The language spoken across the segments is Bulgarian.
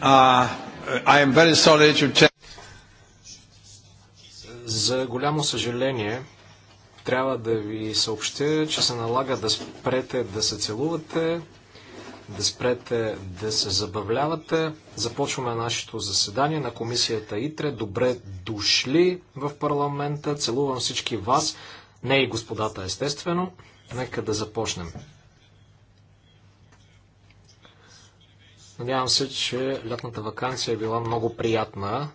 Uh, За голямо съжаление, трябва да ви съобщя, че се налага да спрете да се целувате, да спрете да се забавлявате. Започваме нашето заседание на комисията ИТРЕ. Добре дошли в парламента. Целувам всички вас, не и господата, естествено. Нека да започнем. Надявам се, че лятната вакансия е била много приятна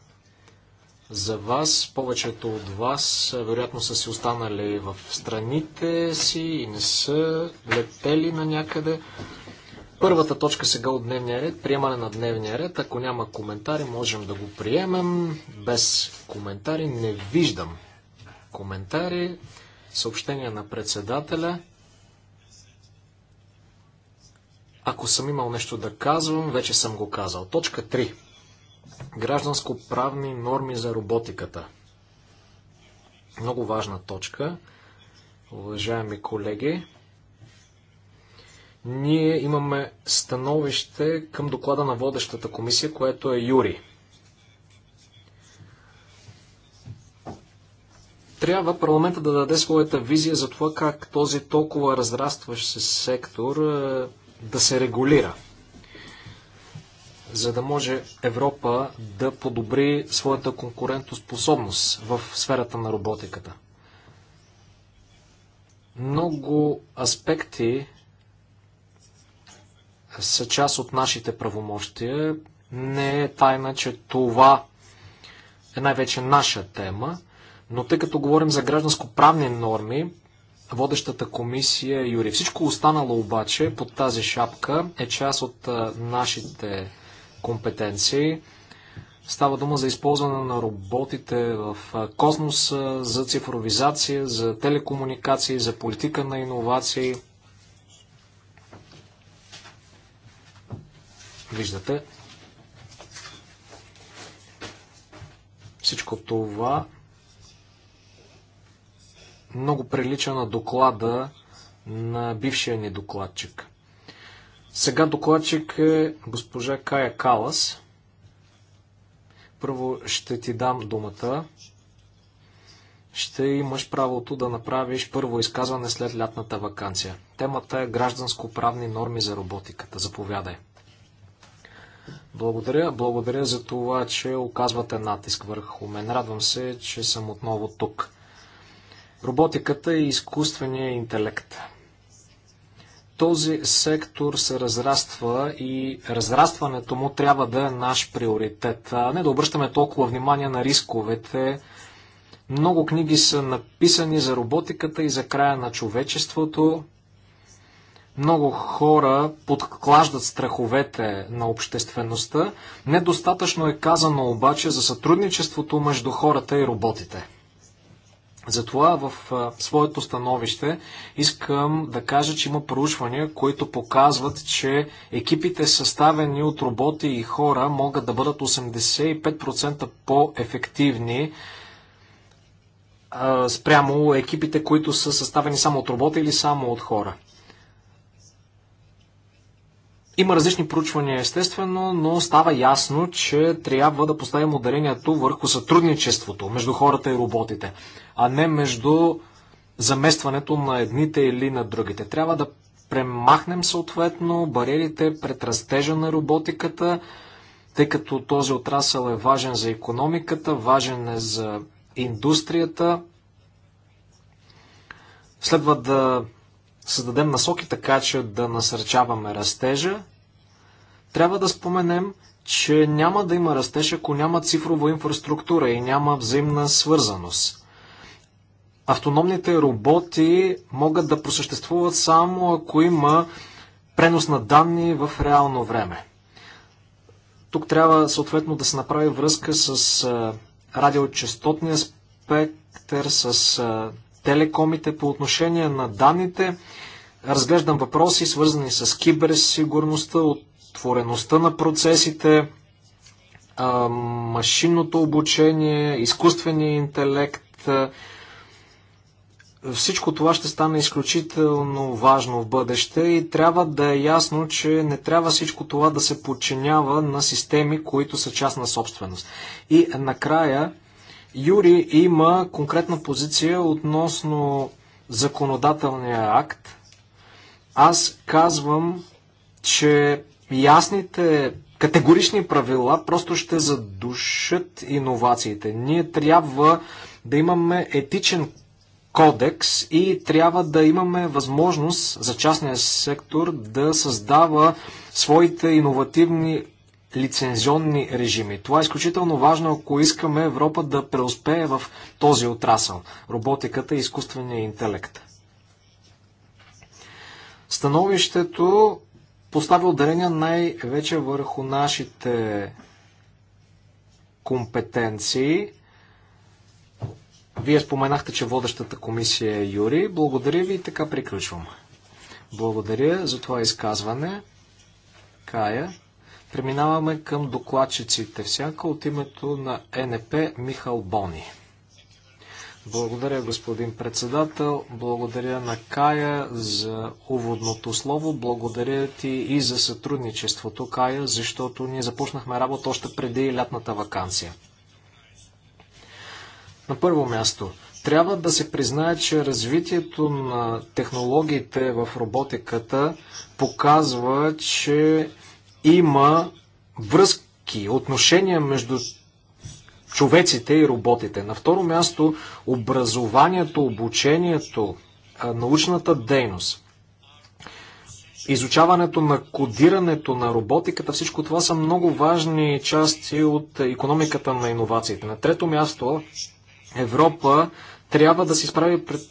за вас. Повечето от вас вероятно са си останали в страните си и не са летели на някъде. Първата точка сега от дневния ред, приемане на дневния ред. Ако няма коментари, можем да го приемем. Без коментари не виждам коментари. Съобщение на председателя. Ако съм имал нещо да казвам, вече съм го казал. Точка 3. Гражданско-правни норми за роботиката. Много важна точка. Уважаеми колеги, ние имаме становище към доклада на водещата комисия, което е Юри. Трябва парламента да даде своята визия за това как този толкова разрастващ се сектор да се регулира, за да може Европа да подобри своята конкурентоспособност в сферата на роботиката. Много аспекти са част от нашите правомощия. Не е тайна, че това е най-вече наша тема, но тъй като говорим за гражданско-правни норми, водещата комисия Юри. Всичко останало обаче под тази шапка е част от нашите компетенции. Става дума за използване на роботите в космоса, за цифровизация, за телекомуникации, за политика на иновации. Виждате. Всичко това много прилича на доклада на бившия ни докладчик. Сега докладчик е госпожа Кая Калас. Първо ще ти дам думата. Ще имаш правото да направиш първо изказване след лятната вакансия. Темата е гражданско-правни норми за роботиката. Заповядай. Благодаря. Благодаря за това, че оказвате натиск върху мен. Радвам се, че съм отново тук роботиката и е изкуствения интелект. Този сектор се разраства и разрастването му трябва да е наш приоритет. А не да обръщаме толкова внимание на рисковете. Много книги са написани за роботиката и за края на човечеството. Много хора подклаждат страховете на обществеността. Недостатъчно е казано обаче за сътрудничеството между хората и роботите. Затова в своето становище искам да кажа, че има проучвания, които показват, че екипите съставени от роботи и хора могат да бъдат 85% по-ефективни спрямо екипите, които са съставени само от роботи или само от хора. Има различни проучвания, естествено, но става ясно, че трябва да поставим ударението върху сътрудничеството между хората и роботите, а не между заместването на едните или на другите. Трябва да премахнем съответно бариерите пред растежа на роботиката, тъй като този отрасъл е важен за економиката, важен е за индустрията. Следва да създадем насоки така, че да насърчаваме растежа. Трябва да споменем, че няма да има растеж, ако няма цифрова инфраструктура и няма взаимна свързаност. Автономните роботи могат да просъществуват само ако има пренос на данни в реално време. Тук трябва съответно да се направи връзка с радиочастотния спектър, с телекомите по отношение на данните. Разглеждам въпроси, свързани с киберсигурността. От разтвореността на процесите, машинното обучение, изкуствения интелект. Всичко това ще стане изключително важно в бъдеще и трябва да е ясно, че не трябва всичко това да се подчинява на системи, които са частна собственост. И накрая, Юри има конкретна позиция относно законодателния акт. Аз казвам, че ясните категорични правила просто ще задушат иновациите. Ние трябва да имаме етичен кодекс и трябва да имаме възможност за частния сектор да създава своите иновативни лицензионни режими. Това е изключително важно, ако искаме Европа да преуспее в този отрасъл – роботиката и изкуствения интелект. Становището поставя ударение най-вече върху нашите компетенции. Вие споменахте, че водещата комисия е Юри. Благодаря ви и така приключвам. Благодаря за това изказване. Кая. Преминаваме към докладчиците. Всяка от името на НП Михал Бони. Благодаря, господин председател. Благодаря на Кая за уводното слово. Благодаря ти и за сътрудничеството, Кая, защото ние започнахме работа още преди лятната вакансия. На първо място, трябва да се признае, че развитието на технологиите в роботиката показва, че има връзки, отношения между човеците и роботите. На второ място образованието, обучението, научната дейност, изучаването на кодирането на роботиката, всичко това са много важни части от економиката на иновациите. На трето място Европа трябва да се изправи пред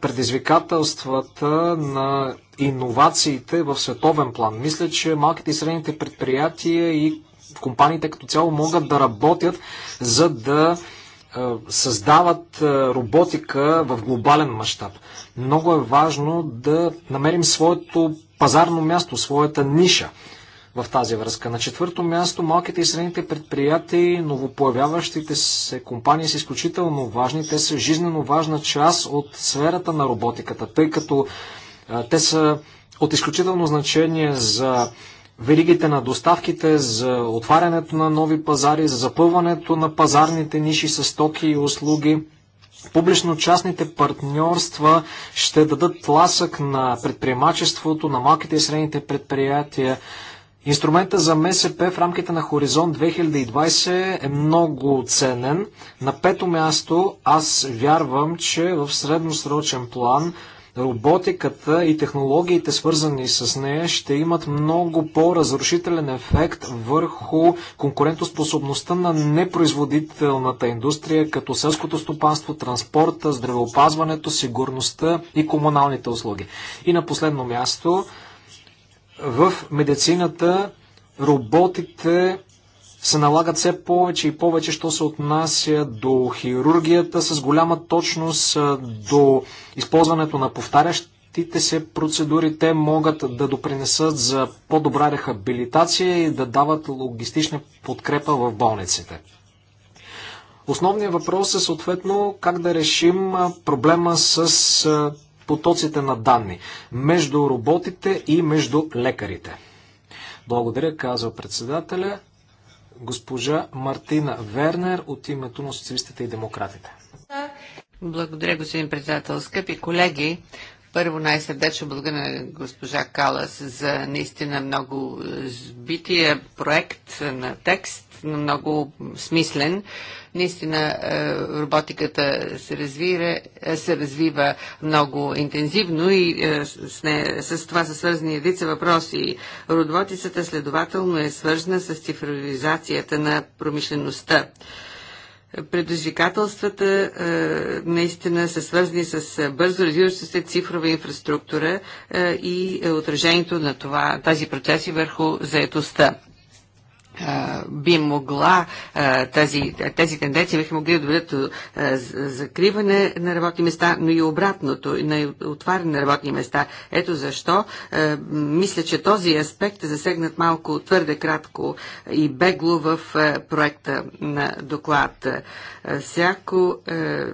предизвикателствата на иновациите в световен план. Мисля, че малките и средните предприятия и компаниите като цяло могат да работят, за да е, създават е, роботика в глобален мащаб. Много е важно да намерим своето пазарно място, своята ниша в тази връзка. На четвърто място малките и средните предприятия и новопоявяващите се компании са изключително важни. Те са жизненно важна част от сферата на роботиката, тъй като е, те са от изключително значение за веригите на доставките, за отварянето на нови пазари, за запълването на пазарните ниши с стоки и услуги. Публично-частните партньорства ще дадат тласък на предприемачеството, на малките и средните предприятия. Инструмента за МСП в рамките на Хоризонт 2020 е много ценен. На пето място аз вярвам, че в средносрочен план – Роботиката и технологиите, свързани с нея, ще имат много по-разрушителен ефект върху конкурентоспособността на непроизводителната индустрия, като селското стопанство, транспорта, здравеопазването, сигурността и комуналните услуги. И на последно място, в медицината роботите се налагат все повече и повече, що се отнася до хирургията с голяма точност, до използването на повтарящите се процедури. Те могат да допринесат за по-добра рехабилитация и да дават логистична подкрепа в болниците. Основният въпрос е съответно как да решим проблема с потоците на данни между роботите и между лекарите. Благодаря, казва председателя госпожа Мартина Вернер от името на социалистите и демократите. Благодаря, господин председател. Скъпи колеги, първо най-сърдечно благодаря на госпожа Калас за наистина много сбития проект на текст наистина много смислен. Наистина е, роботиката се, развира, е, се развива много интензивно и е, с, не, с това са свързани редица въпроси. Роботицата следователно е свързана с цифровизацията на промишлеността предизвикателствата е, наистина са свързани с бързо развиваща се цифрова инфраструктура е, и отражението на това, тази процеси върху заетостта би могла тази, тези тенденции биха могли да доведат до закриване на работни места, но и обратното, на отваряне на работни места. Ето защо мисля, че този аспект е засегнат малко твърде кратко и бегло в проекта на доклад. Всяко е,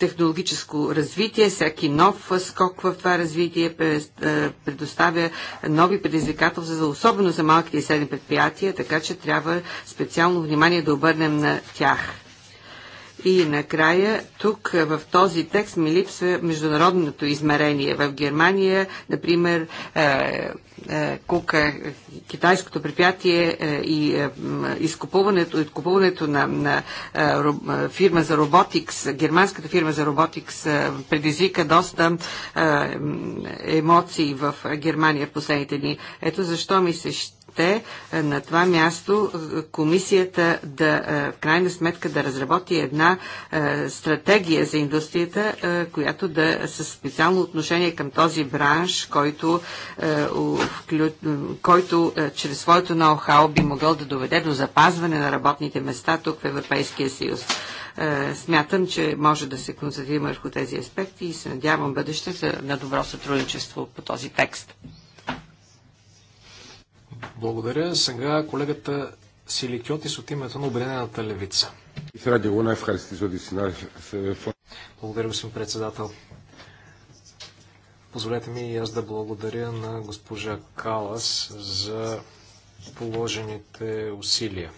технологическо развитие, всеки нов скок в това развитие е, предоставя нови предизвикателства, за особено за малките и средни предприятия, така че трябва специално внимание да обърнем на тях. И накрая, тук е, в този текст ми липсва международното измерение. В Германия, например, е, е, Кука, китайското предприятие и изкупуването, изкупуването на, на фирма за роботикс, германската фирма за роботикс предизвика доста емоции в Германия в последните дни. Ето защо ми се ще те е, на това място е, комисията да е, в крайна сметка да разработи една стратегия за индустрията, която да със специално отношение към този бранш, който, който чрез своето ноу-хау би могъл да доведе до запазване на работните места тук в Европейския съюз. Смятам, че може да се концентрираме върху тези аспекти и се надявам бъдеще на добро сътрудничество по този текст. Благодаря. Сега колегата Силикиотис от името на Обединената левица. Благодаря, господин председател. Позволете ми и аз да благодаря на госпожа Калас за положените усилия.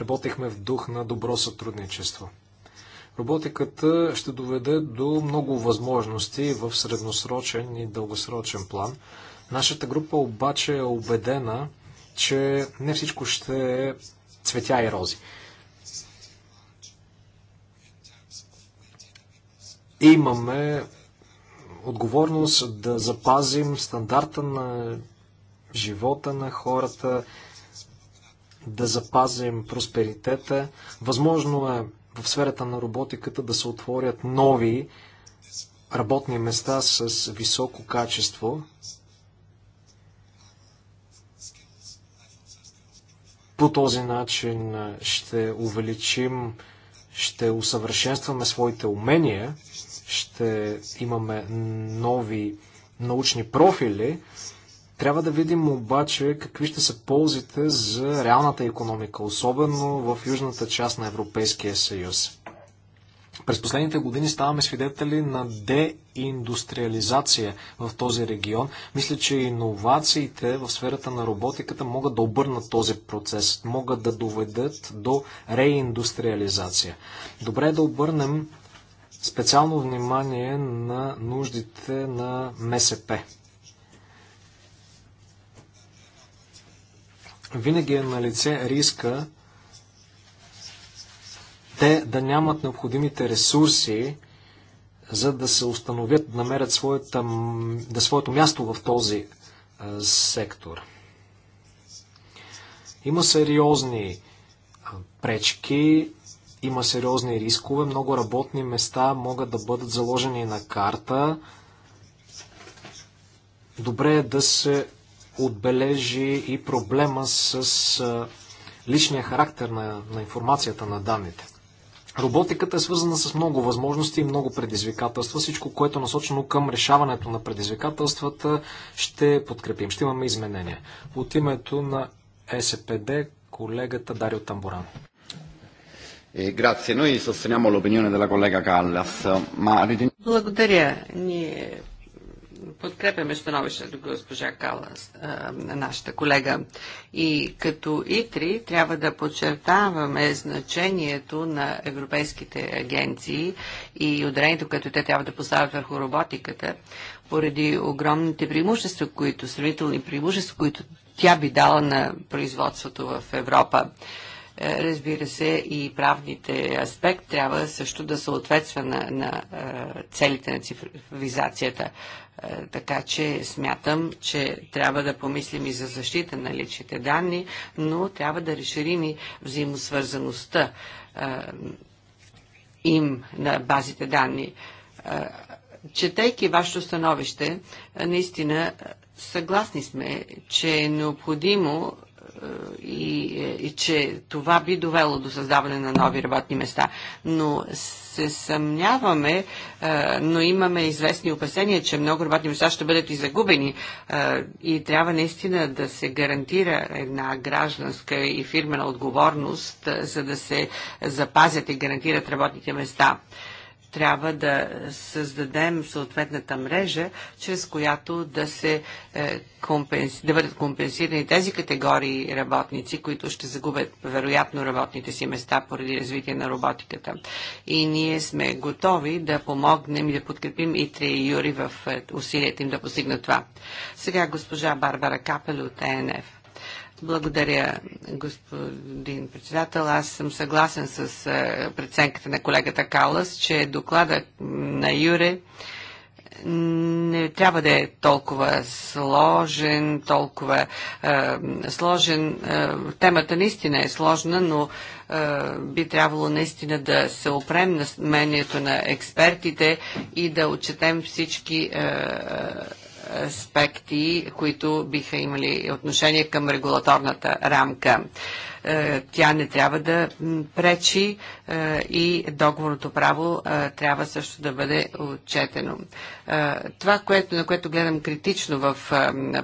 Работехме в дух на добро сътрудничество. Роботиката ще доведе до много възможности в средносрочен и дългосрочен план – Нашата група обаче е убедена, че не всичко ще е цветя и рози. Имаме отговорност да запазим стандарта на живота на хората, да запазим просперитета. Възможно е в сферата на роботиката да се отворят нови работни места с високо качество. По този начин ще увеличим, ще усъвършенстваме своите умения, ще имаме нови научни профили. Трябва да видим обаче какви ще са ползите за реалната економика, особено в южната част на Европейския съюз. През последните години ставаме свидетели на деиндустриализация в този регион. Мисля, че иновациите в сферата на роботиката могат да обърнат този процес, могат да доведат до реиндустриализация. Добре е да обърнем специално внимание на нуждите на МСП. Винаги е на лице риска те да нямат необходимите ресурси, за да се установят, да намерят своята, да своето място в този а, сектор. Има сериозни а, пречки, има сериозни рискове, много работни места могат да бъдат заложени на карта. Добре е да се отбележи и проблема с а, личния характер на, на информацията на данните. Роботиката е свързана с много възможности и много предизвикателства. Всичко, което е насочено към решаването на предизвикателствата, ще подкрепим. Ще имаме изменения. От името на СПД, колегата Дарио Тамбуран. Е, Благодаря. Ние подкрепяме становището госпожа Калас, нашата колега. И като ИТРИ трябва да подчертаваме значението на европейските агенции и ударението, което те трябва да поставят върху роботиката, поради огромните преимущества, които, сравнителни преимущества, които тя би дала на производството в Европа. Е, разбира се, и правните аспект трябва също да съответства на, на е, целите на цифровизацията. Е, така че смятам, че трябва да помислим и за защита на личните данни, но трябва да разширим и взаимосвързаността е, им на базите данни. Е, четейки вашето становище, наистина съгласни сме, че е необходимо и, и че това би довело до създаване на нови работни места. Но се съмняваме, е, но имаме известни опасения, че много работни места ще бъдат и загубени е, и трябва наистина да се гарантира една гражданска и фирмена отговорност, е, за да се запазят и гарантират работните места трябва да създадем съответната мрежа, чрез която да, се, е, компенс... да бъдат компенсирани тези категории работници, които ще загубят вероятно работните си места поради развитие на роботиката. И ние сме готови да помогнем и да подкрепим и Три Юри в е, усилията им да постигнат това. Сега госпожа Барбара Капел от ЕНФ. Благодаря, господин председател. Аз съм съгласен с е, преценката на колегата Калас, че доклада на Юре не трябва да е толкова сложен, толкова е, сложен. Е, темата наистина е сложна, но е, би трябвало наистина да се опрем на мнението на експертите и да отчетем всички е, аспекти, които биха имали отношение към регулаторната рамка. Е, тя не трябва да пречи е, и договорното право е, трябва също да бъде отчетено. Това, което, на което гледам критично в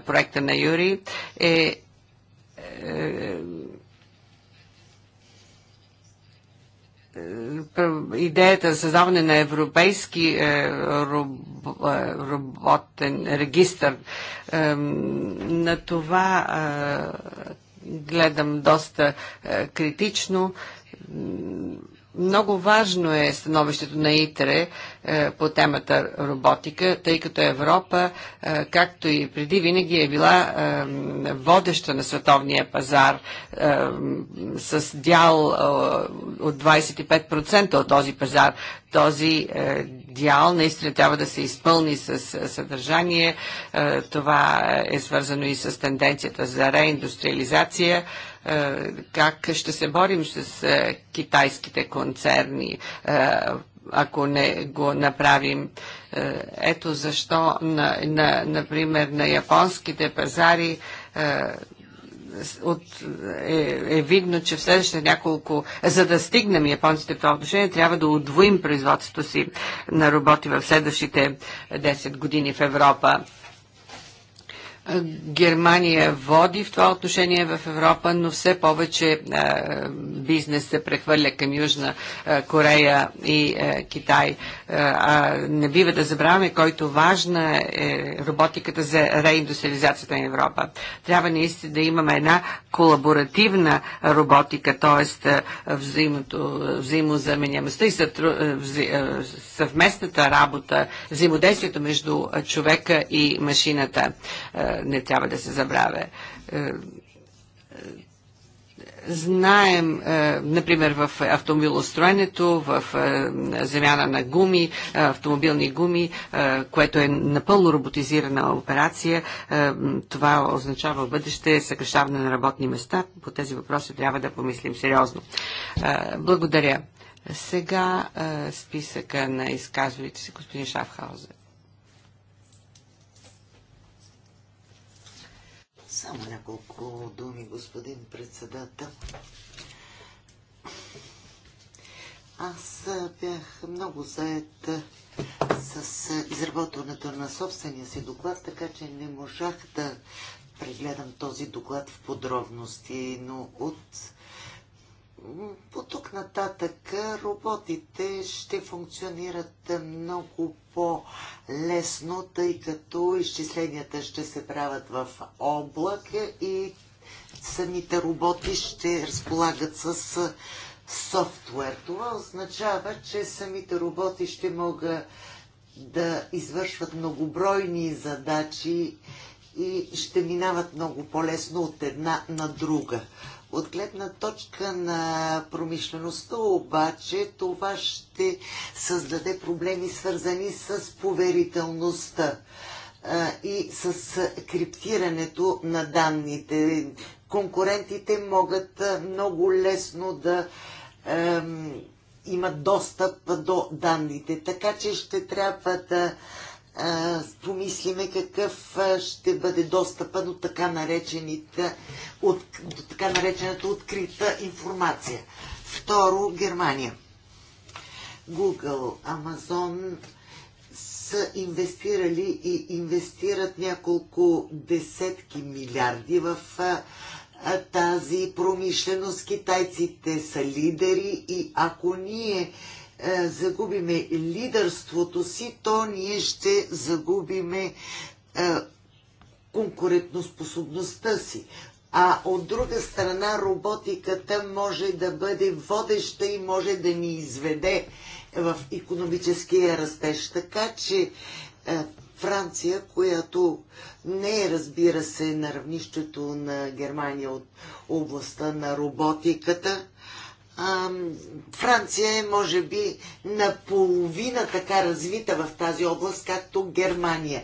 проекта на Юри е Е, е, идеята за създаване на европейски е, роботен регистр. На това гледам доста критично много важно е становището на ИТРЕ е, по темата роботика, тъй като Европа, е, както и преди винаги е била е, водеща на световния пазар е, с дял е, от 25% от този пазар. Този е, дял наистина трябва да се изпълни с съдържание. Това е свързано и с тенденцията за реиндустриализация. Е, как ще се борим с е, китайските концерни, е, ако не го направим. Ето защо, на, на, например, на японските пазари от, е, е видно, че в следващите няколко, за да стигнем японците в това отношение, трябва да удвоим производството си на роботи в следващите 10 години в Европа. Германия води в това отношение в Европа, но все повече бизнес се прехвърля към Южна Корея и Китай. А не бива да забравяме, който важна е роботиката за реиндустриализацията на Европа. Трябва наистина да имаме една колаборативна роботика, т.е. взаимозаменяемостта и съвместната работа, взаимодействието между човека и машината не трябва да се забравя. Е, е, знаем, е, например, в автомобилостроенето, в замяна на гуми, автомобилни гуми, което е напълно роботизирана операция, това означава в бъдеще съкрещаване на работни места. По тези въпроси трябва да помислим сериозно. Благодаря. Сега списъка на изказвалите си господин Шафхаузер. Само няколко думи, господин председател. Аз бях много заед с изработването на собствения си доклад, така че не можах да прегледам този доклад в подробности, но от по тук нататък роботите ще функционират много по-лесно, тъй като изчисленията ще се правят в облак и самите роботи ще разполагат с софтуер. Това означава, че самите роботи ще могат да извършват многобройни задачи и ще минават много по-лесно от една на друга. От гледна точка на промишлеността обаче това ще създаде проблеми свързани с поверителността и с криптирането на данните. Конкурентите могат много лесно да имат достъп до данните, така че ще трябва да помислиме какъв ще бъде достъпа до така, наречените, от, до така наречената открита информация. Второ, Германия. Google, Amazon са инвестирали и инвестират няколко десетки милиарди в тази промишленост. Китайците са лидери и ако ние е, загубиме лидерството си, то ние ще загубиме е, конкурентоспособността си. А от друга страна роботиката може да бъде водеща и може да ни изведе в економическия растеж. Така че е, Франция, която не е, разбира се, на равнището на Германия от областта на роботиката, Франция е, може би, наполовина така развита в тази област, както Германия.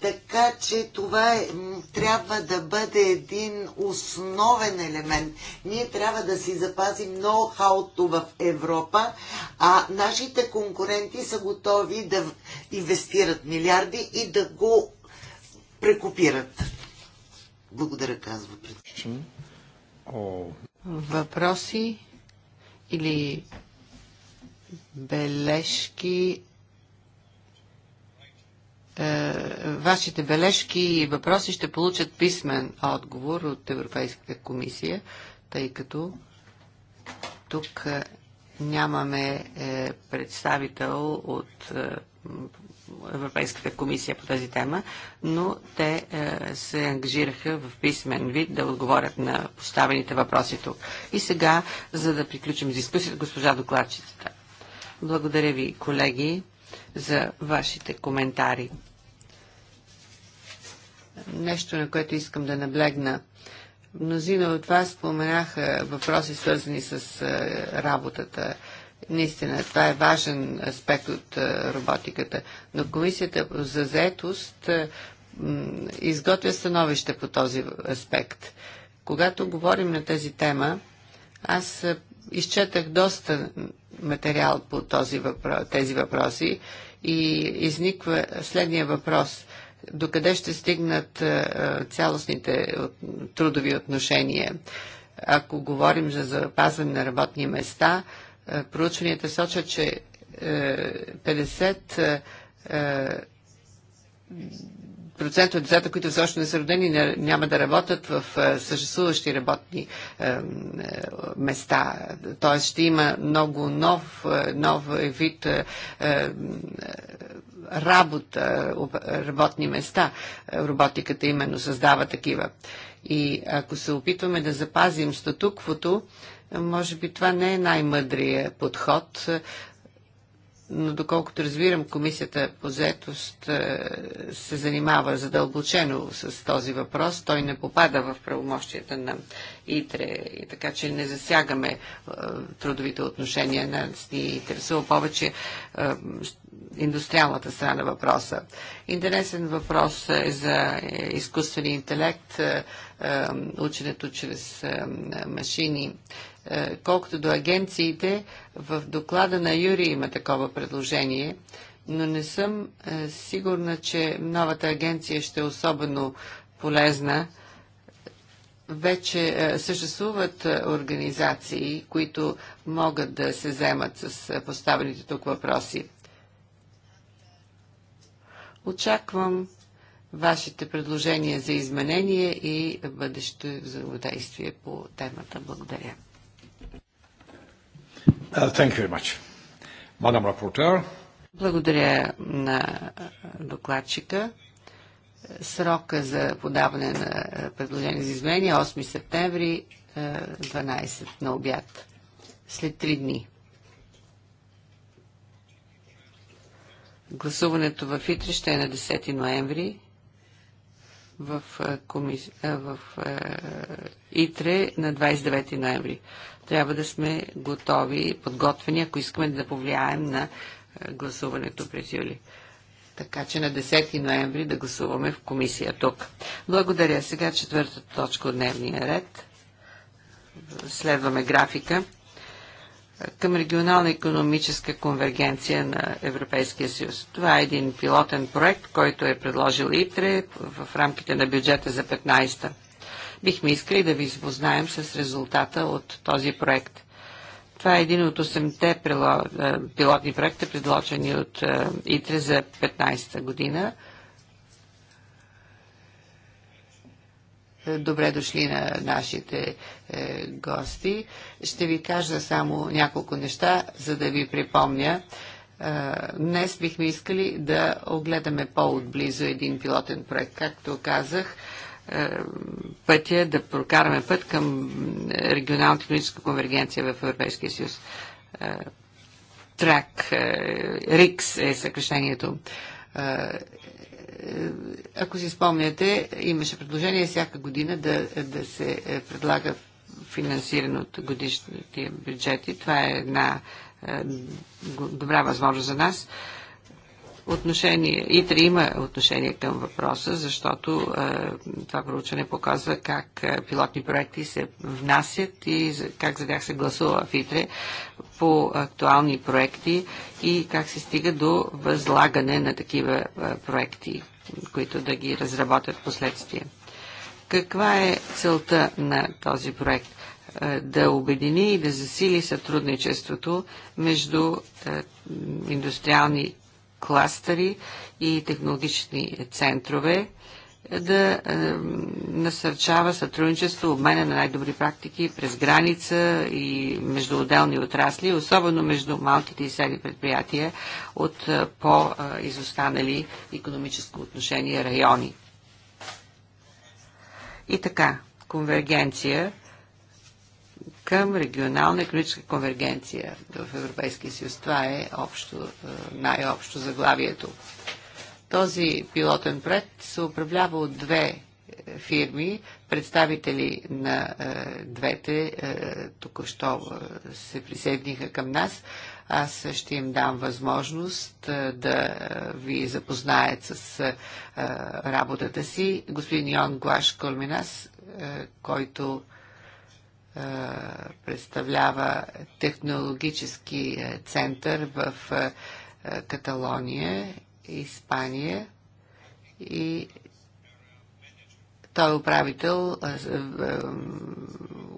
Така че това е, трябва да бъде един основен елемент. Ние трябва да си запазим ноу-хауто в Европа, а нашите конкуренти са готови да инвестират милиарди и да го прекопират. Благодаря, казва председател. Въпроси? или бележки е, вашите бележки и въпроси ще получат писмен отговор от Европейската комисия, тъй като тук е, нямаме е, представител от Европейската комисия по тази тема, но те е, се ангажираха в писмен вид да отговорят на поставените въпроси тук. И сега, за да приключим с дискусията, госпожа докладчицата. Благодаря ви, колеги, за вашите коментари. Нещо, на което искам да наблегна. Мнозина от вас споменаха въпроси, свързани с е, работата Наистина, това е важен аспект от роботиката. Но комисията за заетост изготвя становище по този аспект. Когато говорим на тази тема, аз изчетах доста материал по този въпро... тези въпроси и изниква следния въпрос. Докъде ще стигнат цялостните трудови отношения? Ако говорим за запазване на работни места, е, проучванията сочат, че 50 е, е, от децата, които все още не са родени, няма да работят в съществуващи работни места. т.е. ще има много нов, нов вид работа, работни места. Роботиката именно създава такива. И ако се опитваме да запазим статуквото, може би това не е най-мъдрия подход, но доколкото разбирам, комисията по заетост е, се занимава задълбочено с този въпрос. Той не попада в правомощията на ИТРЕ, и така че не засягаме е, трудовите отношения на ни интересува повече е, индустриалната страна въпроса. Интересен въпрос е за изкуствения интелект, ученето чрез машини е, колкото до агенциите, в доклада на Юри има такова предложение, но не съм е, сигурна, че новата агенция ще е особено полезна. Вече е, съществуват организации, които могат да се вземат с поставените тук въпроси. Очаквам вашите предложения за изменение и бъдещето взаимодействие по темата. Благодаря. Uh, thank you very much. Madam Rapporteur. Благодаря на докладчика. Срока за подаване на е, предложение за изменение 8 е септември 12 е, на обяд. След 3 дни. Гласуването в Итри ще е на 10 ноември в, е, комис... Е, в е, ИТРЕ на 29 ноември. Трябва да сме готови подготвени, ако искаме да повлияем на гласуването през юли. Така че на 10 ноември да гласуваме в комисия тук. Благодаря. Сега четвъртата точка от дневния ред. Следваме графика към регионална економическа конвергенция на Европейския съюз. Това е един пилотен проект, който е предложил ИТРЕ в рамките на бюджета за 15-та. Бихме искали да ви запознаем с резултата от този проект. Това е един от 8-те е, пилотни проекта, предложени от е, ИТРЕ за 15-та година – Добре дошли на нашите е, гости. Ще ви кажа само няколко неща, за да ви припомня. Е, днес бихме искали да огледаме по-отблизо един пилотен проект. Както казах, е, пътя е да прокараме път към регионалната техническа конвергенция в Европейския съюз. Е, трак, е, РИКС е съкрещението е, ако си спомняте, имаше предложение всяка година да, да се е, предлага финансиране от годишните бюджети. Това е една е, добра възможност за нас отношение, ИТРИ има отношение към въпроса, защото е, това проучване показва как е, пилотни проекти се внасят и за, как за тях се гласува в ИТРЕ по актуални проекти и как се стига до възлагане на такива е, проекти които да ги разработят последствие. Каква е целта на този проект? Е, да обедини и да засили сътрудничеството между е, индустриални кластери и технологични центрове, да е, насърчава сътрудничество, обменя на най-добри практики през граница и между отделни отрасли, особено между малките и средни предприятия от е, по-изостанали економическо отношение райони. И така, конвергенция към регионална економическа конвергенция в Европейския съюз. Това е общо, е, най-общо заглавието. Този пилотен проект се управлява от две е, фирми, представители на е, двете е, току-що е, се присъединиха към нас. Аз ще им дам възможност е, да е, ви запознаят с е, работата си. Господин Йон Глаш Корминас, е, който е, представлява технологически център в е, Каталония Испания и той е управител,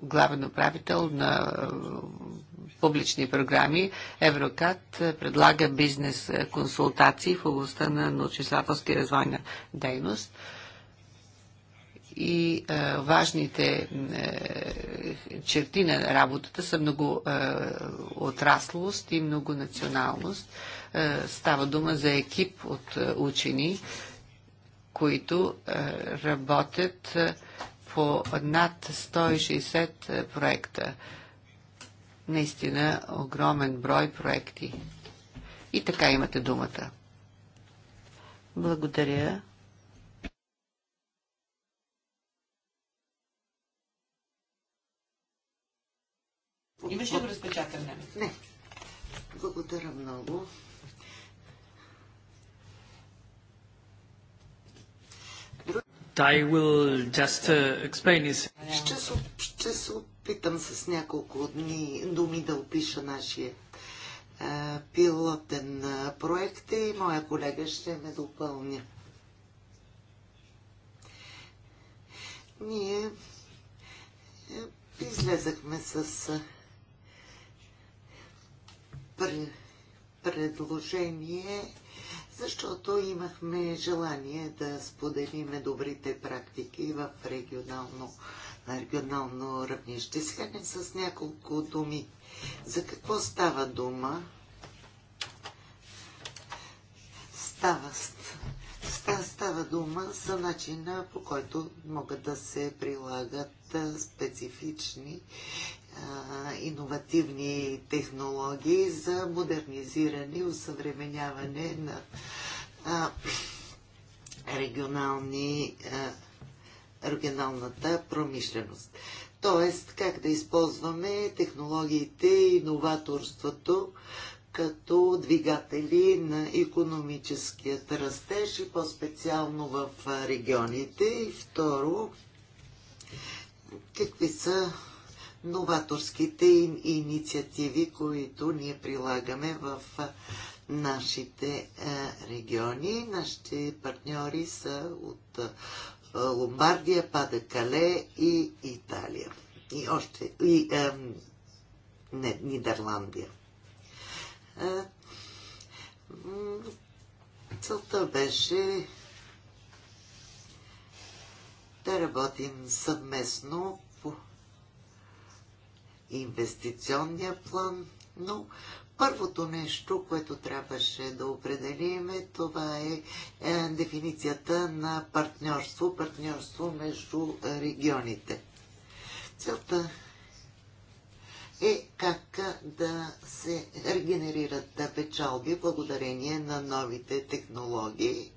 главен управител на публични програми. Еврокат предлага бизнес консултации в областта на научно-изследователска и развойна дейност и е, важните е, черти на работата са много е, отраслост и многонационалност. Е, става дума за екип от е, учени, които е, работят е, по над 160 е, проекта. Наистина огромен брой проекти. И така имате думата. Благодаря. Имаше едно разпечатане. Не. Благодаря много. I will just uh, explain this. Ще се, ще се опитам с няколко дни думи да опиша нашия пилотен проект и моя колега ще ме допълня. Ние е, излезахме с предложение, защото имахме желание да споделиме добрите практики в регионално, на регионално равнище. Сега с няколко думи. За какво става дума? Става, става, става дума за начина по който могат да се прилагат специфични иновативни технологии за модернизиране и усъвременяване на а, регионални, а, регионалната промишленост. Тоест, как да използваме технологиите и новаторството като двигатели на економическият растеж и по-специално в регионите. И второ, какви са новаторските инициативи, които ние прилагаме в нашите региони. Нашите партньори са от Ломбардия, Пада Кале и Италия. И още и ем, не, Нидерландия. Целта беше да работим съвместно инвестиционния план, но първото нещо, което трябваше да определим, е, това е, е, дефиницията на партньорство, партньорство между регионите. Целта е как да се регенерират печалби благодарение на новите технологии.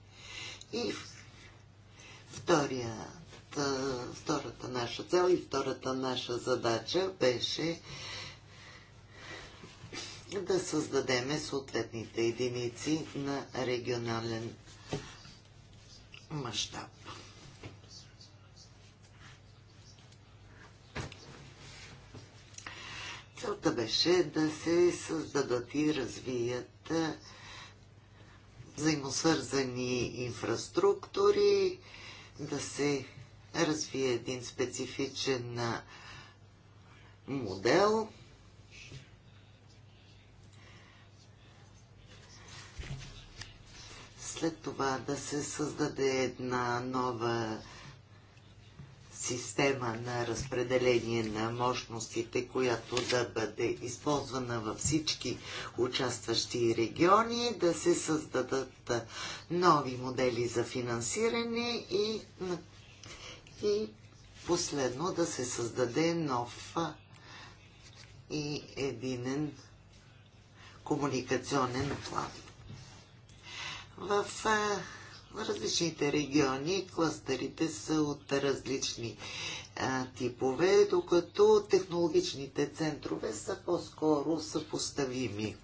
И втория втората, втората наша цел и втората наша задача беше да създадеме съответните единици на регионален мащаб. Целта беше да се създадат и развият взаимосвързани инфраструктури, да се развие един специфичен модел. След това да се създаде една нова система на разпределение на мощностите, която да бъде използвана във всички участващи региони, да се създадат нови модели за финансиране и на и последно да се създаде нов и единен комуникационен план. В различните региони кластерите са от различни типове, докато технологичните центрове са по-скоро съпоставими.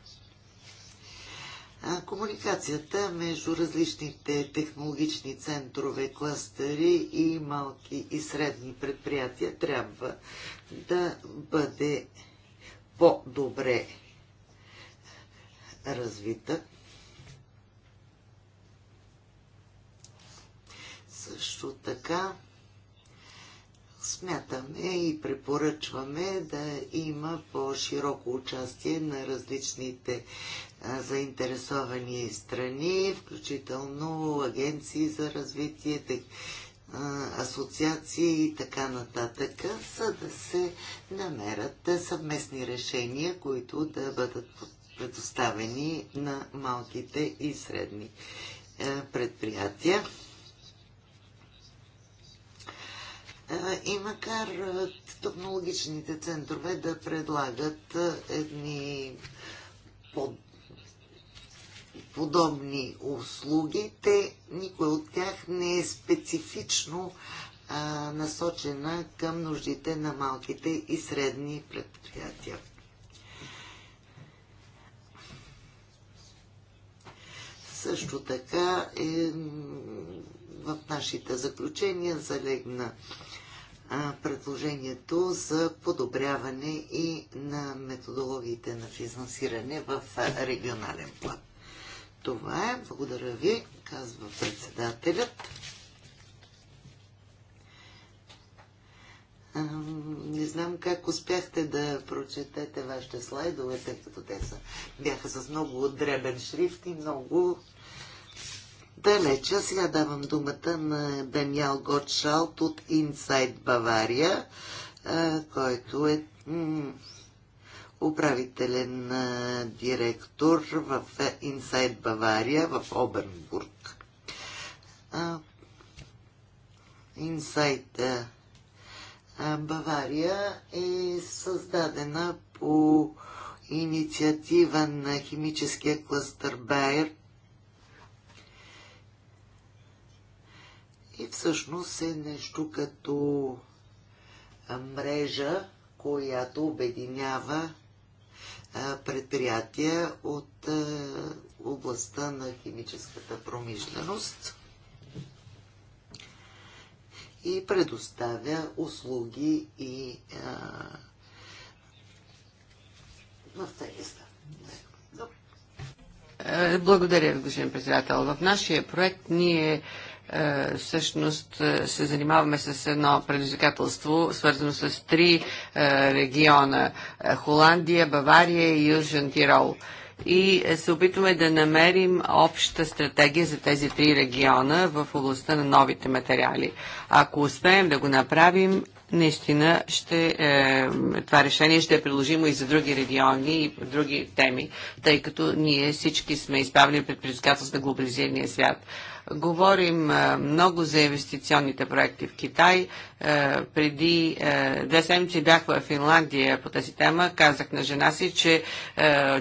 Комуникацията между различните технологични центрове, кластери и малки и средни предприятия трябва да бъде по-добре развита. Също така смятаме и препоръчваме да има по-широко участие на различните заинтересовани страни, включително агенции за развитие, асоциации и така нататък, за да се намерят съвместни решения, които да бъдат предоставени на малките и средни предприятия. И макар технологичните центрове да предлагат едни под подобни услуги, те, никой от тях не е специфично а, насочена към нуждите на малките и средни предприятия. Също така е, в нашите заключения залегна а, предложението за подобряване и на методологиите на финансиране в регионален план. Това е. Благодаря ви, казва председателят. Не знам как успяхте да прочетете вашите слайдове, тъй като те са, бяха с много дребен шрифт и много далече. Сега давам думата на Даниел Готшалт от Inside Бавария, който е управителен директор в е, Инсайд Бавария в Обернбург. Инсайд Бавария е създадена по инициатива на химическия кластър Байер и всъщност е нещо като мрежа, която обединява предприятия от областта на химическата промишленост и предоставя услуги и а, в тенеста. Е, благодаря, господин председател. В нашия проект ние е, всъщност е, се занимаваме с едно предизвикателство, свързано с три е, региона Холандия, Бавария и Южен Тирол и се опитваме да намерим обща стратегия за тези три региона в областта на новите материали. Ако успеем да го направим, наистина ще, е, това решение ще е приложимо и за други региони и други теми, тъй като ние всички сме изправени пред предизвикателство на глобализирания свят. Говорим е, много за инвестиционните проекти в Китай. Е, преди е, две седмици бях в Финландия по тази тема. Казах на жена си, че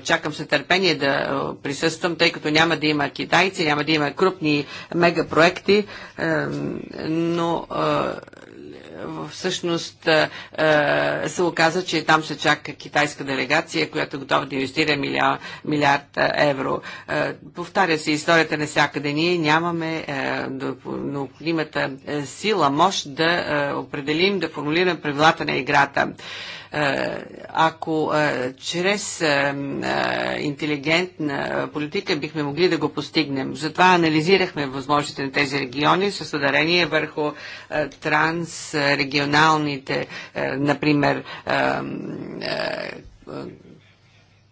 чакам с търпение да присъствам, тъй като няма да има китайци, няма да има крупни мегапроекти, но всъщност се оказа, че там се чака китайска делегация, която е готова да инвестира милиард, милиард евро. Повтаря се историята на всякъде. Ние нямаме необходимата сила, мощ да определим, да формулираме правилата на играта. Е, ако е, чрез е, интелигентна политика бихме могли да го постигнем, затова анализирахме възможностите на тези региони с ударение върху трансрегионалните, например,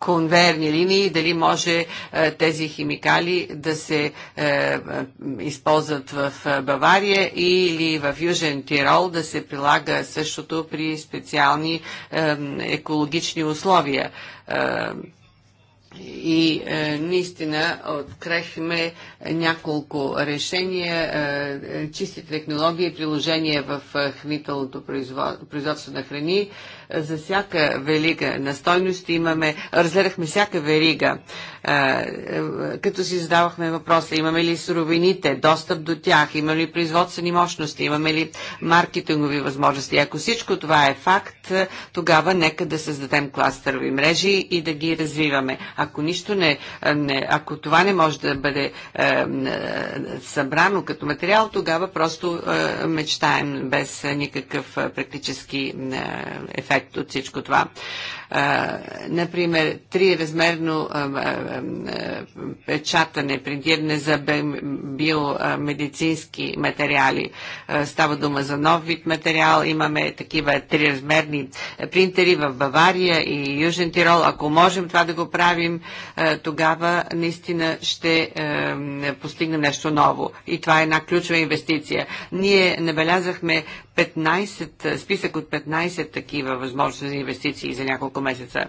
конвейерни линии, дали може е, тези химикали да се е, е, използват в Бавария или в Южен Тирол да се прилага същото при специални екологични условия и е, наистина открехме няколко решения, е, чисти технологии, приложения в хранителното производство на храни, за всяка велига на стойност имаме, разгледахме всяка верига, е, е, като си задавахме въпроса, имаме ли суровините, достъп до тях, имаме ли производствени мощности, имаме ли маркетингови възможности. Ако всичко това е факт, е, тогава нека да създадем кластерови мрежи и да ги развиваме. Ако нищо не, не ако това не може да бъде е, събрано като материал, тогава просто е, мечтаем без никакъв практически е, ефект ефект от всичко това например, триразмерно печатане, принтиране за биомедицински материали. Става дума за нов вид материал. Имаме такива триразмерни принтери в Бавария и Южен Тирол. Ако можем това да го правим, тогава наистина ще постигнем нещо ново. И това е една ключова инвестиция. Ние набелязахме 15, списък от 15 такива възможности за инвестиции за няколко месеца.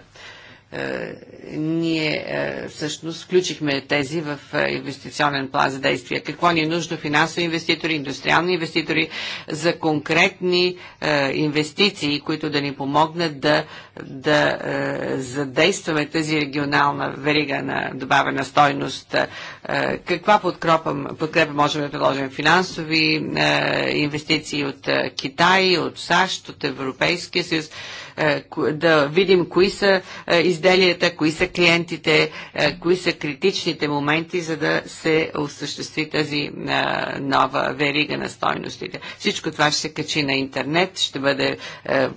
Е, ние е, всъщност включихме тези в е, инвестиционен план за действие. Какво ни е нужно? Финансови инвеститори, индустриални инвеститори за конкретни инвестиции, които да ни помогнат да, да задействаме тази регионална верига на добавена стойност. Каква подкрепа, подкрепа можем да предложим? Финансови инвестиции от Китай, от САЩ, от Европейския съюз. Е, да видим кои са е, изделията, кои са клиентите, е, кои са критичните моменти, за да се осъществи тази нова верига на стойностите. Всичко това ще се качи на интернет, ще бъде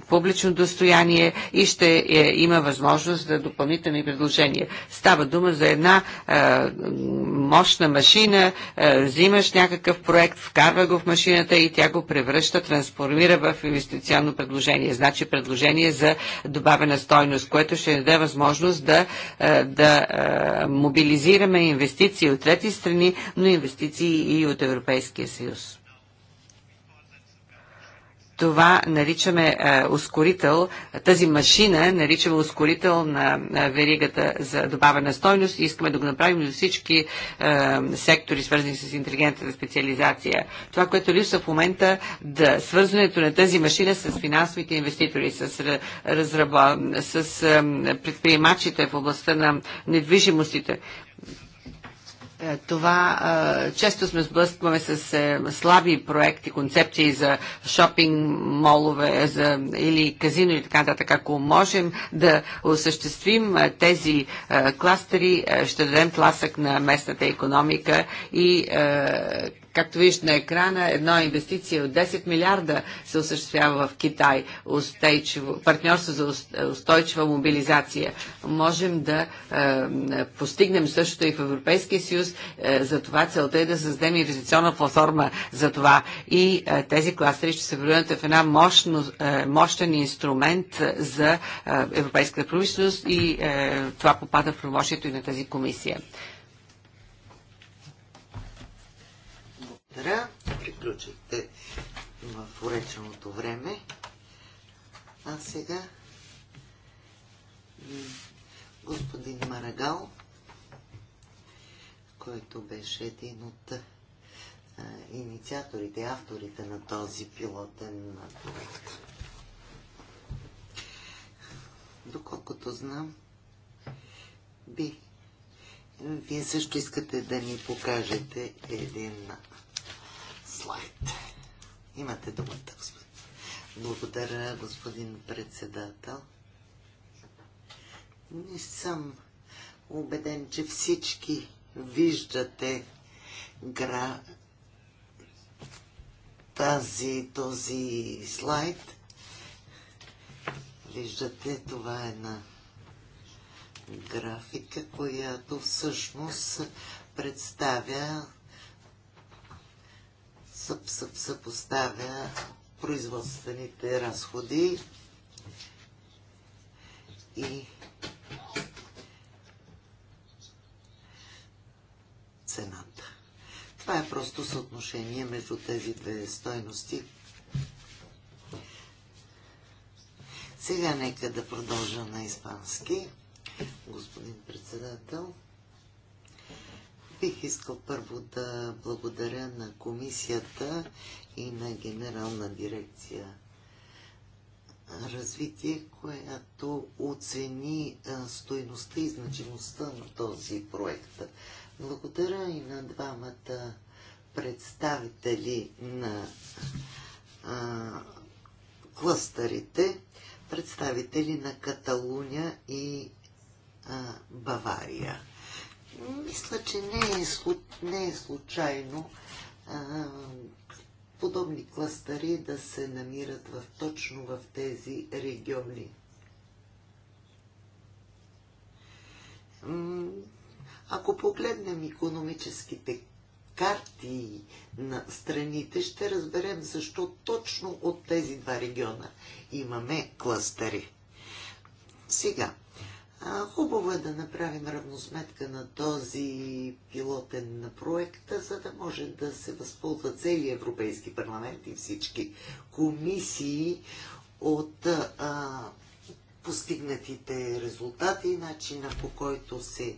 публично достояние и ще има възможност за допълнителни предложения. Става дума за една мощна машина, взимаш някакъв проект, вкарва го в машината и тя го превръща, трансформира в инвестиционно предложение. Значи предложение предложение за добавена стойност, което ще даде възможност да, е, да е, мобилизираме инвестиции от трети страни, но инвестиции и от Европейския съюз това наричаме а, е, ускорител, тази машина наричаме ускорител на, на веригата за добавена стойност и искаме да го направим за всички а, е, сектори, свързани с интелигентната специализация. Това, което липсва в момента, да свързването на тази машина с финансовите инвеститори, с, разрабо, с предприемачите в областта на недвижимостите е, това е, често сме сблъскваме с е, слаби проекти, концепции за шопинг, молове за, или казино и така нататък. Ако можем да осъществим тези кластери, ще дадем тласък на местната економика и Както виждате на екрана, една инвестиция от 10 милиарда се осъществява в Китай. Устойчиво, партньорство за е, устойчива мобилизация. Можем да е, постигнем същото и в Европейския съюз. Е, за това целта е да създадем инвестиционна платформа за това. И е, тези кластери ще се превърнат в една мощно, е, мощен инструмент за е, европейската промишленост и е, това попада в промощието и на тази комисия. Благодаря. Приключихте в уреченото време. А сега господин Марагал, който беше един от инициаторите, авторите на този пилотен проект. Доколкото знам, би. Вие също искате да ни покажете един слайд. Имате думата, господин. Благодаря, господин председател. Не съм убеден, че всички виждате гра... тази, този слайд. Виждате, това е една графика, която всъщност представя съп, съп, съпоставя производствените разходи и цената. Това е просто съотношение между тези две стойности. Сега нека да продължа на испански, господин председател. Бих искал първо да благодаря на комисията и на генерална дирекция развитие, която оцени стоеността и значимостта на този проект. Благодаря и на двамата представители на а, клъстерите, представители на Каталуня и а, Бавария. Мисля, че не е, не е случайно а, подобни кластъри да се намират в, точно в тези региони. Ако погледнем економическите карти на страните, ще разберем защо точно от тези два региона имаме кластери. Сега, Хубаво е да направим равносметка на този пилотен на проекта, за да може да се възползва цели Европейски парламент и всички комисии от а, постигнатите резултати и начина по който се е,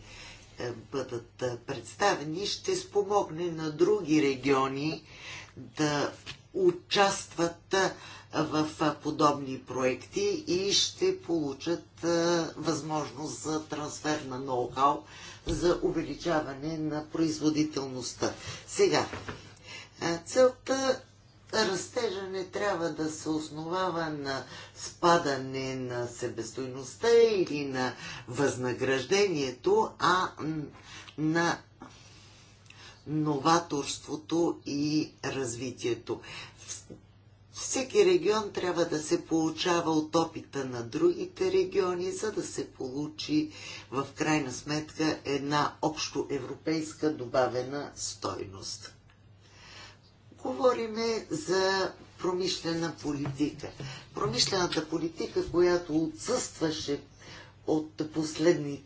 а, бъдат представени, ще спомогне на други региони да участват а, в подобни проекти и ще получат възможност за трансфер на ноу-хау за увеличаване на производителността. Сега, целта растежа не трябва да се основава на спадане на себестойността или на възнаграждението, а на новаторството и развитието. Всеки регион трябва да се получава от опита на другите региони, за да се получи в крайна сметка една общо европейска добавена стойност. Говориме за промишлена политика. Промишлената политика, която отсъстваше от последни,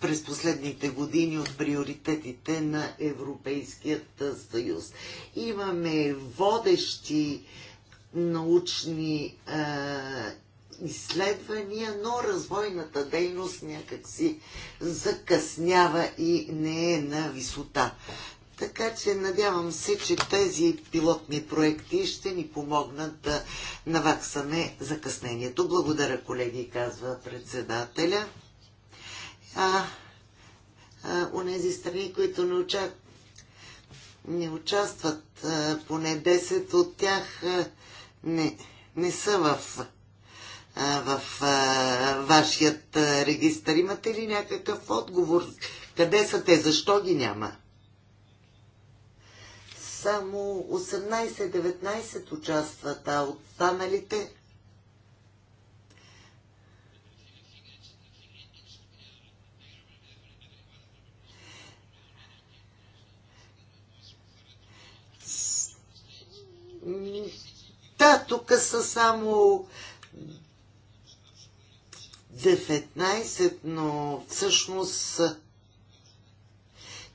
през последните години от приоритетите на Европейският съюз. Имаме водещи научни е, изследвания, но развойната дейност някак си закъснява и не е на висота. Така че надявам се, че тези пилотни проекти ще ни помогнат да наваксаме закъснението. Благодаря, колеги, казва председателя. А, а унези страни, които не, уча... не участват, а, поне 10 от тях а, не, не са в, в, а, вашият регистр. Имате ли някакъв отговор? Къде са те? Защо ги няма? Само 18-19 участват, а останалите Та, тук са само 19, но всъщност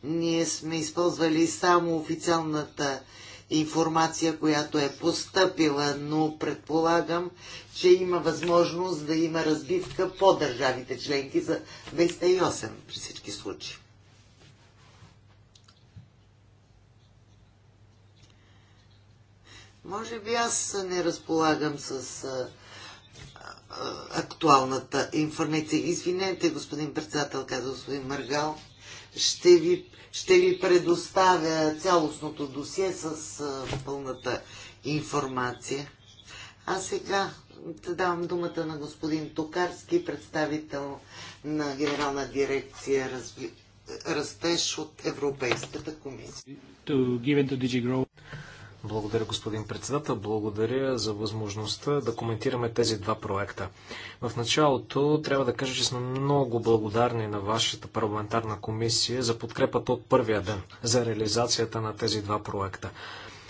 ние сме използвали само официалната информация, която е постъпила, но предполагам, че има възможност да има разбивка по държавите членки за 208 при всички случаи. Може би аз не разполагам с а, а, актуалната информация. Извинете, господин председател, каза господин Маргал. Ще ви, ще ви предоставя цялостното досие с а, пълната информация. А сега да давам думата на господин Токарски, представител на Генерална дирекция разви... Растеж от Европейската комисия. To благодаря, господин председател. Благодаря за възможността да коментираме тези два проекта. В началото трябва да кажа, че сме много благодарни на вашата парламентарна комисия за подкрепата от първия ден за реализацията на тези два проекта.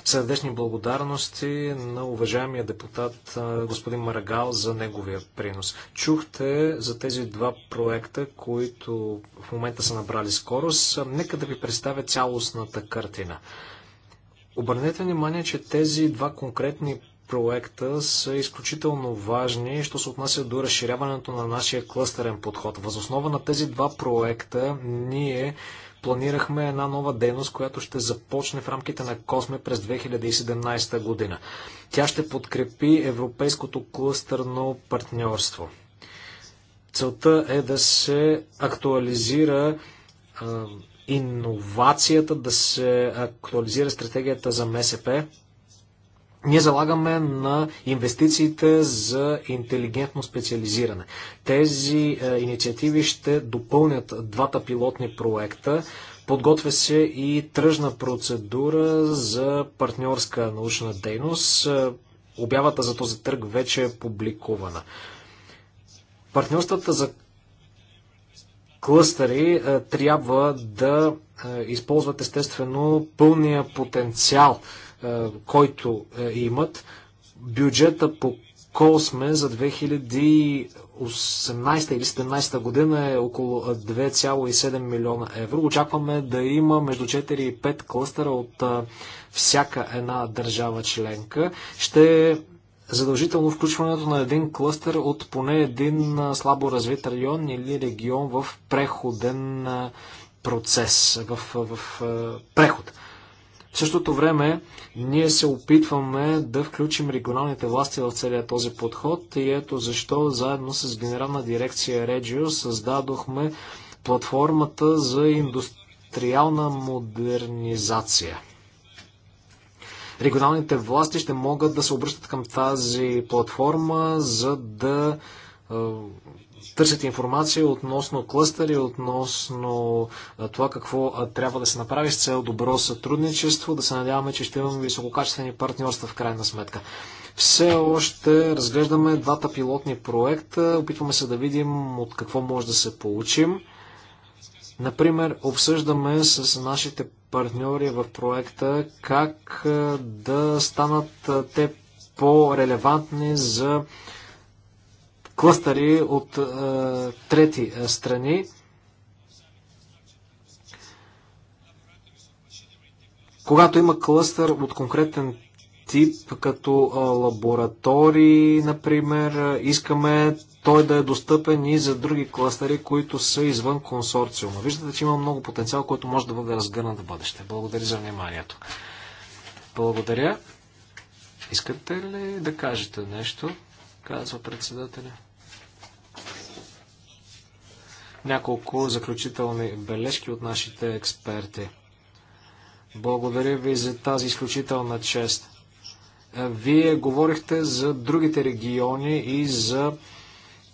Сърдечни благодарности на уважаемия депутат господин Марагал за неговия принос. Чухте за тези два проекта, които в момента са набрали скорост. Нека да ви представя цялостната картина. Обърнете внимание, че тези два конкретни проекта са изключително важни, що се отнася до разширяването на нашия клъстерен подход. Възоснова на тези два проекта ние планирахме една нова дейност, която ще започне в рамките на Косме през 2017 година. Тя ще подкрепи европейското клъстерно партньорство. Целта е да се актуализира иновацията, да се актуализира стратегията за МСП. Ние залагаме на инвестициите за интелигентно специализиране. Тези е, инициативи ще допълнят двата пилотни проекта. Подготвя се и тръжна процедура за партньорска научна дейност. Е, обявата за този търг вече е публикувана. Партньорствата за клъстери е, трябва да е, използват естествено пълния потенциал, е, който имат. Бюджета по Косме за 2018 или 2017 година е около 2,7 милиона евро. Очакваме да има между 4 и 5 клъстера от всяка една държава членка. Ще задължително включването на един клъстър от поне един слабо развит район или регион в преходен процес, в, в, в преход. В същото време ние се опитваме да включим регионалните власти в целия този подход и ето защо заедно с Генерална дирекция Реджио създадохме платформата за индустриална модернизация регионалните власти ще могат да се обръщат към тази платформа, за да търсят информация относно клъстери, относно това какво трябва да се направи с цел добро сътрудничество. Да се надяваме, че ще имаме висококачествени партньорства в крайна сметка. Все още разглеждаме двата пилотни проекта, опитваме се да видим от какво може да се получим. Например, обсъждаме с нашите партньори в проекта как да станат те по-релевантни за клъстъри от е, трети страни. Когато има клъстър от конкретен тип, като лаборатории, например, искаме той да е достъпен и за други кластери, които са извън консорциума. Виждате, че има много потенциал, който може да бъде разгърнат в бъдеще. Благодаря за вниманието. Благодаря. Искате ли да кажете нещо? Казва председателя. Няколко заключителни бележки от нашите експерти. Благодаря ви за тази изключителна чест. Вие говорихте за другите региони и за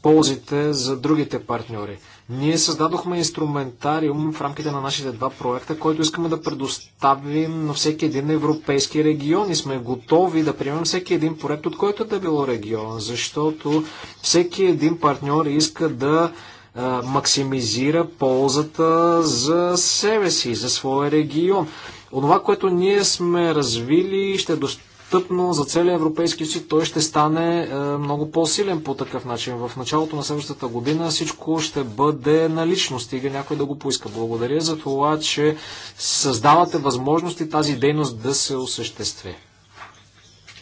ползите за другите партньори. Ние създадохме инструментариум в рамките на нашите два проекта, който искаме да предоставим на всеки един европейски регион и сме готови да приемем всеки един проект, от който да е било регион, защото всеки един партньор иска да а, максимизира ползата за себе си, за своя регион. Онова, което ние сме развили, ще достигнем достъпно за целия Европейски съюз, той ще стане е, много по-силен по такъв начин. В началото на следващата година всичко ще бъде налично, стига някой да го поиска. Благодаря за това, че създавате възможности тази дейност да се осъществи.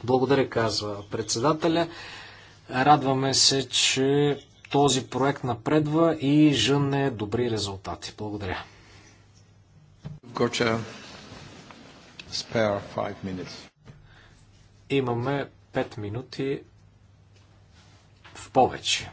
Благодаря, казва председателя. Радваме се, че този проект напредва и жъне добри резултати. Благодаря. Gotcha. Spare five minutes. Имаме 5 минути в повече.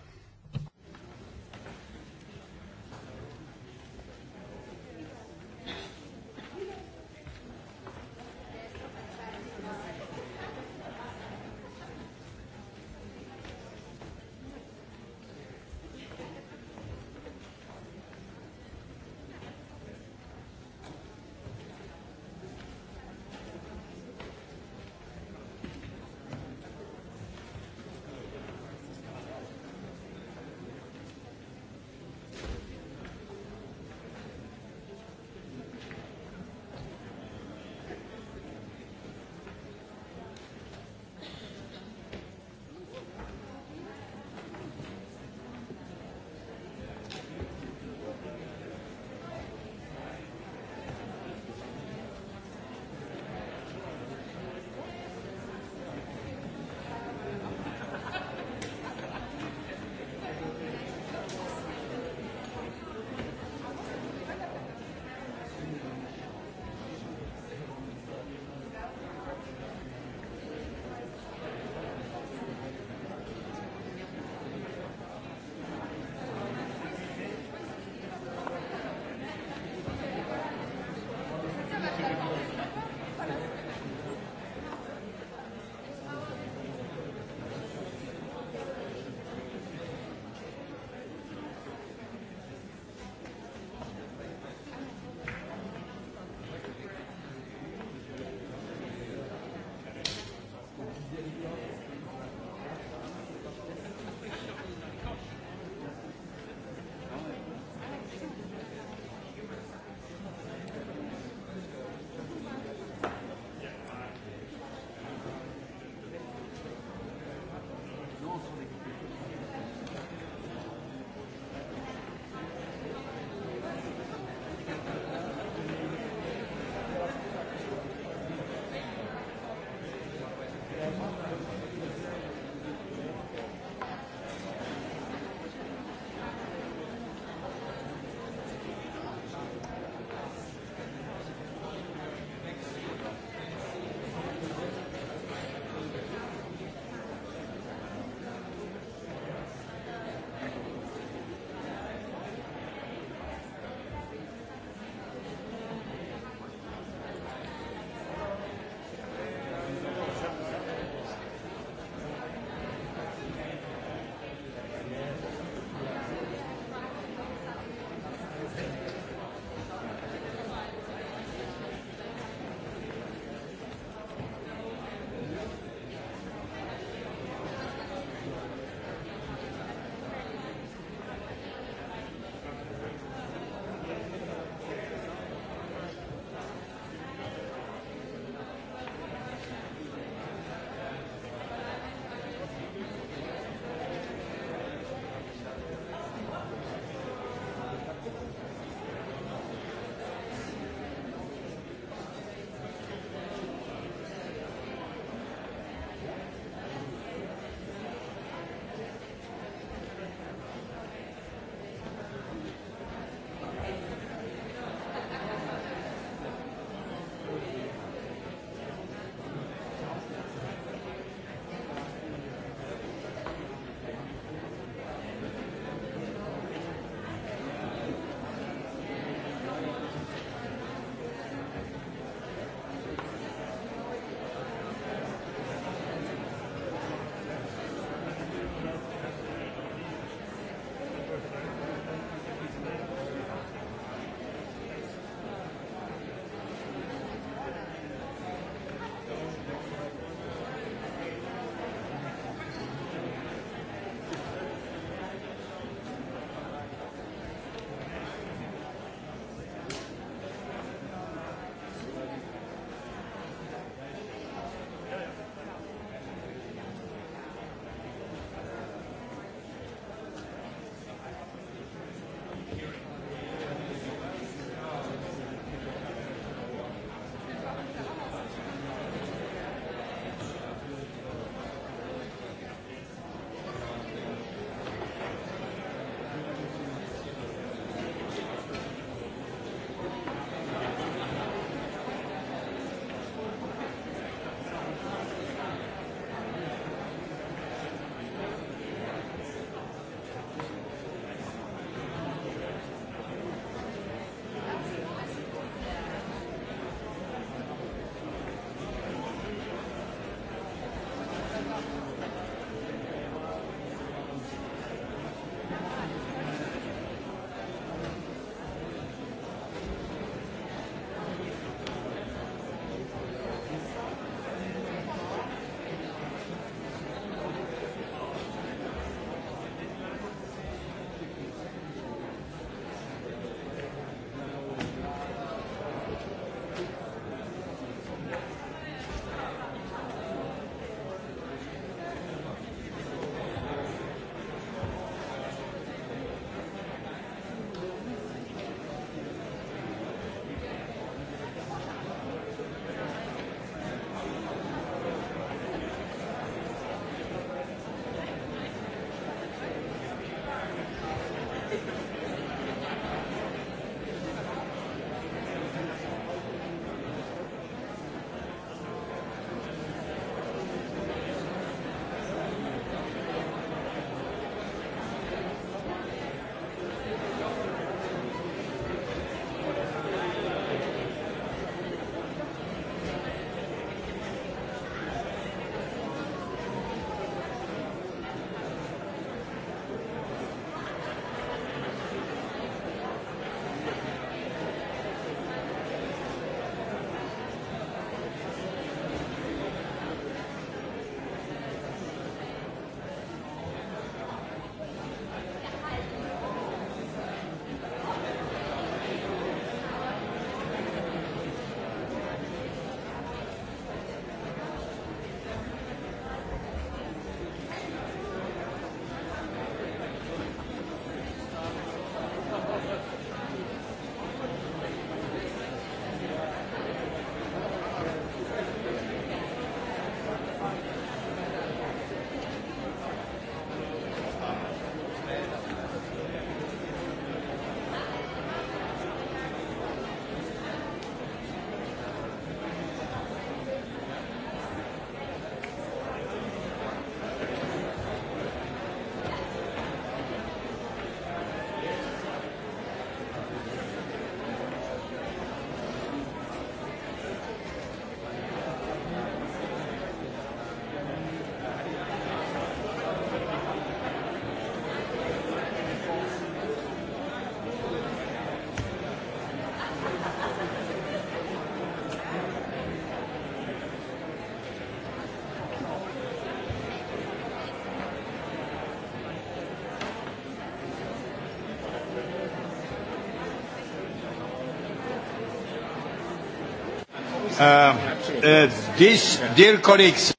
Uh, uh,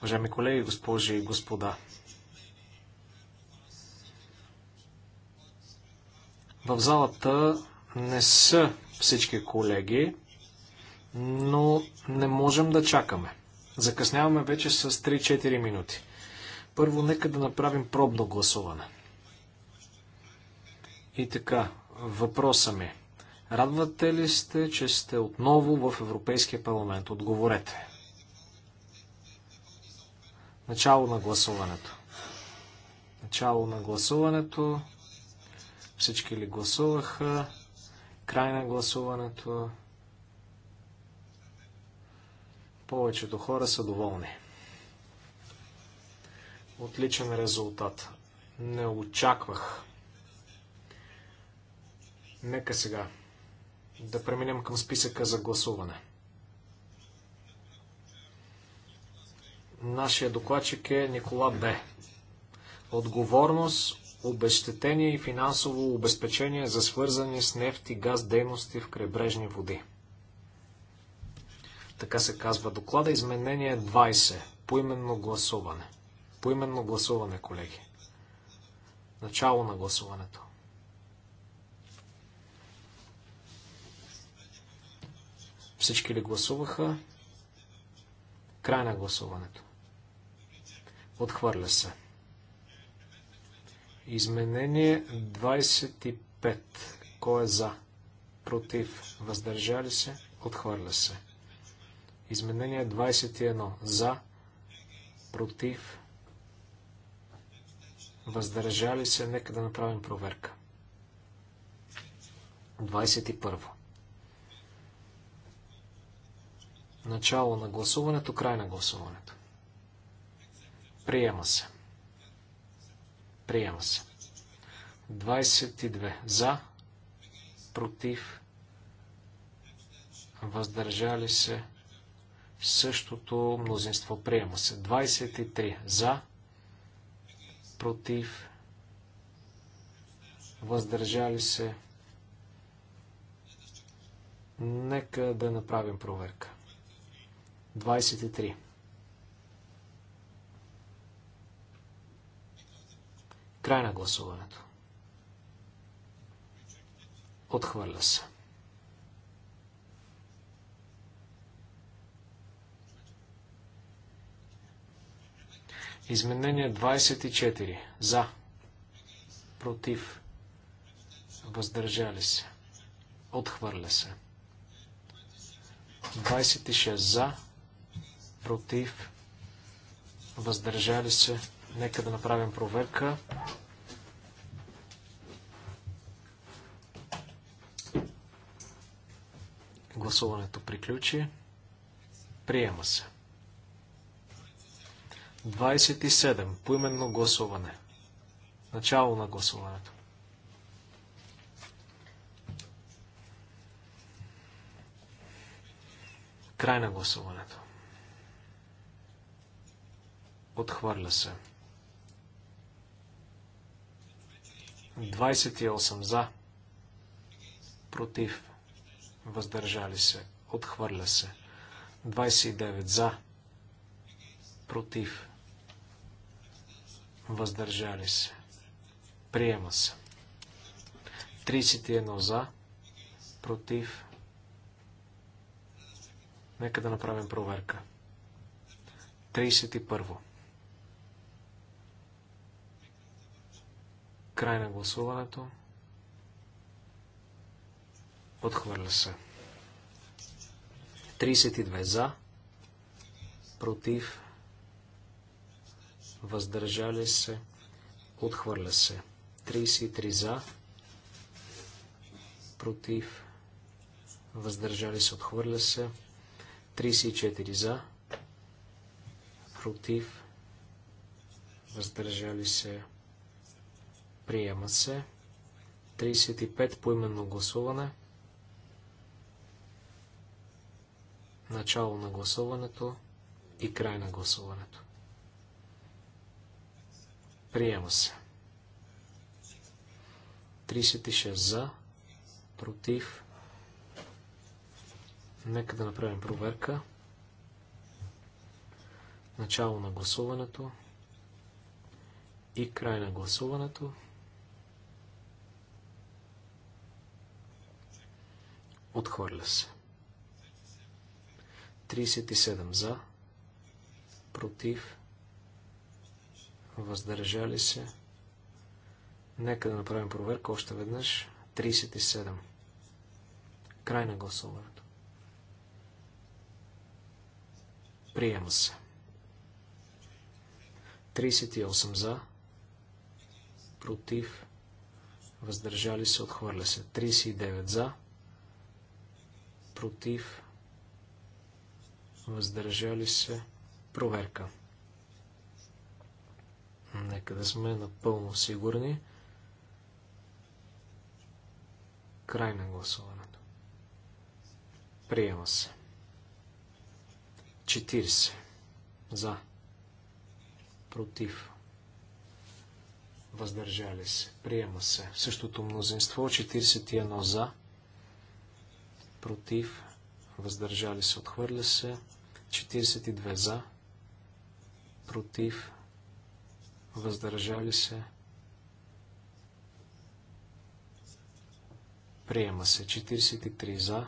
Уважаеми колеги, госпожи и господа, в залата не са всички колеги, но не можем да чакаме. Закъсняваме вече с 3-4 минути. Първо, нека да направим пробно гласуване. И така, въпроса ми е, – Радвате ли сте, че сте отново в Европейския парламент? Отговорете. Начало на гласуването. Начало на гласуването. Всички ли гласуваха? Край на гласуването. Повечето хора са доволни. Отличен резултат. Не очаквах. Нека сега да преминем към списъка за гласуване. Нашия докладчик е Никола Б. Отговорност, обещетение и финансово обезпечение за свързани с нефт и газ дейности в крайбрежни води. Така се казва доклада. Изменение 20. Поименно гласуване. Поименно гласуване, колеги. Начало на гласуването. Всички ли гласуваха? Край на гласуването. Отхвърля се. Изменение 25. Кой е за? Против. Въздържали се? Отхвърля се. Изменение 21. За. Против. Въздържали се? Нека да направим проверка. 21. Начало на гласуването, край на гласуването. Приема се. Приема се. 22. За. Против. Въздържали се. Същото мнозинство. Приема се. 23. За. Против. Въздържали се. Нека да направим проверка. 23. Край на гласуването. Отхвърля се. Изменение 24. За. Против. Въздържали се. Отхвърля се. 26 за против, въздържали се. Нека да направим проверка. Гласуването приключи. Приема се. 27. Поименно гласуване. Начало на гласуването. Край на гласуването. Отхвърля се. 28 за. Против. Въздържали се. Отхвърля се. 29 за. Против. Въздържали се. Приема се. 31 за. Против. Нека да направим проверка. 31. Край на гласуването. Отхвърля се. 32 за. Против. Въздържали се. Отхвърля се. 33 за. Против. Въздържали се. Отхвърля се. 34 за. Против. Въздържали се. Приема се. 35 по именно гласуване. Начало на гласуването и край на гласуването. Приема се. 36 за, против. Нека да направим проверка. Начало на гласуването и край на гласуването. Отхвърля се. 37 за. Против. Въздържали се. Нека да направим проверка още веднъж. 37. Край на гласуването. Приема се. 38 за. Против. Въздържали се. Отхвърля се. 39 за против, въздържали се, проверка. Нека да сме напълно сигурни. Край на гласуването. Приема се. 40. За. Против. Въздържали се. Приема се. Същото мнозинство. 41 за против, въздържали се, отхвърля се. 42 за, против, въздържали се, приема се. 43 за,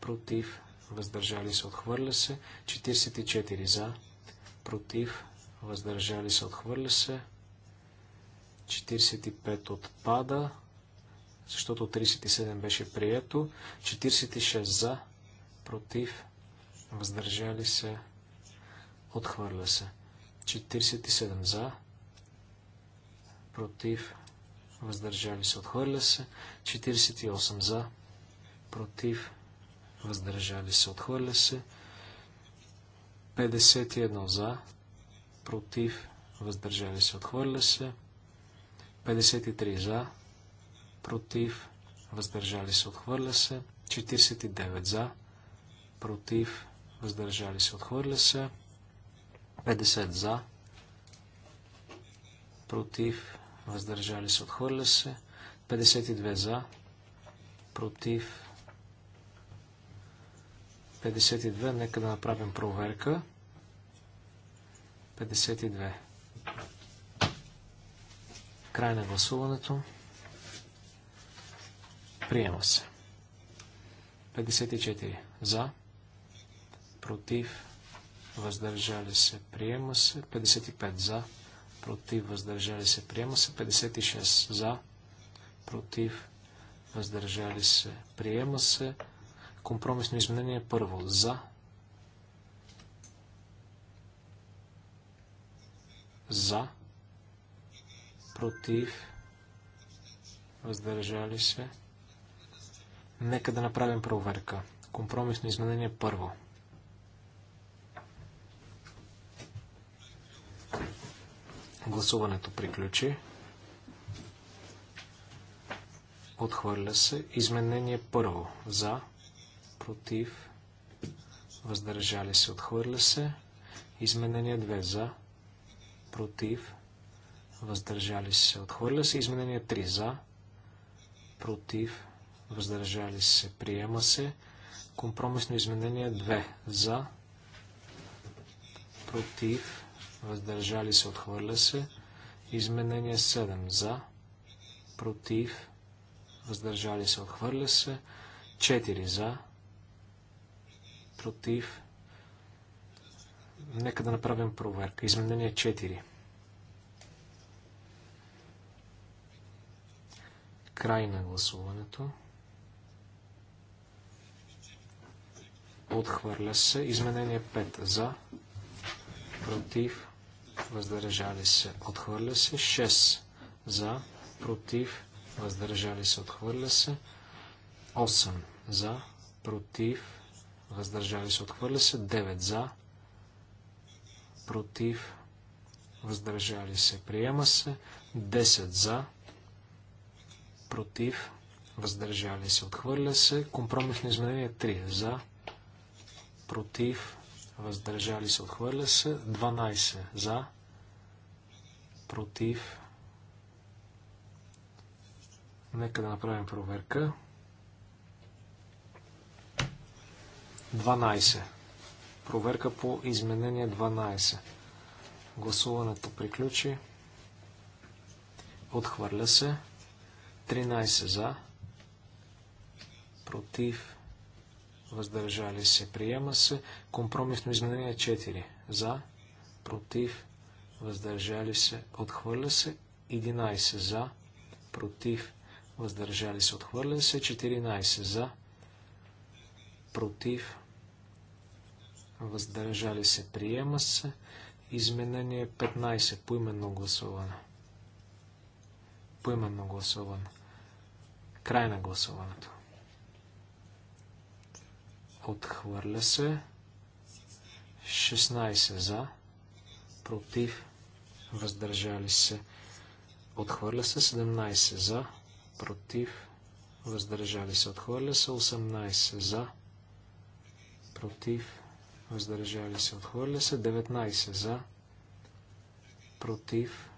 против, въздържали се, отхвърля се. 44 за, против, въздържали се, отхвърля се. 45 отпада защото 37 беше прието. 46 за, против, въздържали се, отхвърля се. 47 за, против, въздържали се, отхвърля се. 48 за, против, въздържали се, отхвърля се. 51 за, против, въздържали се, отхвърля се. 53 за, против, въздържали се, отхвърля се. 49 за, против, въздържали се, отхвърля се. 50 за, против, въздържали се, отхвърля се. 52 за, против, 52, нека да направим проверка. 52. Край на гласуването. Приема се. 54. За. Против. Въздържали се. Приема се. 55. За. Против. Въздържали се. Приема се. 56. За. Против. Въздържали се. Приема се. Компромисно изменение първо. За. За. Против. Въздържали се. Нека да направим проверка. Компромисно изменение първо. Гласуването приключи. Отхвърля се. Изменение първо. За. Против. Въздържали се. Отхвърля се. Изменение 2. За. Против. Въздържали се. Отхвърля се. Изменение 3. За. Против въздържали се, приема се. Компромисно изменение 2 за, против, въздържали се, отхвърля се. Изменение 7 за, против, въздържали се, отхвърля се. 4 за, против. Нека да направим проверка. Изменение 4. Край на гласуването. Отхвърля се. Изменение 5 за. Против. Въздържали се. Отхвърля се. 6 за. Против. Въздържали се. Отхвърля се. 8 за. Против. Въздържали се. Отхвърля се. 9 за. Против. Въздържали се. Приема се. 10 за. Против въздържали се, отхвърля се. Компромисно изменение 3 за, против, въздържали се, отхвърля се. 12 за, против. Нека да направим проверка. 12. Проверка по изменение 12. Гласуването приключи. Отхвърля се. 13 за. Против въздържали се, приема се. Компромисно изменение 4 за, против, въздържали се, отхвърля се. 11 за, против, въздържали се, отхвърля се. 14 за, против, въздържали се, приема се. Изменение 15 Поименно гласуване. Поименно гласуване. Край на гласуването. Отхвърля се. 16 за. Против. Въздържали се. Отхвърля се. 17 за. Против. Въздържали се. Отхвърля се. 18 за. Против. Въздържали се. Отхвърля се. 19 за. Против.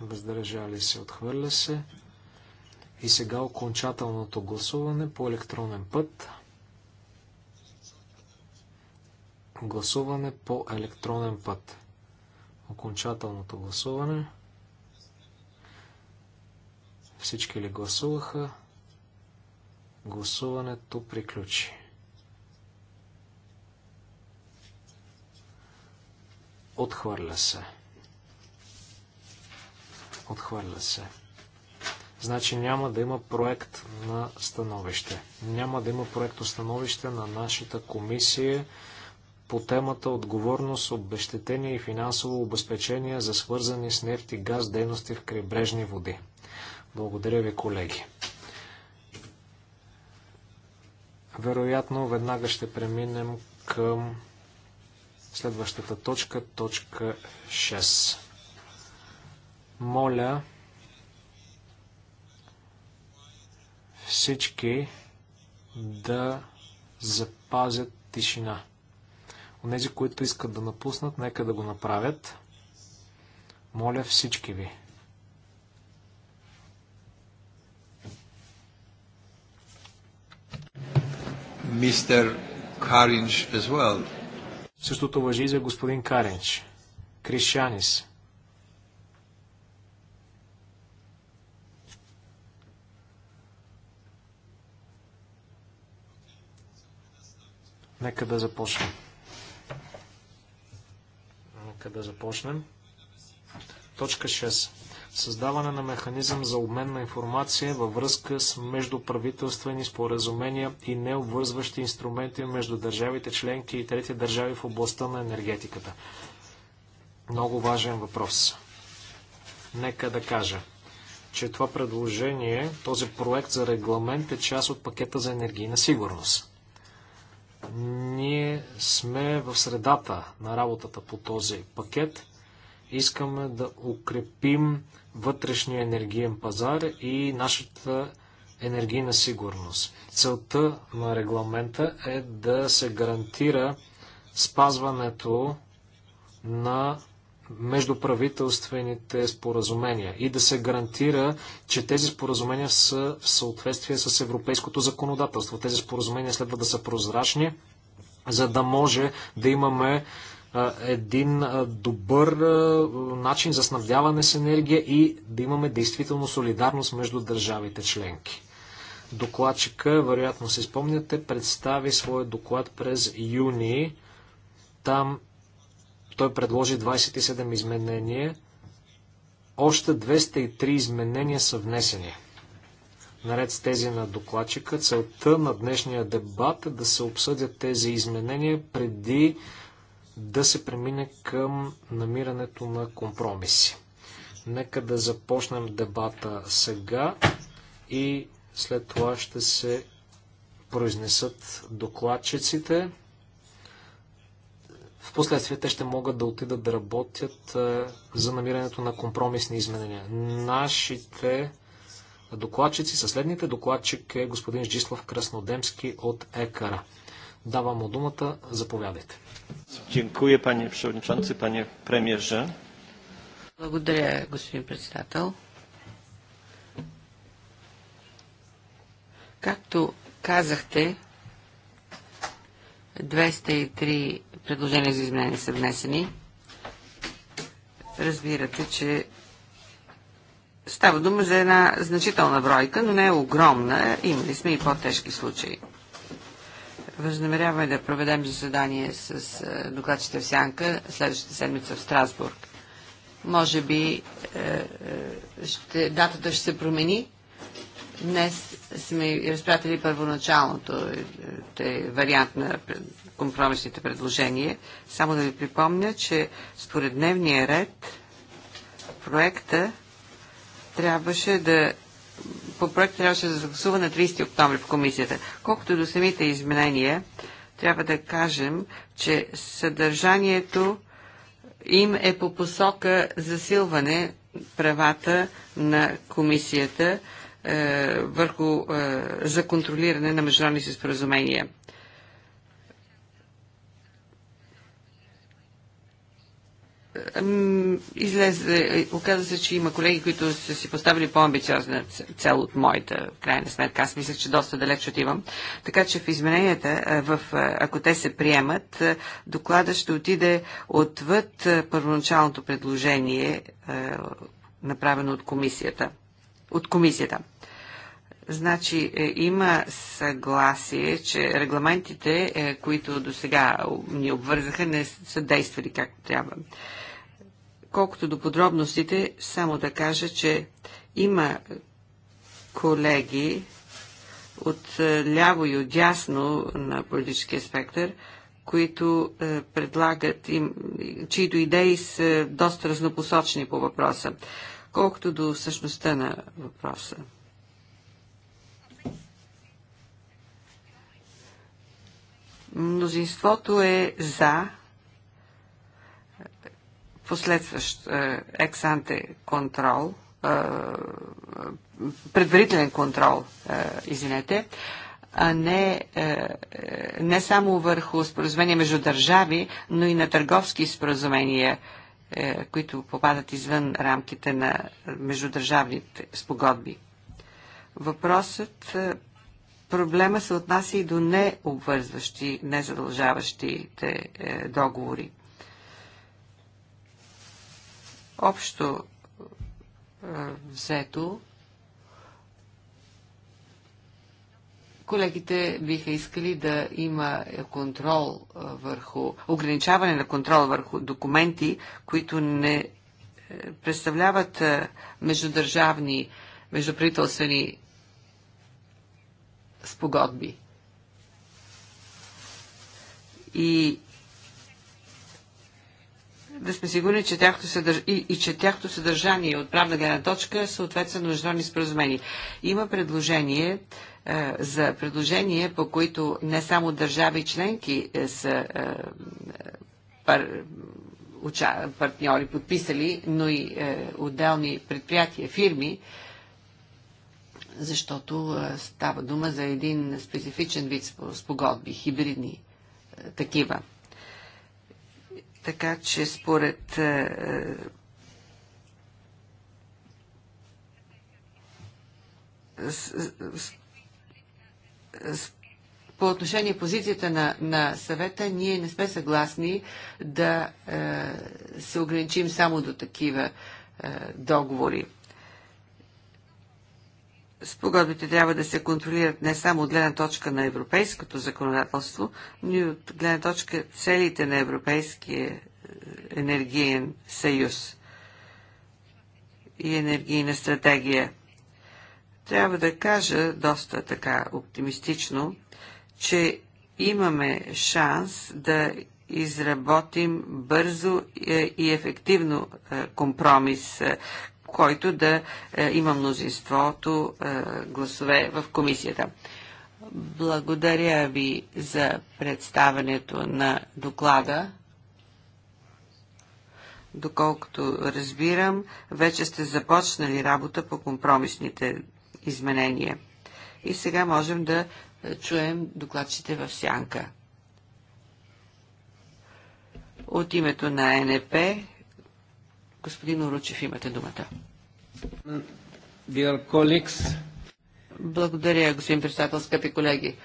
Въздържали се. Отхвърля се. И сега окончателното гласуване по електронен път. Гласуване по електронен път. Окончателното гласуване. Всички ли гласуваха? Гласуването приключи. Отхвърля се. Отхвърля се. Значи няма да има проект на становище. Няма да има проект становище на нашата комисия по темата отговорност, обещетение и финансово обезпечение за свързани с нефт и газ дейности в крайбрежни води. Благодаря ви, колеги. Вероятно, веднага ще преминем към следващата точка, точка 6. Моля всички да запазят тишина. Онези, които искат да напуснат, нека да го направят. Моля всички ви. Мистер Каринч as well. Същото въжи и за господин Каринч. Кришанис. Нека да започнем къде започнем. Точка 6. Създаване на механизъм за обмен на информация във връзка с междуправителствени споразумения и необвързващи инструменти между държавите членки и трети държави в областта на енергетиката. Много важен въпрос. Нека да кажа, че това предложение, този проект за регламент е част от пакета за енергийна сигурност. Ние сме в средата на работата по този пакет. Искаме да укрепим вътрешния енергиен пазар и нашата енергийна сигурност. Целта на регламента е да се гарантира спазването на междуправителствените споразумения и да се гарантира, че тези споразумения са в съответствие с европейското законодателство. Тези споразумения следва да са прозрачни, за да може да имаме един добър начин за снабдяване с енергия и да имаме действително солидарност между държавите членки. Докладчика, вероятно се спомняте, представи своя доклад през юни. Там той предложи 27 изменения. Още 203 изменения са внесени. Наред с тези на докладчика, целта на днешния дебат е да се обсъдят тези изменения преди да се премине към намирането на компромиси. Нека да започнем дебата сега и след това ще се произнесат докладчиците в последствие те ще могат да отидат да работят е, за намирането на компромисни изменения. Нашите докладчици, съседните докладчик е господин Жислав Краснодемски от ЕКАРА. Давам му думата, заповядайте. Дякую, пане председател, пане премьерже. Благодаря, господин председател. Както казахте, 203 предложения за изменение са внесени. Разбирате, че става дума за една значителна бройка, но не е огромна. Имали сме и по-тежки случаи. Възнамеряваме да проведем заседание с е, докладчите в Сянка следващата седмица в Страсбург. Може би е, е, ще, датата ще се промени. Днес сме разпратили първоначалното вариант на компромисните предложения. Само да ви припомня, че според дневния ред проекта трябваше да по проект трябваше да гласува на 30 октомври в комисията. Колкото до самите изменения, трябва да кажем, че съдържанието им е по посока засилване правата на комисията е, върху е, за контролиране на международни споразумения. излезе, оказа се, че има колеги, които са си поставили по-амбициозна цел от моята, в крайна сметка. Аз мисля, че доста далеч отивам. Така че в измененията, в, ако те се приемат, доклада ще отиде отвъд първоначалното предложение, направено от комисията. От комисията. Значи е, има съгласие, че регламентите, е, които до сега ни обвързаха, не са действали както трябва. Колкото до подробностите, само да кажа, че има колеги от е, ляво и от дясно на политическия спектър, които предлагат, им, чието идеи са доста разнопосочни по въпроса, колкото до същността на въпроса. Мнозинството е за последващ е, ексанте контрол, е, предварителен контрол, е, извинете, а не, не само върху споразумения между държави, но и на търговски споразумения, които попадат извън рамките на междудържавните спогодби. Въпросът Проблема се отнася и до необвързващи, незадължаващите е, договори. Общо е, взето, колегите биха искали да има контрол е, върху, ограничаване на контрол върху документи, които не е, представляват е, междудържавни, междуправителствени спогодби. И да сме сигурни, че тяхто съдърж... и, и че тяхто съдържание от правна гледна точка е съответства на международни споразумения. Има предложение е, за предложение, по които не само държави членки е, са е, пар... уча... партньори подписали, но и е, отделни предприятия, фирми. Е, защото е, става дума за един специфичен вид спогодби, хибридни е, такива. Така че според е, по отношение позицията на, на съвета, ние не сме съгласни да е, се ограничим само до такива е, договори. Спогодбите трябва да се контролират не само от гледна точка на европейското законодателство, но и от гледна точка целите на Европейския е, енергиен съюз и енергийна стратегия. Трябва да кажа доста така оптимистично, че имаме шанс да изработим бързо е, и ефективно е, компромис, който да е, има мнозинството е, гласове в комисията. Благодаря ви за представането на доклада. Доколкото разбирам, вече сте започнали работа по компромисните изменения. И сега можем да е, чуем докладчите в сянка. От името на НП Господин Уручев, имате думата. Благодаря, господин председател, скъпи колеги.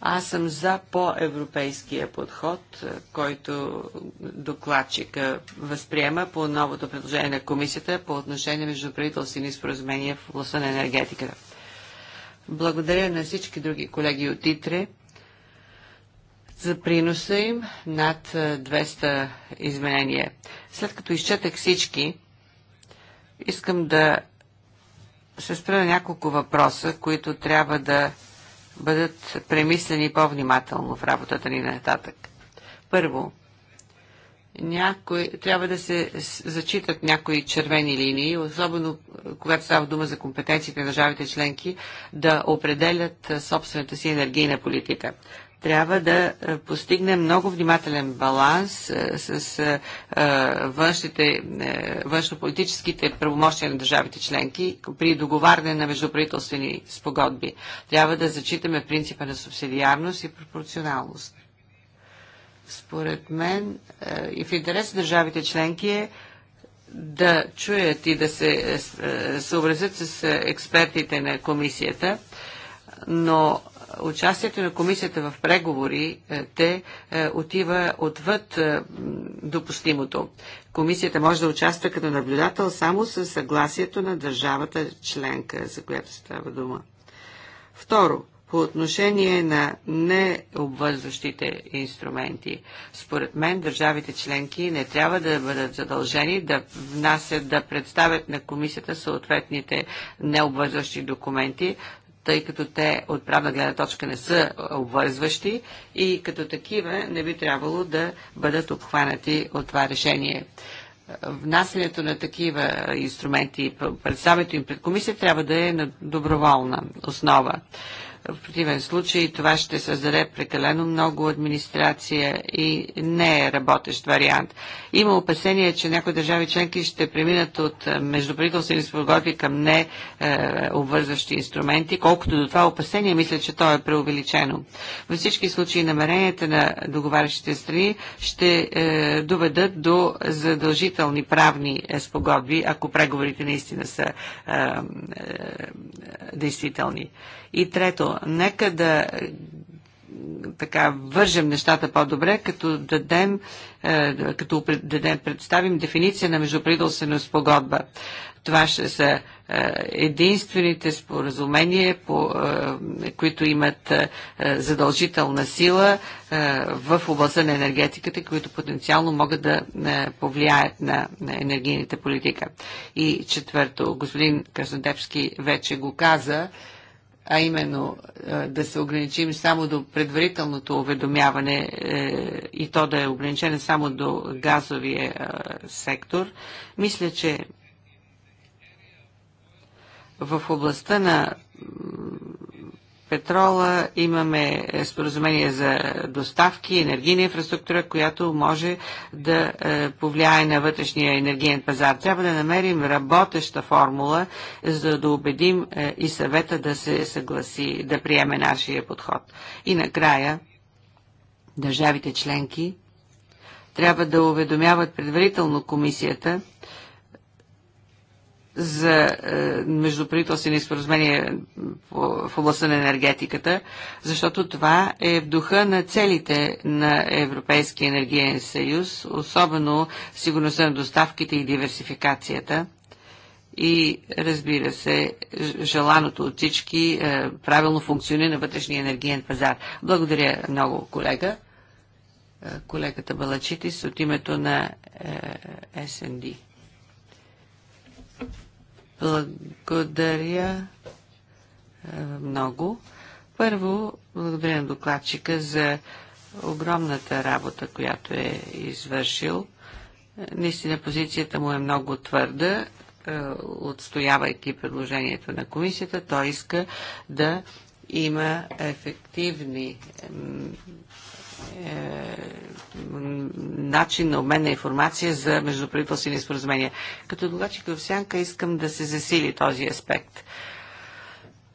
Аз съм за по-европейския подход, който докладчика възприема по новото предложение на комисията по отношение между правителствени споразумения в областта на енергетиката. Благодаря на всички други колеги от ИТРЕ за приноса им над 200 изменения. След като изчетах всички, искам да се спра на няколко въпроса, които трябва да бъдат премислени по-внимателно в работата ни нататък. Първо, някой, трябва да се зачитат някои червени линии, особено когато става дума за компетенциите на държавите членки, да определят собствената си енергийна политика трябва да постигне много внимателен баланс с външните, външнополитическите правомощия на държавите членки при договаряне на междуправителствени спогодби. Трябва да зачитаме принципа на субсидиарност и пропорционалност. Според мен и в интерес на държавите членки е да чуят и да се съобразят с експертите на комисията, но участието на комисията в преговорите е, е, отива отвъд е, допустимото. Комисията може да участва като наблюдател само с съгласието на държавата членка, за която се трябва дума. Второ, по отношение на необвързващите инструменти. Според мен държавите членки не трябва да бъдат задължени да внасят, да представят на комисията съответните необвързващи документи, тъй като те от правна гледна точка не са обвързващи и като такива не би трябвало да бъдат обхванати от това решение. Внасянето на такива инструменти и представянето им пред комисия трябва да е на доброволна основа. В противен случай това ще създаде прекалено много администрация и не е работещ вариант. Има опасение, че някои държави членки ще преминат от е, междуправителствени спогодби към не е, обвързващи инструменти. Колкото до това опасение, мисля, че то е преувеличено. Във всички случаи намеренията на договарящите страни ще е, доведат до задължителни правни е, спогодби, ако преговорите наистина са е, е, действителни. И трето, нека да така вържем нещата по-добре, като дадем, е, като дадем, представим дефиниция на междуправителствена спогодба. Това ще са е, единствените споразумения, по, е, които имат задължителна сила в областта на енергетиката, които потенциално могат да повлияят на енергийната политика. И четвърто, господин Краснодепски вече го каза, а именно да се ограничим само до предварителното уведомяване е, и то да е ограничено само до газовия е, сектор, мисля, че в областта на петрола, имаме споразумение за доставки, енергийна инфраструктура, която може да е, повлияе на вътрешния енергиен пазар. Трябва да намерим работеща формула, за да убедим е, и съвета да се съгласи, да приеме нашия подход. И накрая, държавите членки трябва да уведомяват предварително комисията, за е, междуправителствени споразумения в областта на енергетиката, защото това е в духа на целите на Европейския енергиен съюз, особено сигурността на доставките и диверсификацията и разбира се, желаното от всички е, правилно функционира на вътрешния енергиен пазар. Благодаря много, колега. Е, колегата Балачитис от името на е, СНД. Благодаря много. Първо, благодаря на докладчика за огромната работа, която е извършил. Наистина позицията му е много твърда, отстоявайки предложението на комисията. Той иска да има ефективни е, начин на обмен на информация за междуправителствени споразумения. Като докладчик в сянка искам да се засили този аспект.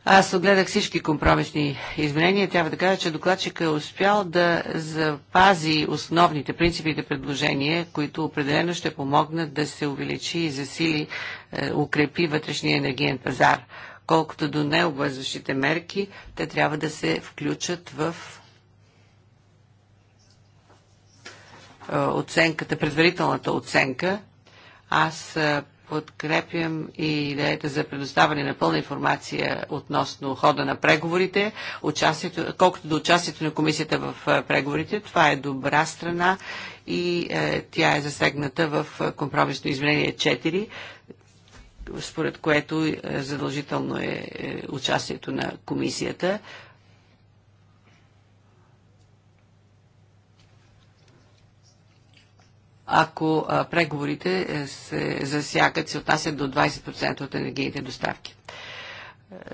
Аз огледах всички компромисни изменения. Трябва да кажа, че докладчик е успял да запази основните принципите предложения, които определено ще помогнат да се увеличи и засили, е, укрепи вътрешния енергиен пазар. Колкото до необвързващите мерки, те трябва да се включат в Е, оценката, предварителната оценка. Аз е, подкрепям и идеята за предоставяне на пълна информация относно хода на преговорите, участието, колкото до участието на комисията в е, преговорите. Това е добра страна и е, тя е засегната в компромисно изменение 4 според което задължително е участието на комисията ако преговорите е, се засягат, се отнасят до 20% от енергийните доставки.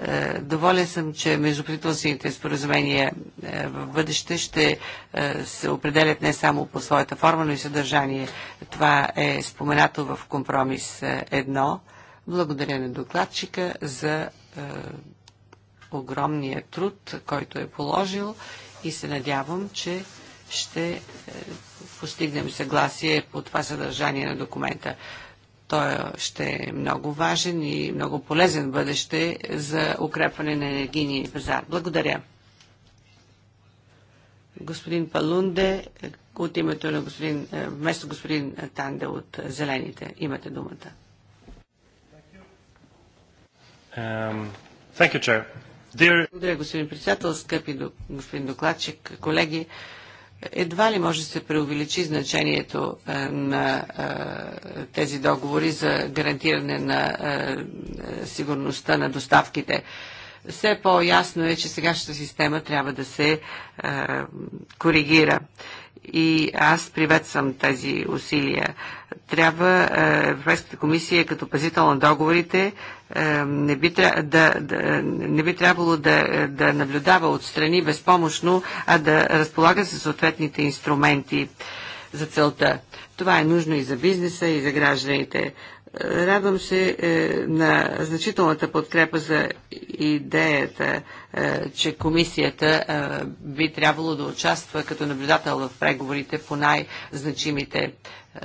Е, доволен съм, че междуправителствените споразумения е, в бъдеще ще се определят не само по своята форма, но и съдържание. Това е споменато в компромис 1. Благодаря на докладчика за огромния труд, който е положил и се надявам, че ще постигнем съгласие по това съдържание на документа. Той ще е много важен и много полезен бъдеще за укрепване на енергийния пазар. Благодаря. Господин Палунде, от името на господин, е, вместо господин Танде от Зелените, имате думата. Благодаря, господин председател, скъпи господин докладчик, колеги едва ли може да се преувеличи значението е, на е, тези договори за гарантиране на е, сигурността на доставките. Все по-ясно е, че сегашната система трябва да се коригира и аз приветствам тези усилия. Трябва Европейската комисия като пазител на договорите е, не би, да, да, не би трябвало да, да наблюдава отстрани безпомощно, а да разполага със съответните инструменти за целта. Това е нужно и за бизнеса, и за гражданите. Е, радвам се е, на значителната подкрепа за идеята, е, че комисията е, би трябвало да участва като наблюдател в преговорите по най-значимите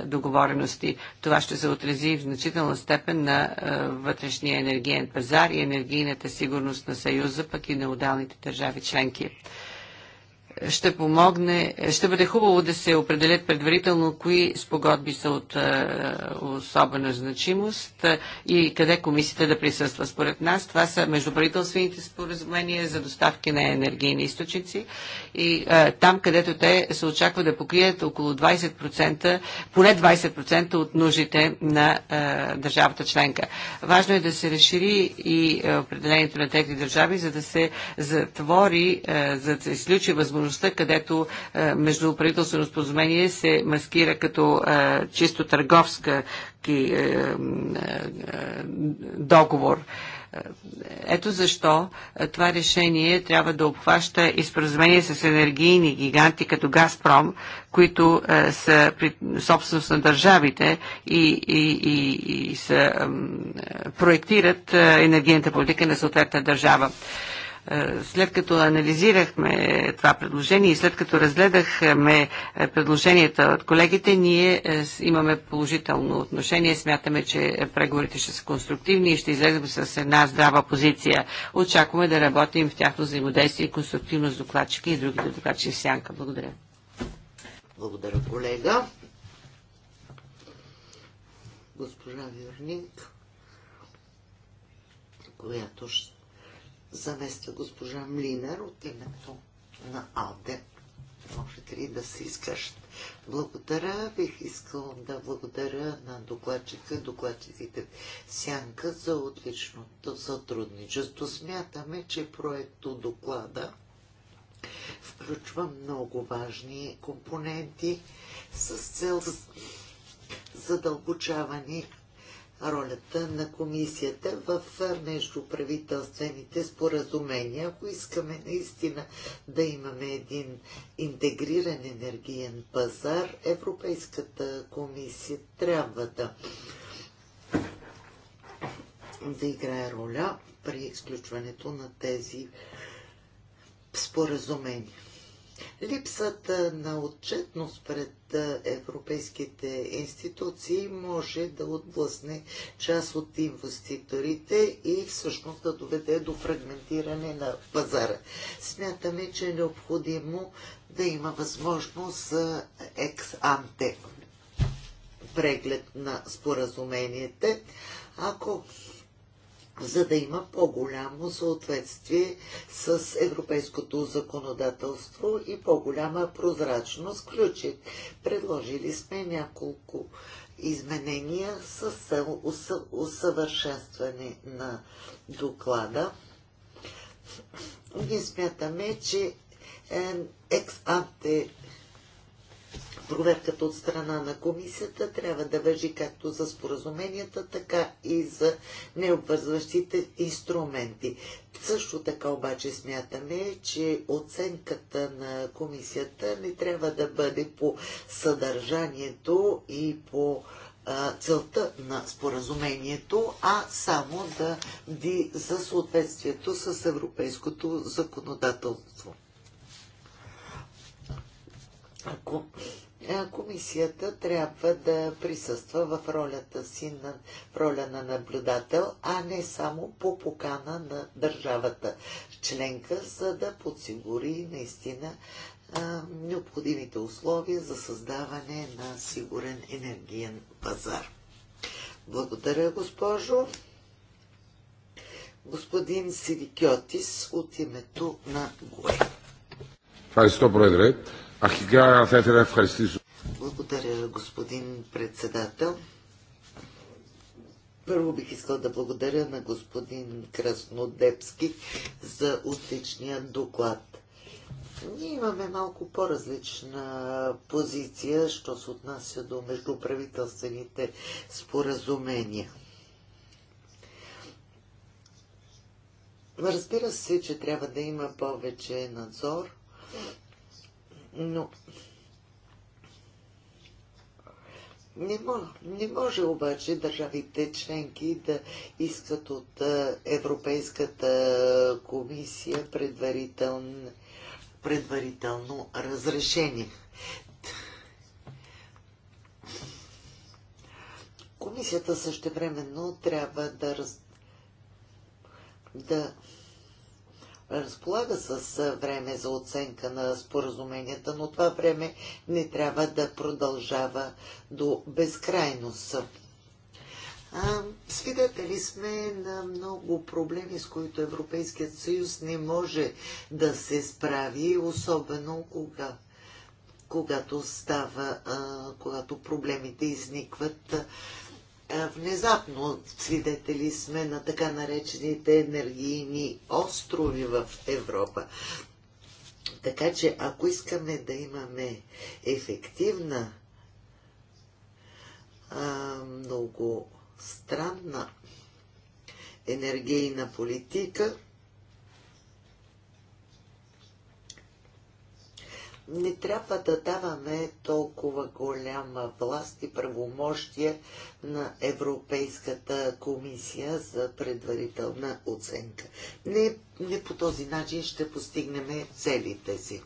договорености. Това ще се отрази в значителна степен на е, вътрешния енергиен пазар и енергийната сигурност на Съюза, пък и на отдалните държави членки ще помогне, ще бъде хубаво да се определят предварително кои спогодби са от е, особена значимост е, и къде комисията да присъства. Според нас това са междуправителствените споразумения за доставки на енергийни източници и е, там, където те се очаква да покрият около 20%, поне 20% от нуждите на държавата членка. Важно е да се разшири и определението на тези държави, за да се затвори, за да се изключи възможността промишлеността, където е, междуправителствено споразумение се маскира като е, чисто търговска е, договор. Ето защо това решение трябва да обхваща и споразумение с енергийни гиганти като Газпром, които са собственост на държавите и, и, и, и са, проектират енергийната политика на съответната държава. Е, след като анализирахме това предложение и след като разгледахме е, предложенията от колегите, ние е, имаме положително отношение. Смятаме, че преговорите ще са конструктивни и ще излезем с една здрава позиция. Очакваме да работим в тяхно взаимодействие и конструктивно с докладчика и другите докладчи в сянка. Благодаря. Благодаря, колега. Госпожа Вирник, която ще замества госпожа Млинар от името на АЛДЕ. Можете ли да се изкажат? Благодаря. Бих искал да благодаря на докладчика, докладчиците Сянка за отличното сътрудничество. Смятаме, че проекто доклада включва много важни компоненти с цел задълбочаване ролята на комисията в междуправителствените споразумения. Ако искаме наистина да имаме един интегриран енергиен пазар, Европейската комисия трябва да да играе роля при изключването на тези споразумения. Липсата на отчетност пред европейските институции може да отблъсне част от инвеститорите и всъщност да доведе до фрагментиране на пазара. Смятаме, че е необходимо да има възможност за екс-анте преглед на споразумените. Ако за да има по-голямо съответствие с европейското законодателство и по-голяма прозрачност. Ключи. Предложили сме няколко изменения с цел усъвършенстване на доклада. Ние смятаме, че ексанте проверката от страна на комисията трябва да въжи както за споразуменията, така и за необвързващите инструменти. Също така обаче смятаме, че оценката на комисията не трябва да бъде по съдържанието и по целта на споразумението, а само да ди за съответствието с европейското законодателство. Ако комисията трябва да присъства в ролята си на в роля на наблюдател, а не само по покана на държавата членка, за да подсигури наистина а, необходимите условия за създаване на сигурен енергиен пазар. Благодаря, госпожо. Господин Сирикиотис от името на ГОЕ. 100 Πρόεδρε. Αρχικά θα ήθελα να ευχαριστήσω. Благодаря, господин председател. Първо бих искал да благодаря на господин Краснодепски за отличния доклад. Ние имаме малко по-различна позиция, що се отнася до междуправителствените споразумения. Разбира се, че трябва да има повече надзор но не може, не може обаче държавите членки да искат от Европейската комисия предварително, предварително разрешение. Комисията същевременно трябва да, раз... да разполага с време за оценка на споразуменията, но това време не трябва да продължава до безкрайност. А, свидетели сме на много проблеми, с които Европейският съюз не може да се справи, особено кога, когато става, а, когато проблемите изникват внезапно свидетели сме на така наречените енергийни острови в Европа. Така че, ако искаме да имаме ефективна, много странна енергийна политика, не трябва да даваме толкова голяма власт и правомощия на Европейската комисия за предварителна оценка. Не, не по този начин ще постигнем целите си.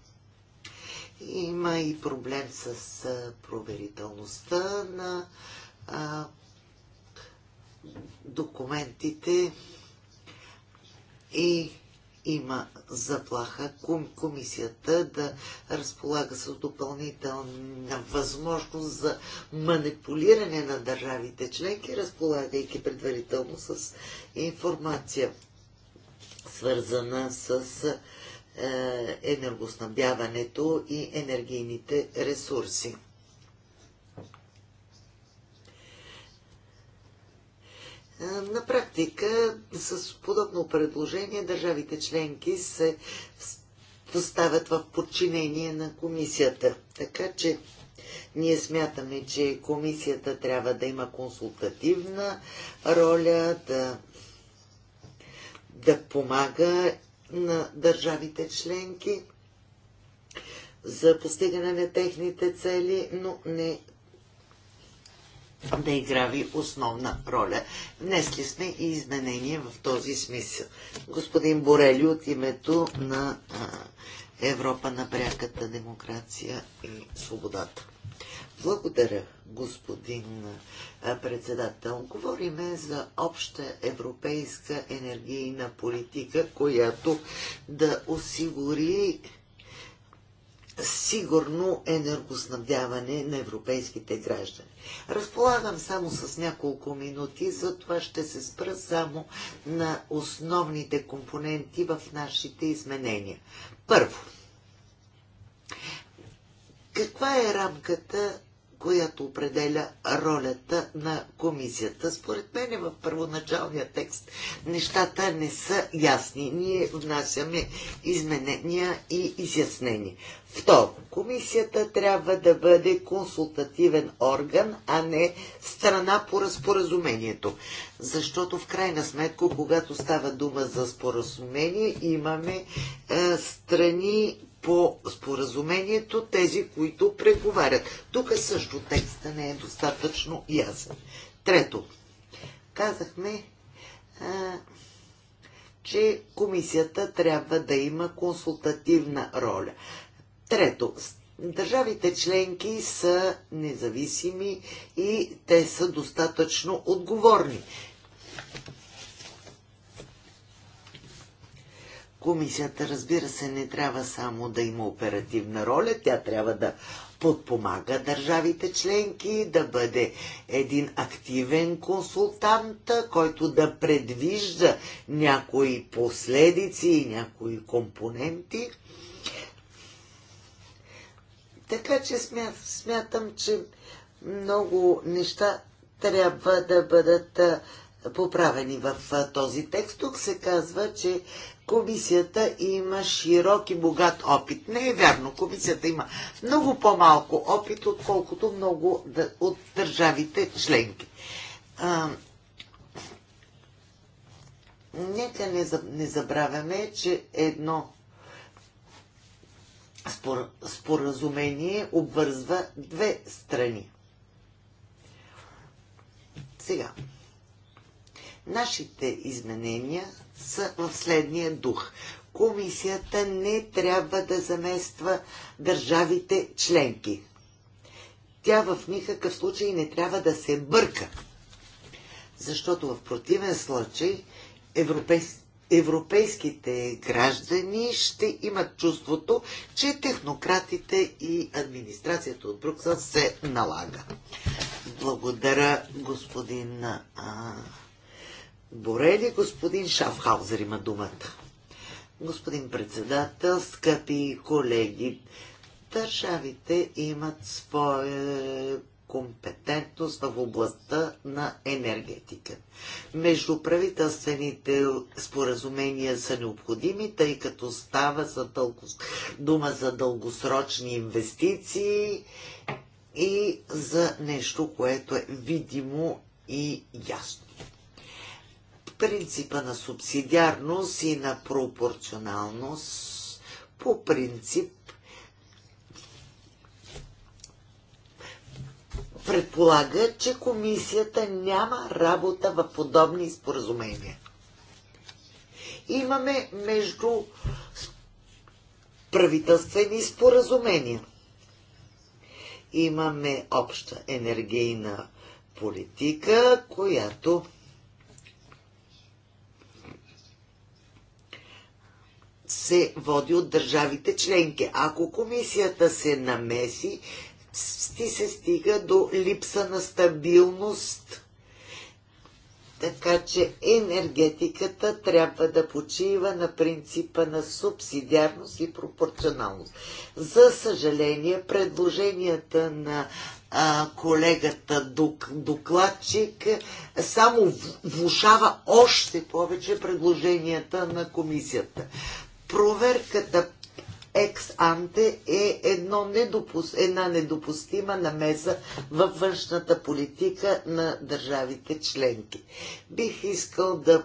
Има и проблем с проверителността на а, документите и има заплаха комисията да разполага с допълнителна възможност за манипулиране на държавите членки, разполагайки предварително с информация, свързана с е, енергоснабяването и енергийните ресурси. Е, на практика с подобно предложение държавите членки се поставят в подчинение на комисията. Така че ние смятаме, че комисията трябва да има консултативна роля, да, да помага на държавите членки за постигане на техните цели, но не да играви основна роля. Внесли сме и изменения в този смисъл. Господин Борели от името на Европа на пряката демокрация и свободата. Благодаря, господин председател. Говориме за обща европейска енергийна политика, която да осигури сигурно енергоснабдяване на европейските граждани. Разполагам само с няколко минути, затова ще се спра само на основните компоненти в нашите изменения. Първо, каква е рамката която определя ролята на комисията. Според мен в първоначалния текст нещата не са ясни. Ние внасяме изменения и изяснения. Второ, комисията трябва да бъде консултативен орган, а не страна по разпоразумението. Защото в крайна сметка, когато става дума за споразумение, имаме е, страни, по споразумението тези, които преговарят. Тук също текста не е достатъчно ясен. Трето, казахме, а, че комисията трябва да има консултативна роля. Трето, държавите членки са независими и те са достатъчно отговорни. Комисията, разбира се, не трябва само да има оперативна роля, тя трябва да подпомага държавите членки, да бъде един активен консултант, който да предвижда някои последици и някои компоненти. Така че смятам, че много неща трябва да бъдат поправени в този текст. Тук се казва, че комисията има широк и богат опит. Не е вярно. Комисията има много по-малко опит, отколкото много от държавите членки. А, нека не, не забравяме, че едно спор, споразумение обвързва две страни. Сега, нашите изменения са в следния дух. Комисията не трябва да замества държавите членки. Тя в никакъв случай не трябва да се бърка, защото в противен случай европейските европейските граждани ще имат чувството, че технократите и администрацията от Брукса се налага. Благодаря, господин а, ли господин Шафхаузер има думата. Господин председател, скъпи колеги, държавите имат своя компетентност в областта на енергетика. Междуправителствените споразумения са необходими, тъй като става за дълго... дума за дългосрочни инвестиции и за нещо, което е видимо и ясно принципа на субсидиарност и на пропорционалност по принцип предполага, че комисията няма работа в подобни споразумения. Имаме между правителствени споразумения. Имаме обща енергийна политика, която се води от държавите членки. Ако комисията се намеси, ти се стига до липса на стабилност. Така че енергетиката трябва да почива на принципа на субсидиарност и пропорционалност. За съжаление, предложенията на а, колегата докладчик само влушава още повече предложенията на комисията проверката екс-анте е едно недопус... една недопустима намеса във външната политика на държавите членки. Бих искал да,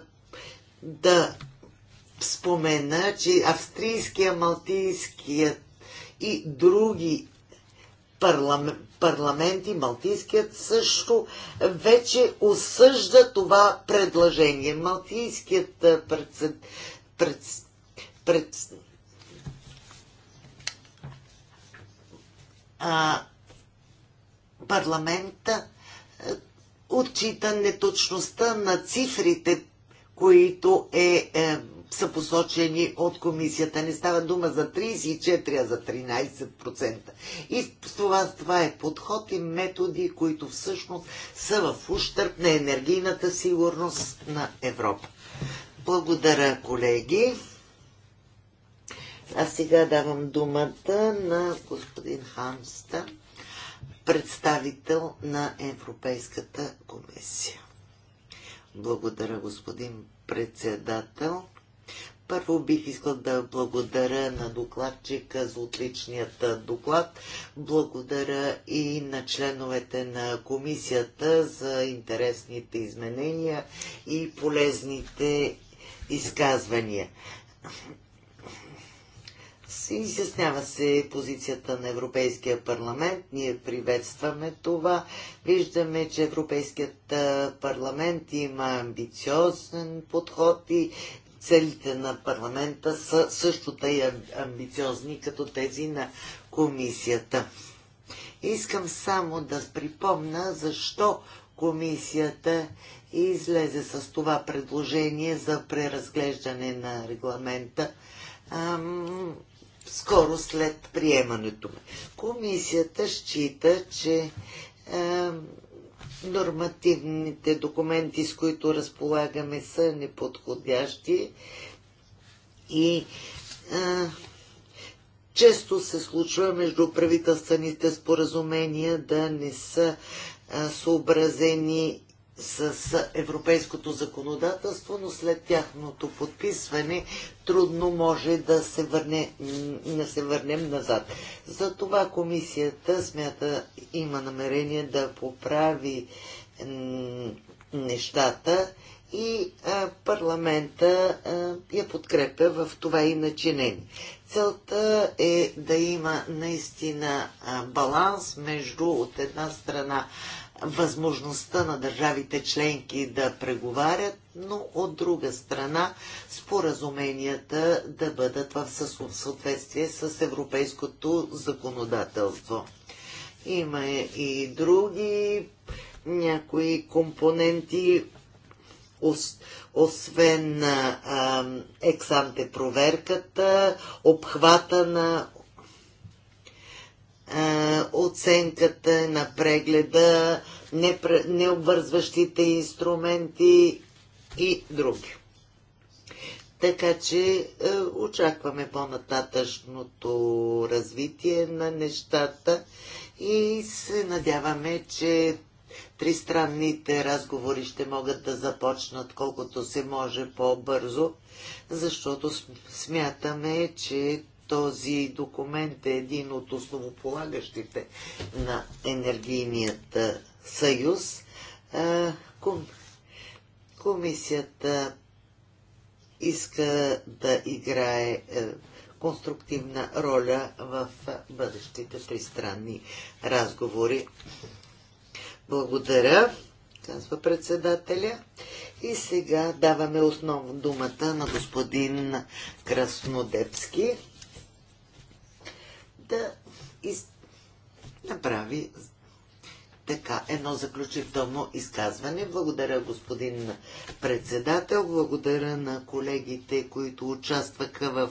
да спомена, че австрийския, малтийския и други парламент, парламенти, Малтийският също вече осъжда това предложение. Малтийският пред, пред... а, парламента е, отчита неточността на цифрите, които е, е, са посочени от комисията. Не става дума за 34, а за 13%. И това, това е подход и методи, които всъщност са в ущърп на енергийната сигурност на Европа. Благодаря, колеги. А сега давам думата на господин Хамста, представител на Европейската комисия. Благодаря, господин председател. Първо бих искал да благодаря на докладчика за отличният доклад. Благодаря и на членовете на комисията за интересните изменения и полезните изказвания. Изяснява се позицията на Европейския парламент. Ние приветстваме това. Виждаме, че Европейският парламент има амбициозен подход и целите на парламента са също тъй амбициозни, като тези на комисията. Искам само да припомна защо комисията излезе с това предложение за преразглеждане на регламента скоро след приемането му. Комисията счита, че е, нормативните документи, с които разполагаме, са неподходящи и е, често се случва между правителствените споразумения да не са е, съобразени с европейското законодателство, но след тяхното подписване трудно може да се, върне, да се върнем назад. Затова комисията смята, има намерение да поправи нещата и парламента я подкрепя в това и начинение. Целта е да има наистина баланс между от една страна възможността на държавите членки да преговарят, но от друга страна споразуменията да бъдат в съответствие с европейското законодателство. Има и други някои компоненти, освен ексанте проверката, обхвата на е, оценката на прегледа, необвързващите инструменти и други. Така че е, очакваме по-нататъчното развитие на нещата и се надяваме, че тристранните разговори ще могат да започнат колкото се може по-бързо, защото смятаме, че този документ е един от основополагащите на енергийният съюз. Комисията иска да играе конструктивна роля в бъдещите тристранни разговори. Благодаря, казва председателя. И сега даваме основно думата на господин Краснодепски да из... направи така едно заключително изказване. Благодаря, господин председател. Благодаря на колегите, които участваха в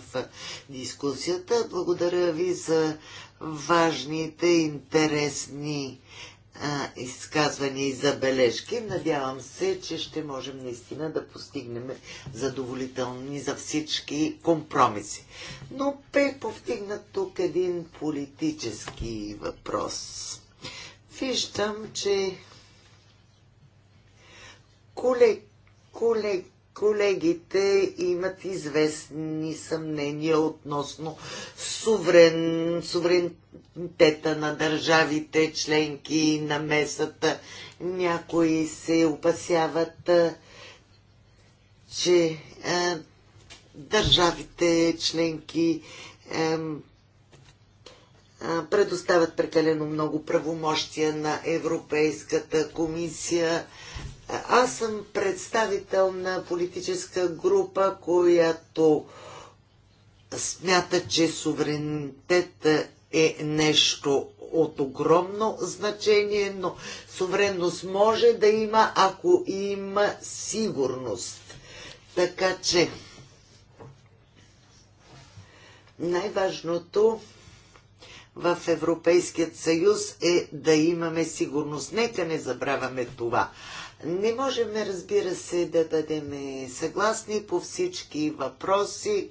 дискусията. Благодаря ви за важните, интересни изказвания и забележки. Надявам се, че ще можем наистина да постигнем задоволителни за всички компромиси. Но бе повтигна тук един политически въпрос. Виждам, че колег, колег, колегите имат известни съмнения относно суверен, суверен, Тета на държавите, членки и на месата. Някои се опасяват, че държавите членки предоставят прекалено много правомощия на Европейската комисия. Аз съм представител на политическа група, която смята, че суверенитет е нещо от огромно значение, но суверенност може да има, ако има сигурност. Така че най-важното в Европейският съюз е да имаме сигурност. Нека не забравяме това. Не можем, разбира се, да бъдем съгласни по всички въпроси,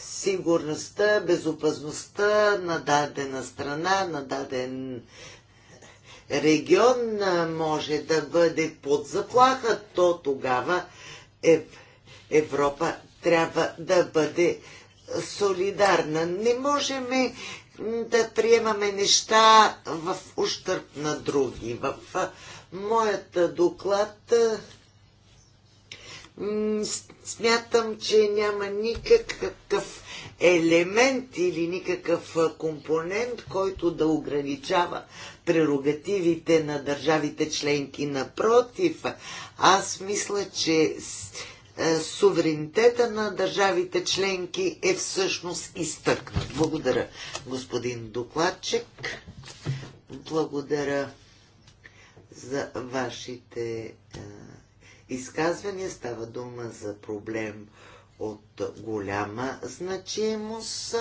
сигурността, безопасността на дадена страна, на даден регион може да бъде под заплаха, то тогава Европа трябва да бъде солидарна. Не можем да приемаме неща в ущърп на други, в моят доклад смятам, че няма никакъв елемент или никакъв компонент, който да ограничава прерогативите на държавите членки. Напротив, аз мисля, че суверенитета на държавите членки е всъщност изтъкнат. Благодаря, господин докладчик. Благодаря за вашите а, изказвания. Става дума за проблем от голяма значимост.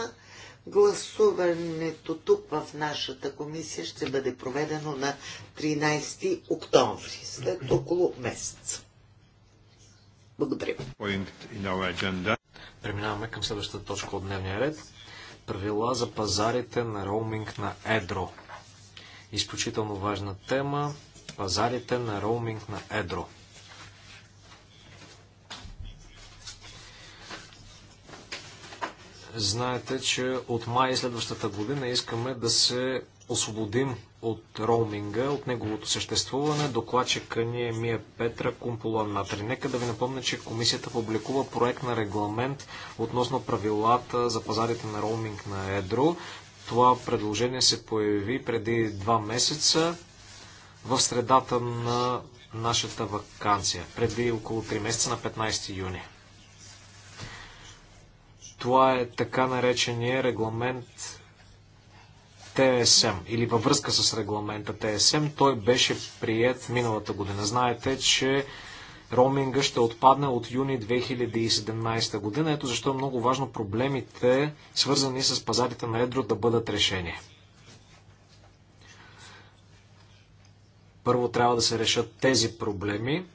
Гласуването тук в нашата комисия ще бъде проведено на 13 октомври, след около месец. Благодаря. Преминаваме към следващата точка от дневния ред. Правила за пазарите на роуминг на Едро. Изключително важна тема пазарите на роуминг на Едро. Знаете, че от май следващата година искаме да се освободим от роуминга, от неговото съществуване. Докладчика ни е Мия Петра Кумпола Натри. Нека да ви напомня, че комисията публикува проект на регламент относно правилата за пазарите на роуминг на Едро. Това предложение се появи преди два месеца в средата на нашата вакансия, преди около 3 месеца на 15 юни. Това е така наречения регламент ТСМ или във връзка с регламента ТСМ. Той беше прият миналата година. Знаете, че роуминга ще отпадне от юни 2017 година. Ето защо е много важно проблемите, свързани с пазарите на едро, да бъдат решени. Първо трябва да се решат тези проблеми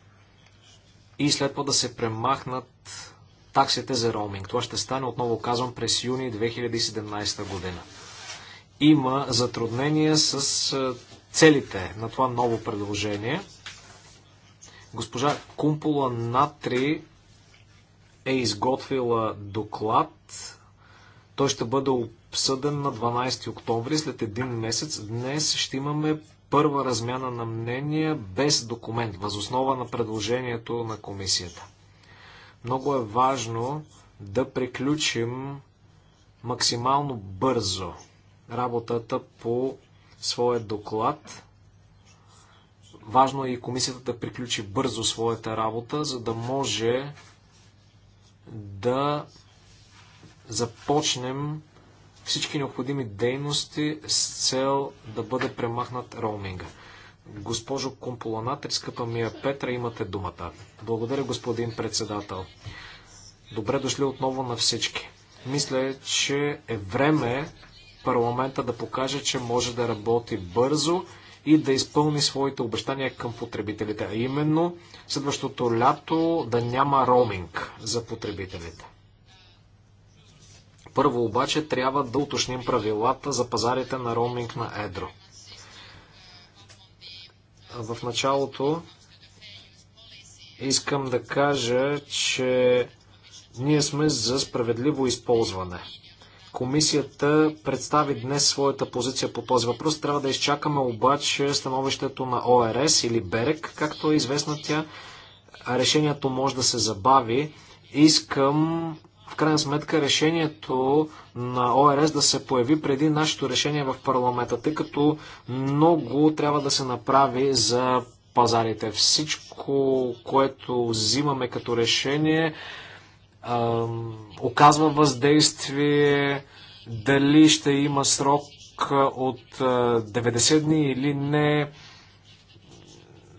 и след това да се премахнат таксите за роуминг. Това ще стане, отново казвам, през юни 2017 година. Има затруднения с е, целите на това ново предложение. Госпожа Кумпула Натри е изготвила доклад. Той ще бъде обсъден на 12 октомври, след един месец. Днес ще имаме първа размяна на мнения без документ, възоснова на предложението на комисията. Много е важно да приключим максимално бързо работата по своя доклад. Важно е и комисията да приключи бързо своята работа, за да може да започнем всички необходими дейности с цел да бъде премахнат роуминга. Госпожо Компуланатри, скъпа мия Петра, имате думата. Благодаря, господин председател. Добре дошли отново на всички. Мисля, че е време парламента да покаже, че може да работи бързо и да изпълни своите обещания към потребителите. А именно, следващото лято да няма роуминг за потребителите. Първо обаче трябва да уточним правилата за пазарите на роуминг на Едро. В началото искам да кажа, че ние сме за справедливо използване. Комисията представи днес своята позиция по този въпрос. Трябва да изчакаме обаче становището на ОРС или БЕРЕК, както е известна тя. Решението може да се забави. Искам в крайна сметка решението на ОРС да се появи преди нашето решение в парламента, тъй като много трябва да се направи за пазарите. Всичко, което взимаме като решение, оказва въздействие, дали ще има срок от 90 дни или не.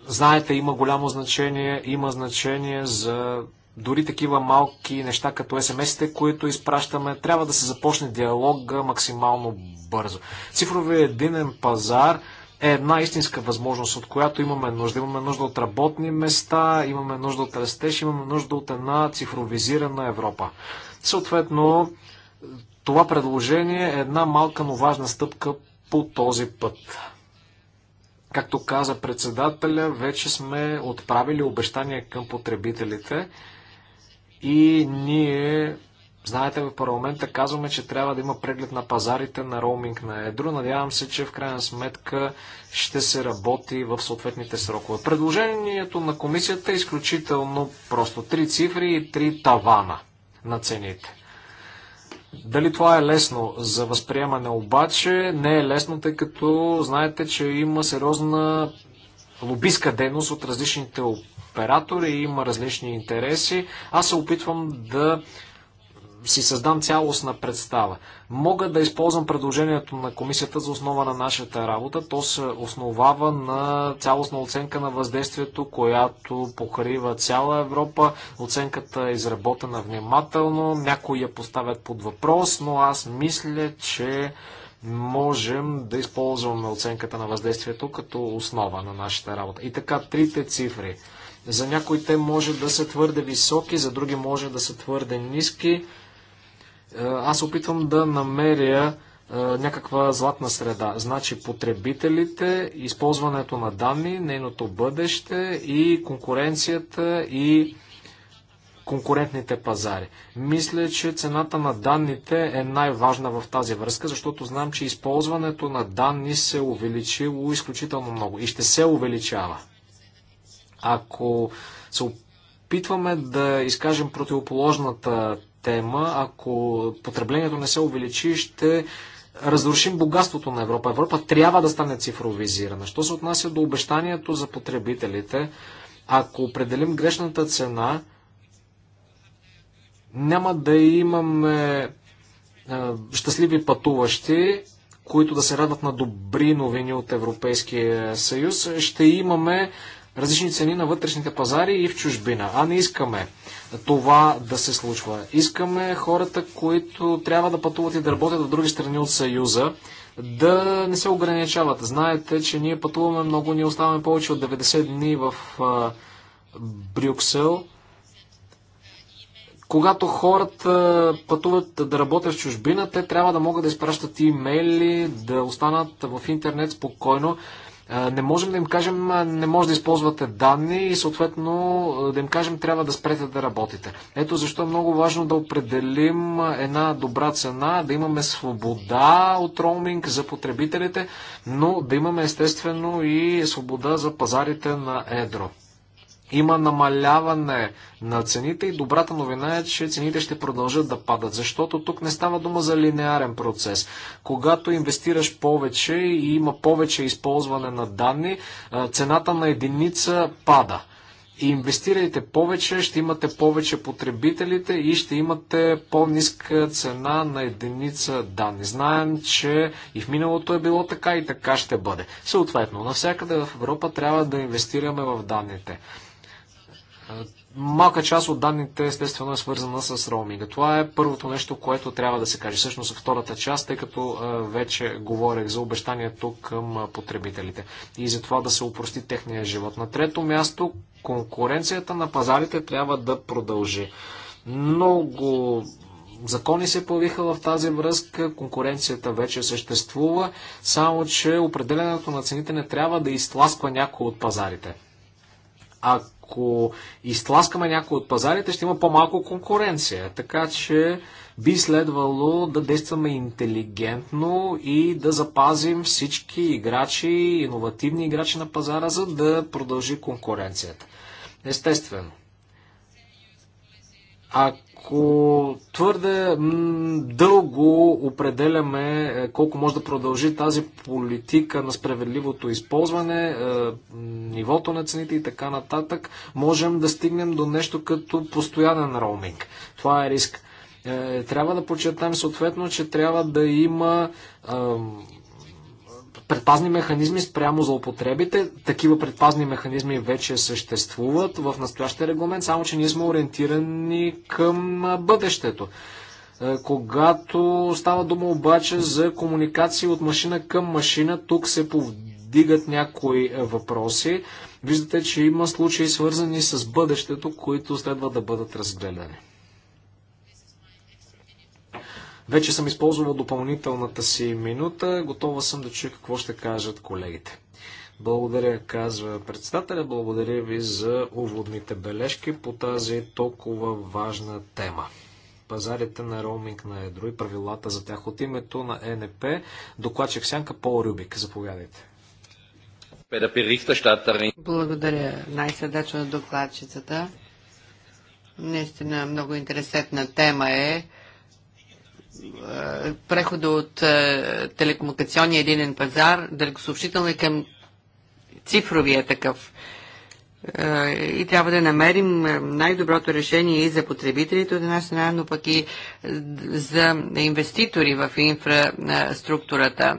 Знаете, има голямо значение, има значение за дори такива малки неща като СМС-те, които изпращаме, трябва да се започне диалога максимално бързо. Цифровият единен пазар е една истинска възможност, от която имаме нужда. Имаме нужда от работни места, имаме нужда от растеж, имаме нужда от една цифровизирана Европа. Съответно, това предложение е една малка, но важна стъпка по този път. Както каза председателя, вече сме отправили обещания към потребителите. И ние, знаете, в парламента казваме, че трябва да има преглед на пазарите на роуминг на едро. Надявам се, че в крайна сметка ще се работи в съответните срокове. Предложението на комисията е изключително просто. Три цифри и три тавана на цените. Дали това е лесно за възприемане обаче, не е лесно, тъй като знаете, че има сериозна лобистка дейност от различните оператори, има различни интереси. Аз се опитвам да си създам цялостна представа. Мога да използвам предложението на комисията за основа на нашата работа. То се основава на цялостна оценка на въздействието, която покрива цяла Европа. Оценката е изработена внимателно. Някои я поставят под въпрос, но аз мисля, че можем да използваме оценката на въздействието като основа на нашата работа. И така, трите цифри. За някои те може да са твърде високи, за други може да са твърде ниски. Е, аз опитвам да намеря е, някаква златна среда. Значи потребителите, използването на данни, нейното бъдеще и конкуренцията и конкурентните пазари. Мисля, че цената на данните е най-важна в тази връзка, защото знам, че използването на данни се увеличило изключително много и ще се увеличава. Ако се опитваме да изкажем противоположната тема, ако потреблението не се увеличи, ще разрушим богатството на Европа. Европа трябва да стане цифровизирана. Що се отнася до обещанието за потребителите, ако определим грешната цена, няма да имаме щастливи пътуващи, които да се радват на добри новини от Европейския съюз. Ще имаме различни цени на вътрешните пазари и в чужбина. А не искаме това да се случва. Искаме хората, които трябва да пътуват и да работят в други страни от Съюза, да не се ограничават. Знаете, че ние пътуваме много, ние оставаме повече от 90 дни в Брюксел. Когато хората пътуват да работят в чужбина, те трябва да могат да изпращат имейли, да останат в интернет спокойно. Не можем да им кажем, не може да използвате данни и съответно да им кажем, трябва да спрете да работите. Ето защо е много важно да определим една добра цена, да имаме свобода от роуминг за потребителите, но да имаме естествено и свобода за пазарите на едро. Има намаляване на цените и добрата новина е, че цените ще продължат да падат, защото тук не става дума за линеарен процес. Когато инвестираш повече и има повече използване на данни, цената на единица пада. И инвестирайте повече, ще имате повече потребителите и ще имате по-ниска цена на единица данни. Знаем, че и в миналото е било така и така ще бъде. Съответно, навсякъде в Европа трябва да инвестираме в данните. Е, малка част от данните естествено е свързана с роуминга. Това е първото нещо, което трябва да се каже. Всъщност втората част, тъй като е, вече говорех за обещанието към е, потребителите и за това да се упрости техния живот. На трето място, конкуренцията на пазарите трябва да продължи. Много закони се появиха в тази връзка, конкуренцията вече съществува, само че определенето на цените не трябва да изтласква някои от пазарите. Ако ако изтласкаме някои от пазарите, ще има по-малко конкуренция. Така че би следвало да действаме интелигентно и да запазим всички играчи, иновативни играчи на пазара, за да продължи конкуренцията. Естествено. Ако ако твърде дълго определяме е, колко може да продължи тази политика на справедливото използване, е, нивото на цените и така нататък, можем да стигнем до нещо като постоянен роуминг. Това е риск. Е, трябва да подчертаем съответно, че трябва да има предпазни механизми спрямо за употребите. Такива предпазни механизми вече съществуват в настоящия регламент, само че ние сме ориентирани към бъдещето. Когато става дума обаче за комуникации от машина към машина, тук се повдигат някои въпроси. Виждате, че има случаи свързани с бъдещето, които следва да бъдат разгледани. Вече съм използвал допълнителната си минута. Готова съм да чуя какво ще кажат колегите. Благодаря, казва председателя. Благодаря ви за уводните бележки по тази толкова важна тема. Пазарите на роуминг на едро и правилата за тях от името на НП. Докладчик Сянка Пол Рюбик. Заповядайте. Благодаря най-сърдечно докладчицата. Наистина много интересна тема е прехода от е, телекомуникационния единен пазар, далекосъобщителни към цифровия такъв. Е, и трябва да намерим е, най-доброто решение и за потребителите от една страна, но пък и за инвеститори в инфраструктурата.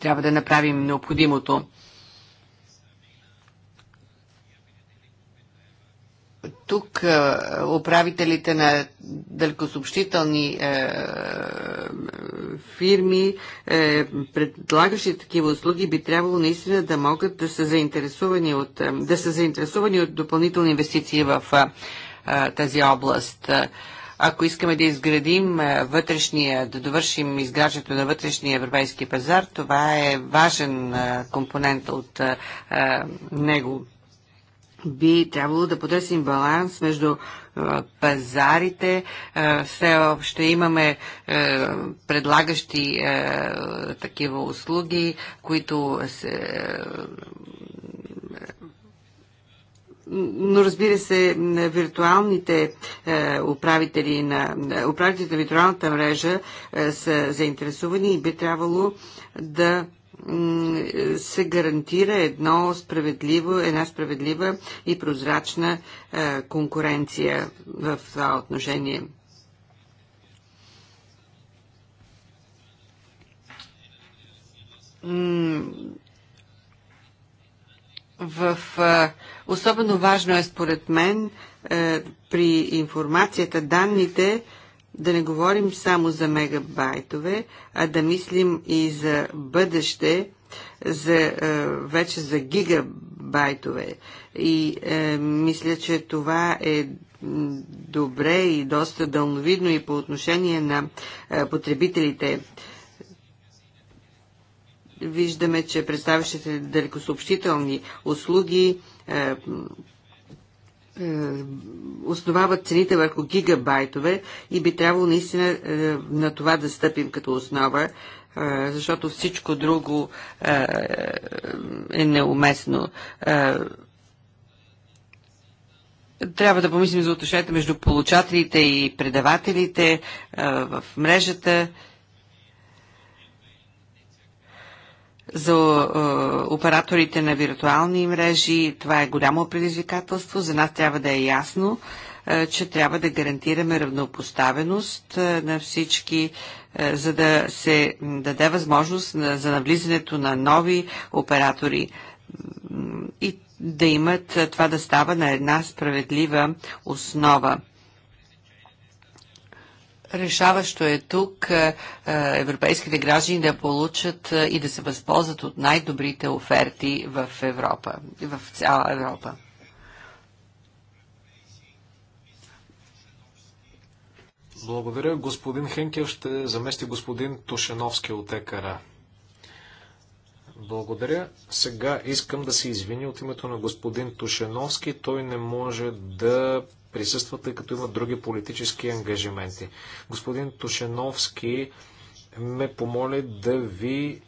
Трябва да направим необходимото. Тук управителите на далекосъобщителни е, фирми, е, предлагащи такива услуги, би трябвало наистина да могат да са заинтересувани от, е, да са заинтересувани от допълнителни инвестиции в тази област ако искаме да изградим вътрешния, да довършим изграждането на вътрешния европейски пазар, това е важен компонент от него би трябвало да потърсим баланс между е, пазарите. Е, все още имаме е, предлагащи такива услуги, които се но разбира се, виртуалните е, управители на, управителите на виртуалната мрежа е, са заинтересувани и би трябвало да се гарантира едно справедливо, една справедлива и прозрачна е, конкуренция в това отношение. В, е, особено важно е според мен е, при информацията, данните, да не говорим само за мегабайтове, а да мислим и за бъдеще, за, е, вече за гигабайтове. И е, мисля, че това е добре и доста дълновидно и по отношение на е, потребителите. Виждаме, че представящите далекосъобщителни услуги е, е, основават цените върху гигабайтове и би трябвало наистина е, на това да стъпим като основа, е, защото всичко друго е неуместно. Трябва да помислим за отношенията между получателите и предавателите в мрежата. за е, операторите на виртуални мрежи. Това е голямо предизвикателство. За нас трябва да е ясно, е, че трябва да гарантираме равнопоставеност е, на всички, за да се даде възможност за навлизането на нови оператори и да имат това да става на една справедлива основа Решаващо е тук е, е, европейските граждани да получат е, и да се възползват от най-добрите оферти в Европа, в цяла Европа. Благодаря. Господин Хенкев ще замести господин Тушеновски от ЕКР. Благодаря. Сега искам да се извини от името на господин Тушеновски. Той не може да присъства, тъй като има други политически ангажименти. Господин Тушеновски ме помоли да ви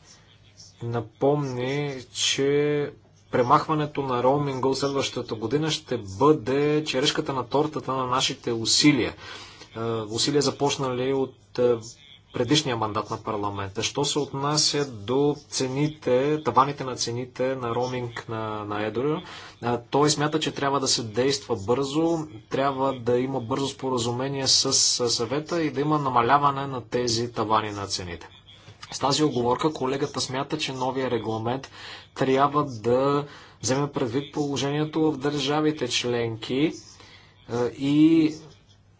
напомни, че премахването на роуминга от следващата година ще бъде черешката на тортата на нашите усилия. Е, усилия започнали от е, предишния мандат на парламента. Що се отнася до цените, таваните на цените на роуминг на, на Едро, той смята, че трябва да се действа бързо, трябва да има бързо споразумение с съвета и да има намаляване на тези тавани на цените. С тази оговорка колегата смята, че новия регламент трябва да вземе предвид положението в държавите членки и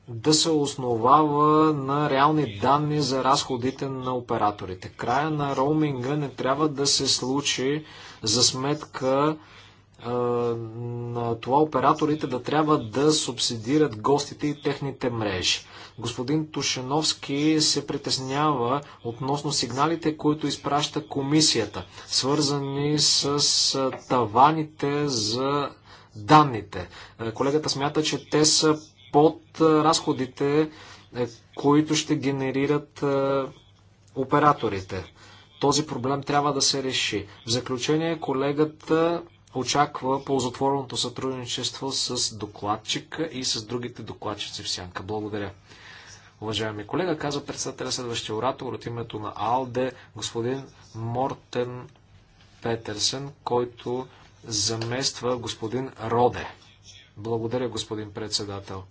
да се основава на реални данни за разходите на операторите. Края на роуминга не трябва да се случи за сметка на това операторите да трябва да субсидират гостите и техните мрежи. Господин Тушеновски се притеснява относно сигналите, които изпраща комисията, свързани с таваните за данните. Колегата смята, че те са под разходите, е, които ще генерират операторите. Този проблем трябва да се реши. В заключение, колегата очаква ползотворното сътрудничество с докладчика и с другите докладчици в сянка. Благодаря. Уважаеми колега, казва председателя следващия оратор от името на АЛДЕ, господин Мортен Петерсен, който замества господин Роде. Благодаря, господин председател.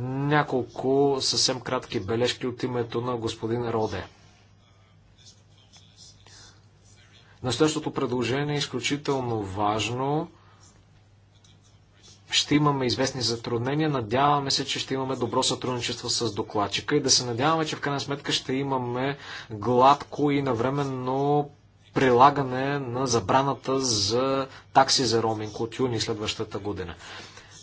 Няколко съвсем кратки бележки от името на господин Роде. Настоящото предложение е изключително важно. Ще имаме известни затруднения. Надяваме се, че ще имаме добро сътрудничество с докладчика и да се надяваме, че в крайна сметка ще имаме гладко и навременно прилагане на забраната за такси за роуминг от юни следващата година.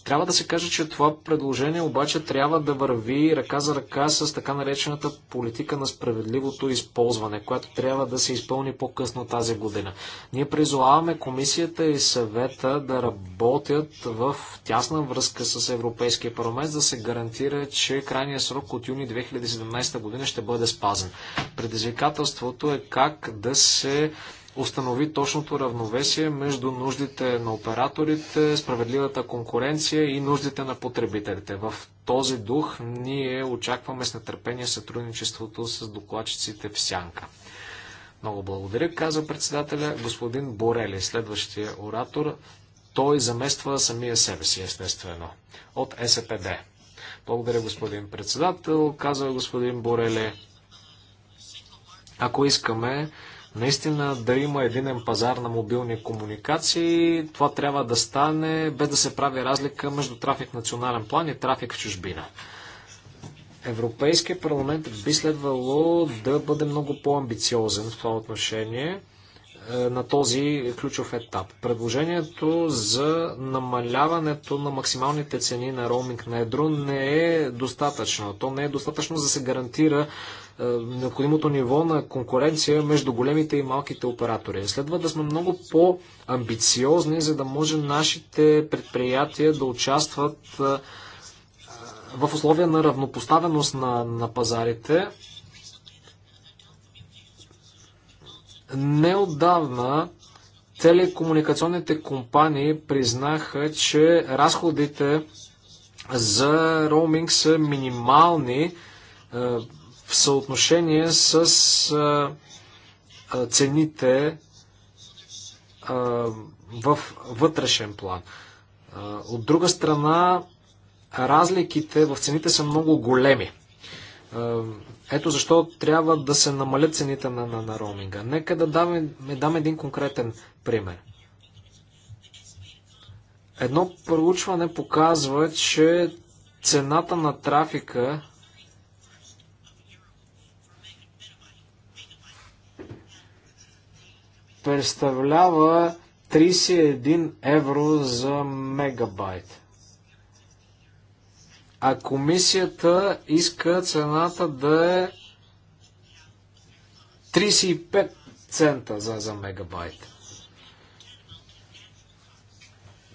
Трябва да се каже, че това предложение обаче трябва да върви ръка за ръка с така наречената политика на справедливото използване, която трябва да се изпълни по-късно тази година. Ние призоваваме комисията и съвета да работят в тясна връзка с Европейския парламент, да се гарантира, че крайният срок от юни 2017 година ще бъде спазен. Предизвикателството е как да се установи точното равновесие между нуждите на операторите, справедливата конкуренция и нуждите на потребителите. В този дух ние очакваме с нетърпение сътрудничеството с докладчиците в Сянка. Много благодаря, каза председателя господин Борели, следващия оратор. Той замества самия себе си, естествено, от СПД. Благодаря, господин председател, казва господин Борели. Ако искаме, наистина да има единен пазар на мобилни комуникации. Това трябва да стане без да се прави разлика между трафик в национален план и трафик в чужбина. Европейския парламент би следвало да бъде много по-амбициозен в това отношение е, на този ключов етап. Предложението за намаляването на максималните цени на роуминг на едро не е достатъчно. То не е достатъчно за да се гарантира е, необходимото ниво на конкуренция между големите и малките оператори. Следва да сме много по-амбициозни, за да може нашите предприятия да участват е, в условия на равнопоставеност на, на пазарите. Неодавна телекомуникационните компании признаха, че разходите за роуминг са минимални е, в съотношение с цените в вътрешен план. От друга страна, разликите в цените са много големи. Ето защо трябва да се намалят цените на, на, на роуминга. Нека да дам, дам един конкретен пример. Едно проучване показва, че цената на трафика представлява 31 евро за мегабайт. А комисията иска цената да е 35 цента за, за мегабайт.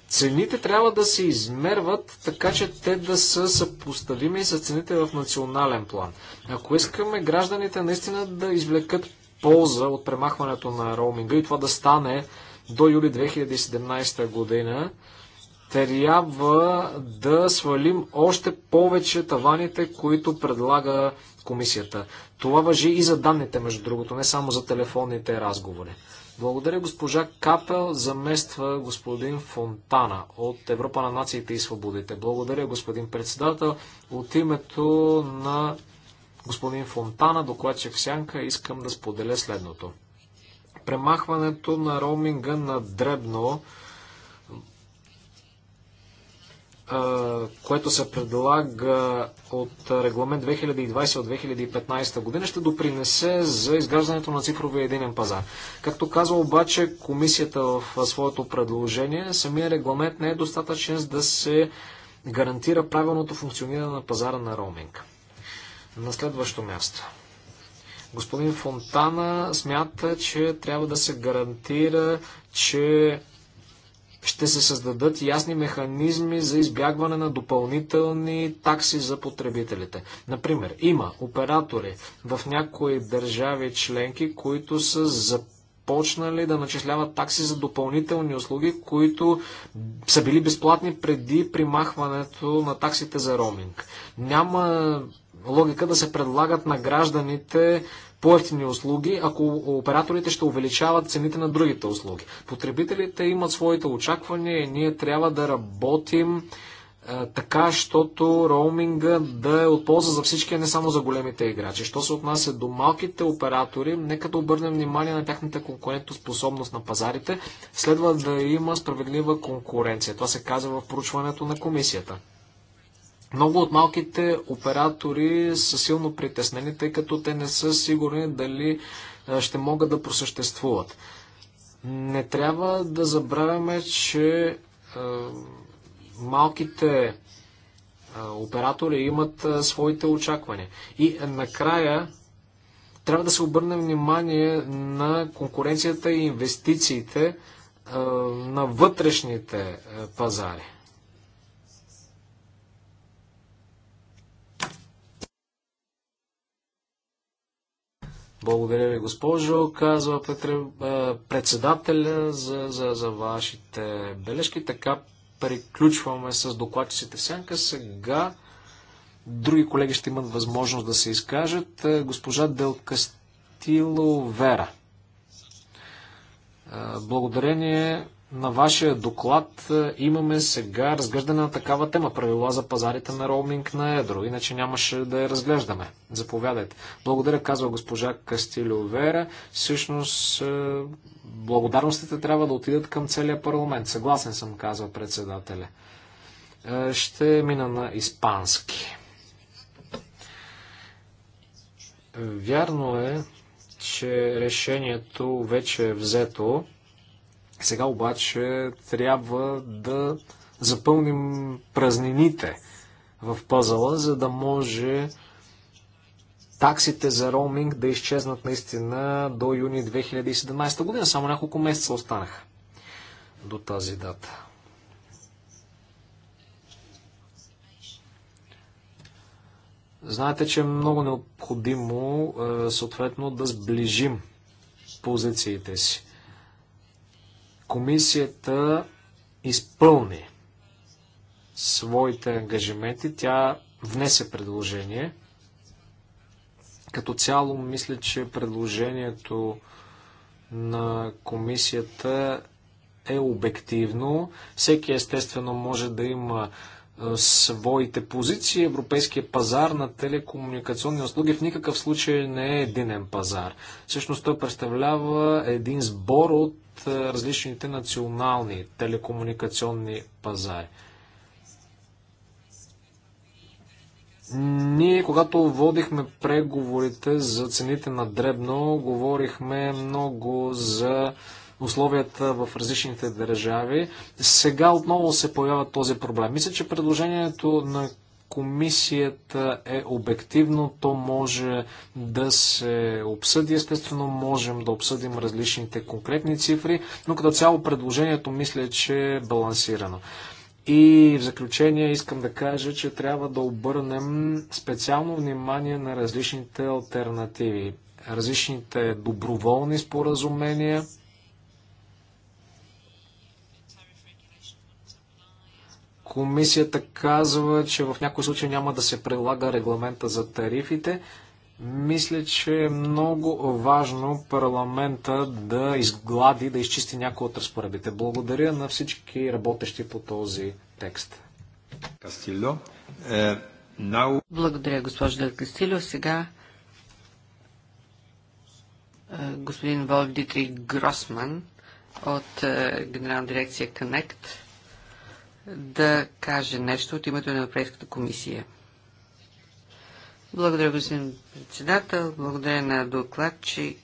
Цените трябва да се измерват така, че те да са съпоставими с цените в национален план. Ако искаме гражданите наистина да извлекат полза от премахването на роуминга и това да стане до юли 2017 година, трябва да свалим още повече таваните, които предлага комисията. Това въжи и за данните, между другото, не само за телефонните разговори. Благодаря госпожа Капел, замества господин Фонтана от Европа на нациите и свободите. Благодаря господин председател. От името на господин Фонтана, докладчик Сянка, искам да споделя следното. Премахването на роуминга на дребно, което се предлага от регламент 2020 от 2015 година, ще допринесе за изграждането на цифровия единен пазар. Както казва обаче комисията в своето предложение, самия регламент не е достатъчен за да се гарантира правилното функциониране на пазара на роуминга. На следващо място. Господин Фонтана смята, че трябва да се гарантира, че ще се създадат ясни механизми за избягване на допълнителни такси за потребителите. Например, има оператори в някои държави членки, които са започнали да начисляват такси за допълнителни услуги, които са били безплатни преди примахването на таксите за роминг. Няма логика да се предлагат на гражданите по-ефтини услуги, ако операторите ще увеличават цените на другите услуги. Потребителите имат своите очаквания и ние трябва да работим е, така, щото роуминга да е от полза за всички, а не само за големите играчи. Що се отнася до малките оператори, нека да обърнем внимание на тяхната конкурентоспособност на пазарите. Следва да има справедлива конкуренция. Това се казва в проучването на комисията. Много от малките оператори са силно притеснени, тъй като те не са сигурни дали ще могат да просъществуват. Не трябва да забравяме, че малките оператори имат своите очаквания. И е, накрая трябва да се обърне внимание на конкуренцията и инвестициите на вътрешните пазари. Благодаря ви, госпожо, казва председателя за, за, за вашите бележки. Така приключваме с докладчиците сянка. Сега други колеги ще имат възможност да се изкажат. Госпожа Делкастило Вера. Благодарение на вашия доклад е, имаме сега разглеждане на такава тема правила за пазарите на роуминг на едро. Иначе нямаше да я разглеждаме. Заповядайте. Благодаря, казва госпожа Кастилиовера. Всъщност, е, благодарностите трябва да отидат към целия парламент. Съгласен съм, казва председателя. Е, ще мина на испански. Вярно е, че решението вече е взето сега обаче трябва да запълним празнините в пъзала, за да може таксите за роуминг да изчезнат наистина до юни 2017 година. Само няколко месеца останаха до тази дата. Знаете, че е много необходимо е, съответно да сближим позициите си. Комисията изпълни своите ангажименти. Тя внесе предложение. Като цяло мисля, че предложението на комисията е обективно. Всеки естествено може да има своите позиции. Европейския пазар на телекомуникационни услуги в никакъв случай не е единен пазар. Всъщност той представлява един сбор от е, различните национални телекомуникационни пазари. Ние, когато водихме преговорите за цените на дребно, говорихме много за условията в различните държави. Сега отново се появява този проблем. Мисля, че предложението на комисията е обективно, то може да се обсъди. Естествено, можем да обсъдим различните конкретни цифри, но като цяло предложението мисля, че е балансирано. И в заключение искам да кажа, че трябва да обърнем специално внимание на различните альтернативи, различните доброволни споразумения – Комисията казва, че в някои случаи няма да се прилага регламента за тарифите. Мисля, че е много важно парламента да изглади, да изчисти някои от разпоредите. Благодаря на всички работещи по този текст. Кастило. Е, Благодаря, госпожо Дел Кастило. Сега е, господин господин Дитрих Гросман от е, Генерална дирекция Connect да каже нещо от името на Европейската комисия. Благодаря, господин председател. Благодаря на докладчик.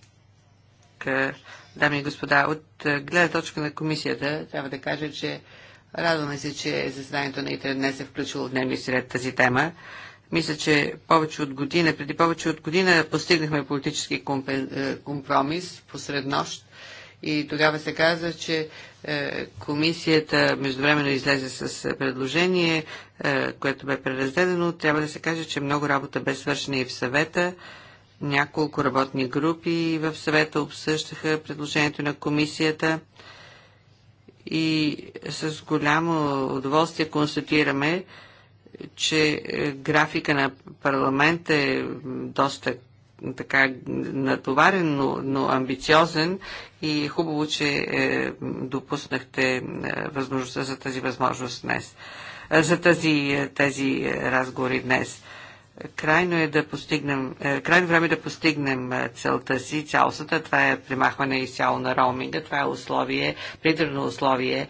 Дами и господа, от гледна точка на комисията трябва да кажа, че радваме се, че заседанието на ИТР днес е включило в дневния сред тази тема. Мисля, че повече от година, преди повече от година постигнахме политически е, компромис посред нощ и тогава се каза, че е, комисията междувременно излезе с е, предложение, е, което бе преразделено. Трябва да се каже, че много работа бе свършена и в съвета. Няколко работни групи в съвета обсъждаха предложението на комисията и с голямо удоволствие констатираме, че графика на парламент е доста така натоварен, но, но амбициозен и хубаво, че е, допуснахте е, възможността за тази възможност днес, е, за тази, е, тези е, разговори днес. Крайно, е да постигнем, е, крайно време е да постигнем е, целта си, цялостната. Това е примахване изцяло на роуминга. Това е условие, предварително условие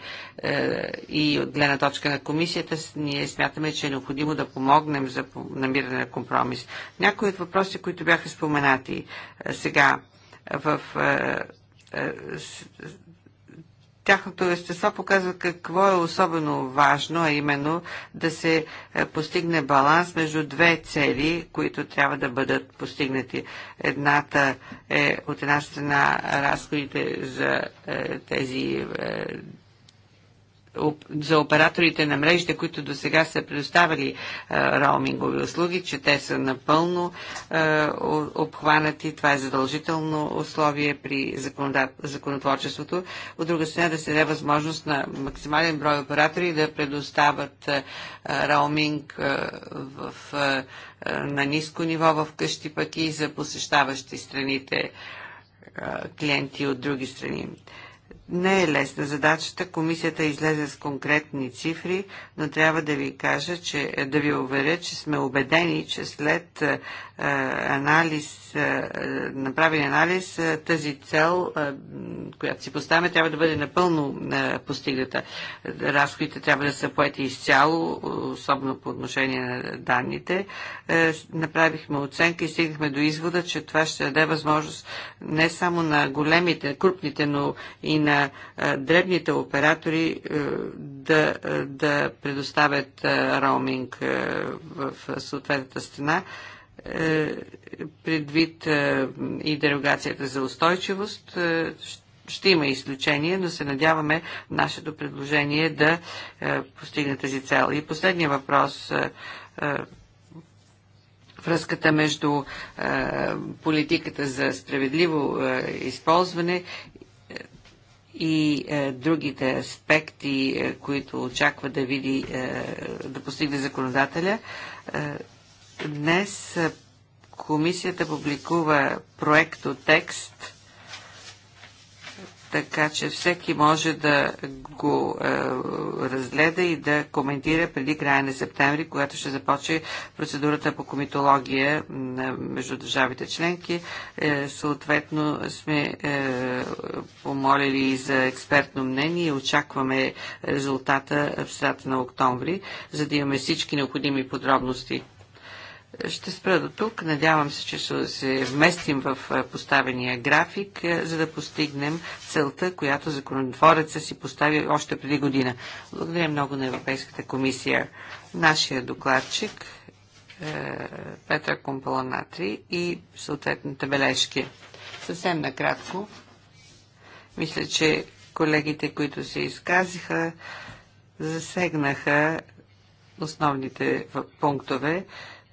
и от гледна точка на комисията ние смятаме, че е необходимо да помогнем за намиране на компромис. Някои от въпроси, които бяха споменати сега в тяхното естество показва какво е особено важно, а именно да се е, постигне баланс между две цели, които трябва да бъдат постигнати. Едната е от една страна разходите за е, тези е, за операторите на мрежите, които до сега са предоставили роумингови услуги, че те са напълно обхванати. Това е задължително условие при законотворчеството. От друга страна да се даде възможност на максимален брой оператори да предоставят роуминг в на ниско ниво в къщи, пък и за посещаващи страните клиенти от други страни. Не е лесна задачата. Комисията излезе с конкретни цифри, но трябва да ви кажа, че, да ви уверя, че сме убедени, че след анализ, направен анализ, тази цел, която си поставяме, трябва да бъде напълно постигната. Разходите трябва да са поети изцяло, особено по отношение на данните. Направихме оценка и стигнахме до извода, че това ще даде възможност не само на големите, крупните, но и на дребните оператори да, да предоставят роуминг в съответната страна е, предвид е, и дерогацията за устойчивост. Е, ще има изключение, но се надяваме нашето предложение да постигне тази цел. И последния въпрос връзката между политиката за справедливо използване и е, другите аспекти, е, които очаква да види, е, да постигне законодателя. Е, Днес комисията публикува от текст, така че всеки може да го е, разгледа и да коментира преди края на септември, когато ще започне процедурата по комитология на, между държавите членки. Е, съответно сме е, помолили и за експертно мнение и очакваме резултата в средата на октомври, за да имаме всички необходими подробности. Ще спра до тук. Надявам се, че ще се вместим в е, поставения график, е, за да постигнем целта, която законотвореца си постави още преди година. Благодаря много на Европейската комисия. Нашия докладчик е, Петра Компаланатри и съответните бележки. Съвсем накратко, мисля, че колегите, които се изказиха, засегнаха основните пунктове.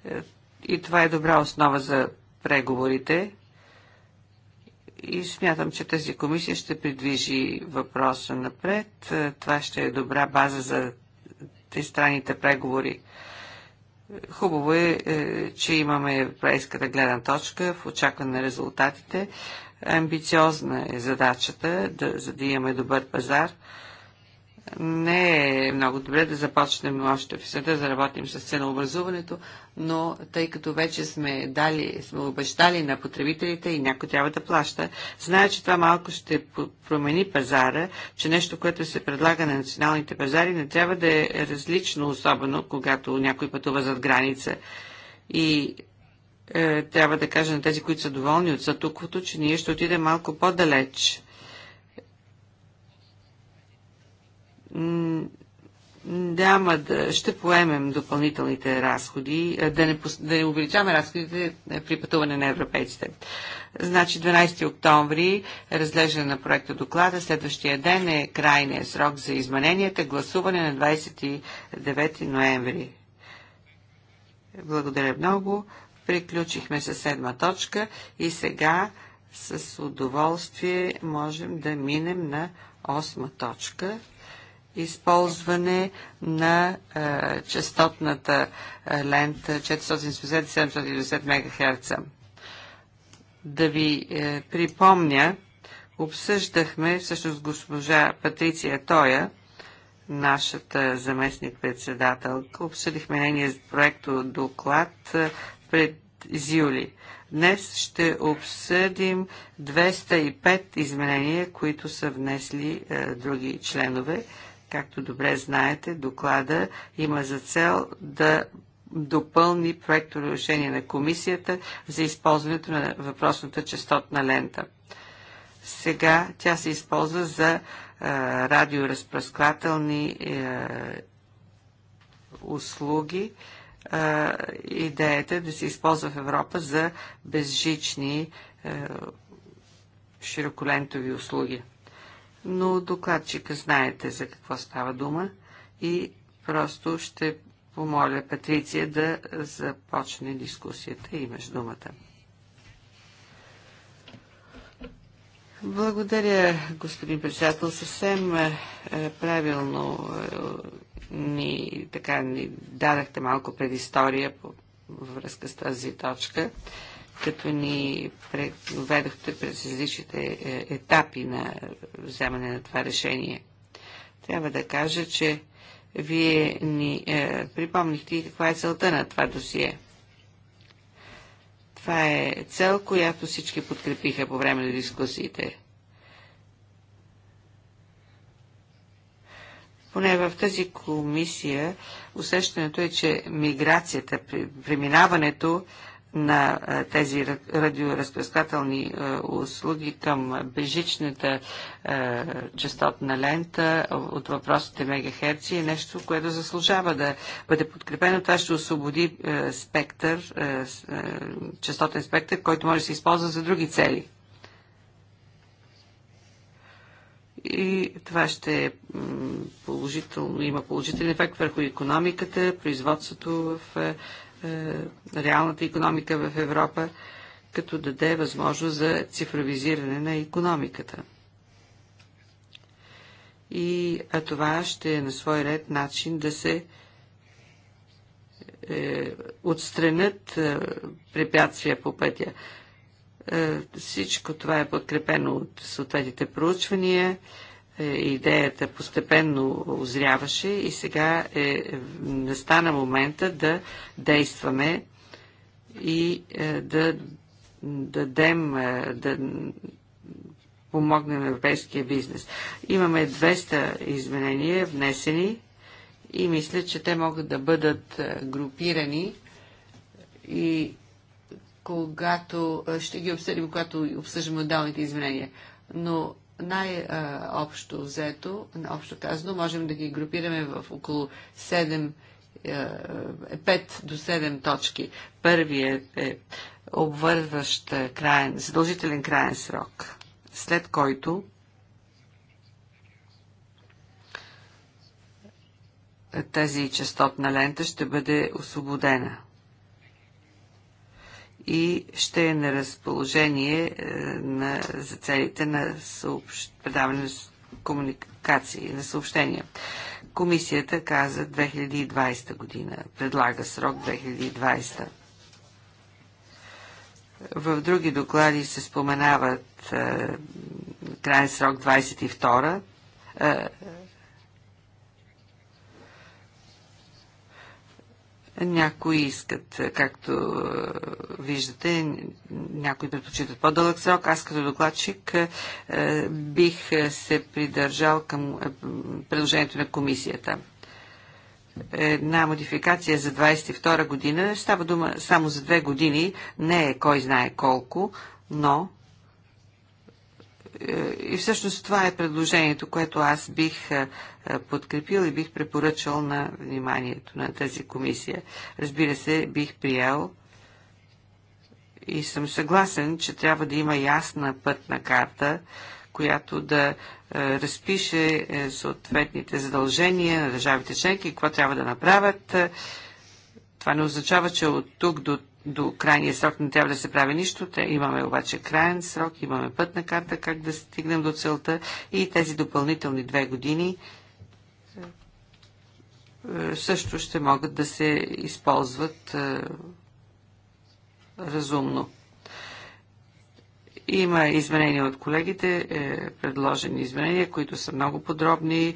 Е, и това е добра основа за преговорите. И смятам, че тази комисия ще придвижи въпроса напред. Е, това ще е добра база за тристранните преговори. Хубаво е, е, че имаме европейската гледна точка в очакване на резултатите. Амбициозна е задачата, да, за да имаме добър пазар не е много добре да започнем още в света, да работим с ценообразуването, но тъй като вече сме, дали, сме обещали на потребителите и някой трябва да плаща, зная, че това малко ще промени пазара, че нещо, което се предлага на националните пазари, не трябва да е различно, особено когато някой пътува зад граница. И е, трябва да кажа на тези, които са доволни от Сатуквото, че ние ще отидем малко по-далеч няма да, ще поемем допълнителните разходи, да не, да не увеличаваме разходите е, при пътуване на европейците. Значи 12 октомври е разглеждане на проекта доклада, следващия ден е крайния срок за измененията, гласуване на 29 ноември. Благодаря много. Приключихме с седма точка и сега с удоволствие можем да минем на осма точка използване на а, частотната лента 470-790 МГц. Да ви а, е, припомня, обсъждахме всъщност госпожа Патриция Тоя, нашата заместник-председателка, обсъдихме нейния проекто доклад е, пред юли. Днес ще обсъдим 205 изменения, които са внесли а, е, други членове Както добре знаете, доклада има за цел да допълни проекто решение на комисията за използването на въпросната частотна лента. Сега тя се използва за а, е, радиоразпръсквателни а, е, услуги. А, е, идеята е да се използва в Европа за безжични а, широколентови услуги но докладчика знаете за какво става дума и просто ще помоля Патриция да започне дискусията. Имаш думата. Благодаря, господин председател. Съвсем е, е, правилно е, ни, така, ни дадахте малко предистория по връзка с тази точка като ни ведохте през различните е, етапи на вземане на това решение. Трябва да кажа, че вие ни е, припомнихте и каква е целта на това досие. Това е цел, която всички подкрепиха по време на дискусиите. Поне в тази комисия усещането е, че миграцията, преминаването на тези радиоразпръскателни услуги към бежичната частотна лента от въпросите мегахерци е нещо, което заслужава да бъде подкрепено. Това ще освободи спектър, частотен спектър, който може да се използва за други цели. и това ще е положително, има положителен ефект върху економиката, производството в е, реалната економика в Европа, като даде възможност за цифровизиране на економиката. И, а това ще е на свой ред начин да се е, отстранят е, препятствия по пътя. Е, всичко това е подкрепено от съответните проучвания. Е, идеята постепенно озряваше и сега е, настана момента да действаме и е, да дадем, е, да помогнем европейския бизнес. Имаме 200 изменения внесени и мисля, че те могат да бъдат е, групирани и когато е, ще ги обсъдим, когато обсъждаме отдалните изменения. Но най-общо взето, общо казано, можем да ги групираме в около 7, 5 е, е, до 7 точки. Първият е, е обвързващ краен, задължителен краен срок, след който тази частотна лента ще бъде освободена и ще е на разположение е, на, за целите на съобщ, предаване на комуникации, на съобщения. Комисията каза 2020 година, предлага срок 2020. В други доклади се споменават е, крайен срок 22, А, Някои искат, както е, виждате, някои предпочитат по-дълъг срок. Аз като докладчик е, е, бих се придържал към предложението на комисията. Една модификация за 22 година, става дума само за две години, не е кой знае колко, но е, и всъщност това е предложението, което аз бих е, е, подкрепил и бих препоръчал на вниманието на тази комисия. Разбира се, бих приел. и съм съгласен, че трябва да има ясна пътна карта, която да разпише съответните задължения на държавите членки какво трябва да направят. Това не означава, че от тук до до крайния срок не трябва да се прави нищо. Те имаме обаче крайен срок, имаме пътна карта как да стигнем до целта и тези допълнителни две години е, също ще могат да се използват е, разумно. Има изменения от колегите, е, предложени изменения, които са много подробни. Е,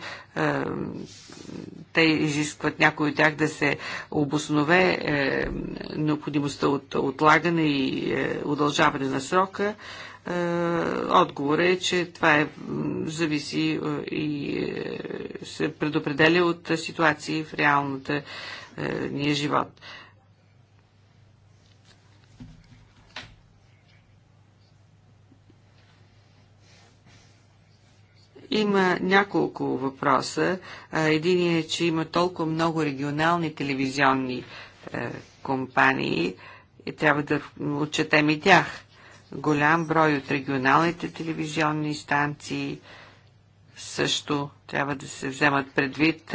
те изискват някои от тях да се обоснове е, необходимостта от отлагане и е, удължаване на срока. Е, отговор е, че това е, зависи е, и се предопределя от ситуации в реалната ние живот. Има няколко въпроса. Един е, че има толкова много регионални телевизионни е, компании и трябва да отчетем и тях. Голям брой от регионалните телевизионни станции също трябва да се вземат предвид.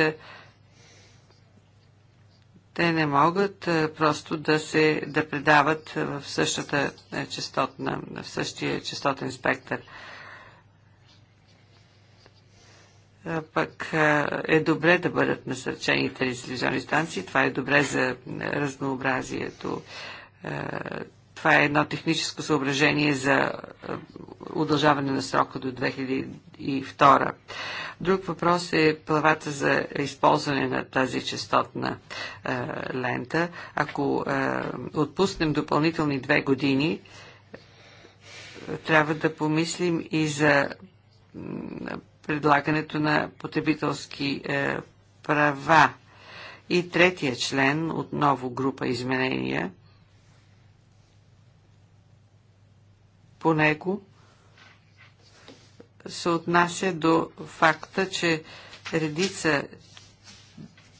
Те не могат е, просто да се да предават в същата е, частотна, в същия частотен спектър. пък е добре да бъдат насърчени тези телевизионни станции. Това е добре за разнообразието. Това е едно техническо съображение за удължаване на срока до 2002. Друг въпрос е плавата за използване на тази частотна лента. Ако отпуснем допълнителни две години, трябва да помислим и за предлагането на потребителски е, права. И третия член, отново група изменения, по него се отнася до факта, че редица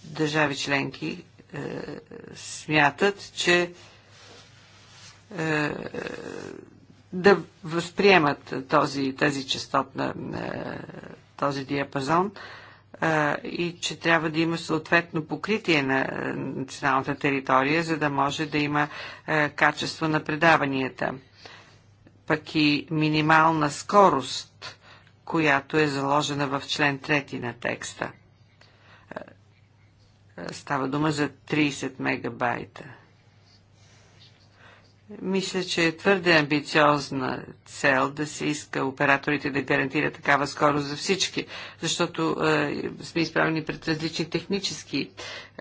държави членки е, смятат, че е, да възприемат този, тази на този диапазон и че трябва да има съответно покритие на националната територия, за да може да има качество на предаванията. Пък и минимална скорост, която е заложена в член 3 на текста. Става дума за 30 мегабайта. Мисля, че е твърде амбициозна цел да се иска операторите да гарантират такава скорост за всички, защото е, сме изправени пред различни технически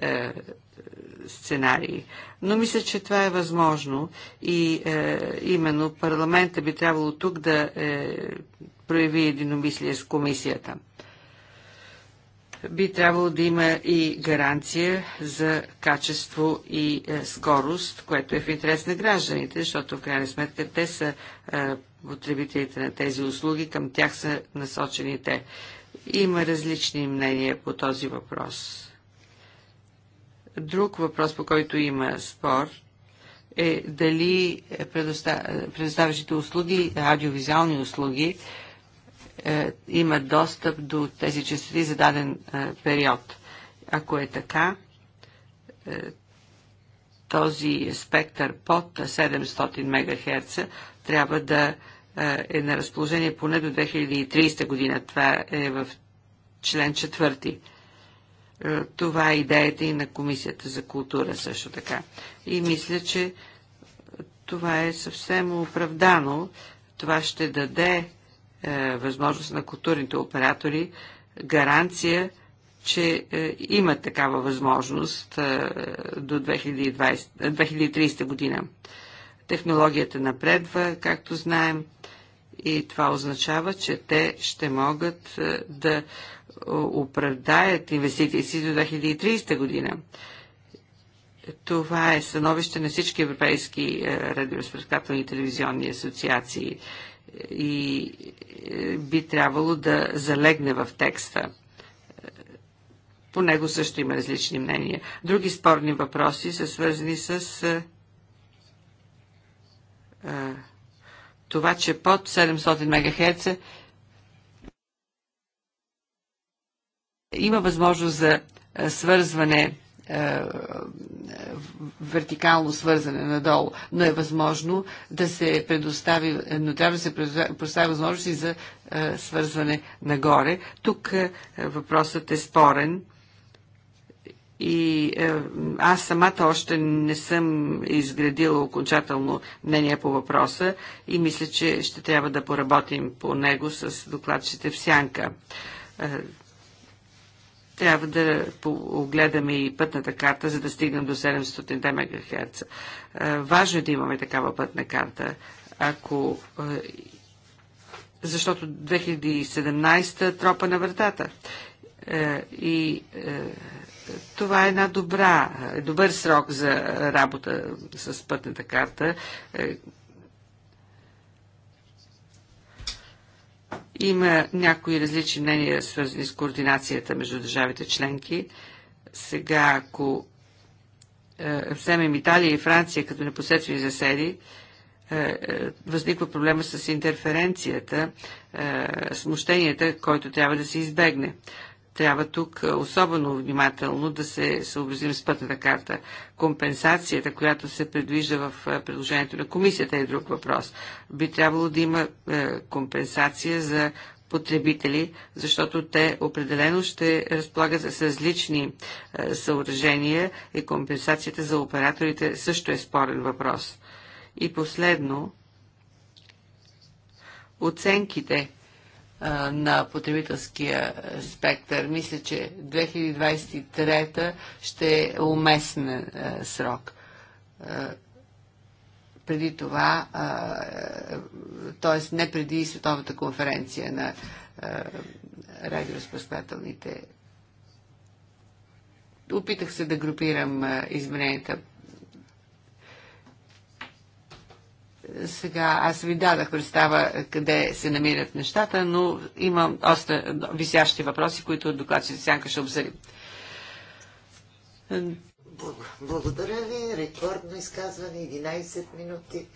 е, сценарии. Но мисля, че това е възможно и е, именно парламента би трябвало тук да е, прояви единомислие с комисията би трябвало да има и гаранция за качество и е, скорост, което е в интерес на гражданите, защото в крайна сметка те са е, потребителите на тези услуги, към тях са насочени те. Има различни мнения по този въпрос. Друг въпрос, по който има спор, е дали предоставящите услуги, аудиовизуални услуги, е, има имат достъп до тези частоти за даден е, период. Ако е така, е, този спектър под 700 МГц трябва да е на разположение поне до 2030 година. Това е в член 4. Това е идеята и на Комисията за култура също така. И мисля, че това е съвсем оправдано. Това ще даде е, възможност на културните оператори гаранция, че е, има такава възможност е, до 2020, 2030 година. Технологията напредва, както знаем, и това означава, че те ще могат да оправдаят инвестиции си до 2030 година. Това е становище на всички европейски радиоспредкателни и телевизионни асоциации и е, би трябвало да залегне в текста. По него също има различни мнения. Други спорни въпроси са свързани с а, е, е, това, че под 700 МГц има възможност за свързване е, вертикално свързане надолу, но е възможно да се предостави, но трябва да се предостави възможности за е, свързване нагоре. Тук е, въпросът е спорен и аз самата още не съм изградила окончателно мнение по въпроса и мисля, че ще трябва да поработим по него с докладчите в сянка трябва да огледаме и пътната карта, за да стигнем до 700 МГц. Е, важно е да имаме такава пътна карта. Ако е, защото 2017 тропа на вратата. Е, и това е една добра, добър срок за работа с пътната карта, Има някои различни мнения, свързани с координацията между държавите членки. Сега, ако е, вземем Италия и Франция като непосредствени заседи, е, е възниква проблема с интерференцията, е, смущенията, който трябва да се избегне трябва тук особено внимателно да се съобразим с пътната карта. Компенсацията, която се предвижда в предложението на комисията е друг въпрос. Би трябвало да има компенсация за потребители, защото те определено ще разполагат с различни съоръжения и компенсацията за операторите също е спорен въпрос. И последно, оценките – на потребителския спектър. Мисля, че 2023 ще е уместен срок преди това, т.е. не преди Световната конференция на радиоразпръсквателните. Опитах се да групирам измененията Сега аз ви дадах представа къде се намират нещата, но имам още висящи въпроси, които докладчите сянка ще обсъдим. Благодаря ви. Рекордно изказване, 11 минути.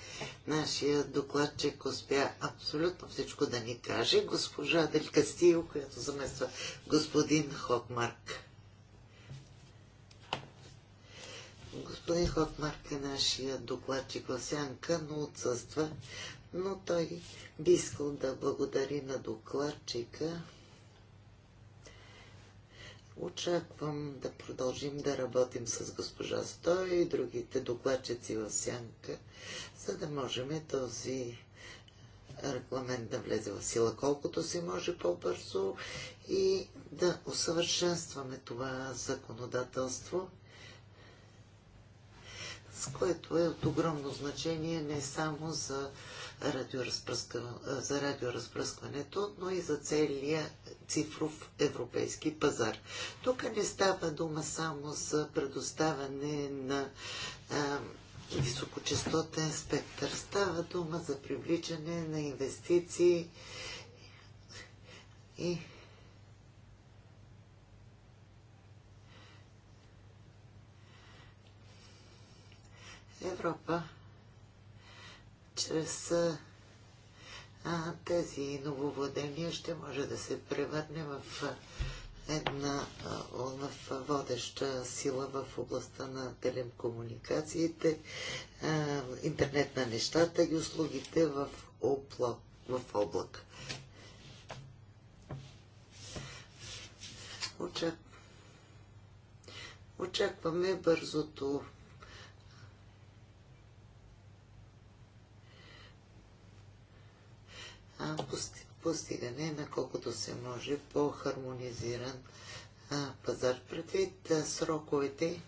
Нашия докладчик успя абсолютно всичко да ни каже. Госпожа Делькастио, която замества господин Хокмарк. Господин Хотмарк е нашия докладчик в сянка, но отсъства. Но той би искал да благодари на докладчика. Очаквам да продължим да работим с госпожа Стоя и другите докладчици в сянка, за да можем този регламент да влезе в сила колкото се може по-бързо и да усъвършенстваме това законодателство с което е от огромно значение не само за, радиоразпръска... за радиоразпръскването, но и за целия цифров европейски пазар. Тук не става дума само за предоставяне на а, високочастотен спектър. Става дума за привличане на инвестиции и Европа чрез а, тези нововладения ще може да се превърне в една в водеща сила в областта на телекомуникациите, интернет на нещата и услугите в облак. В облак. Очакваме бързото а, постигане на колкото се може по-хармонизиран пазар. Предвид а, сроковете,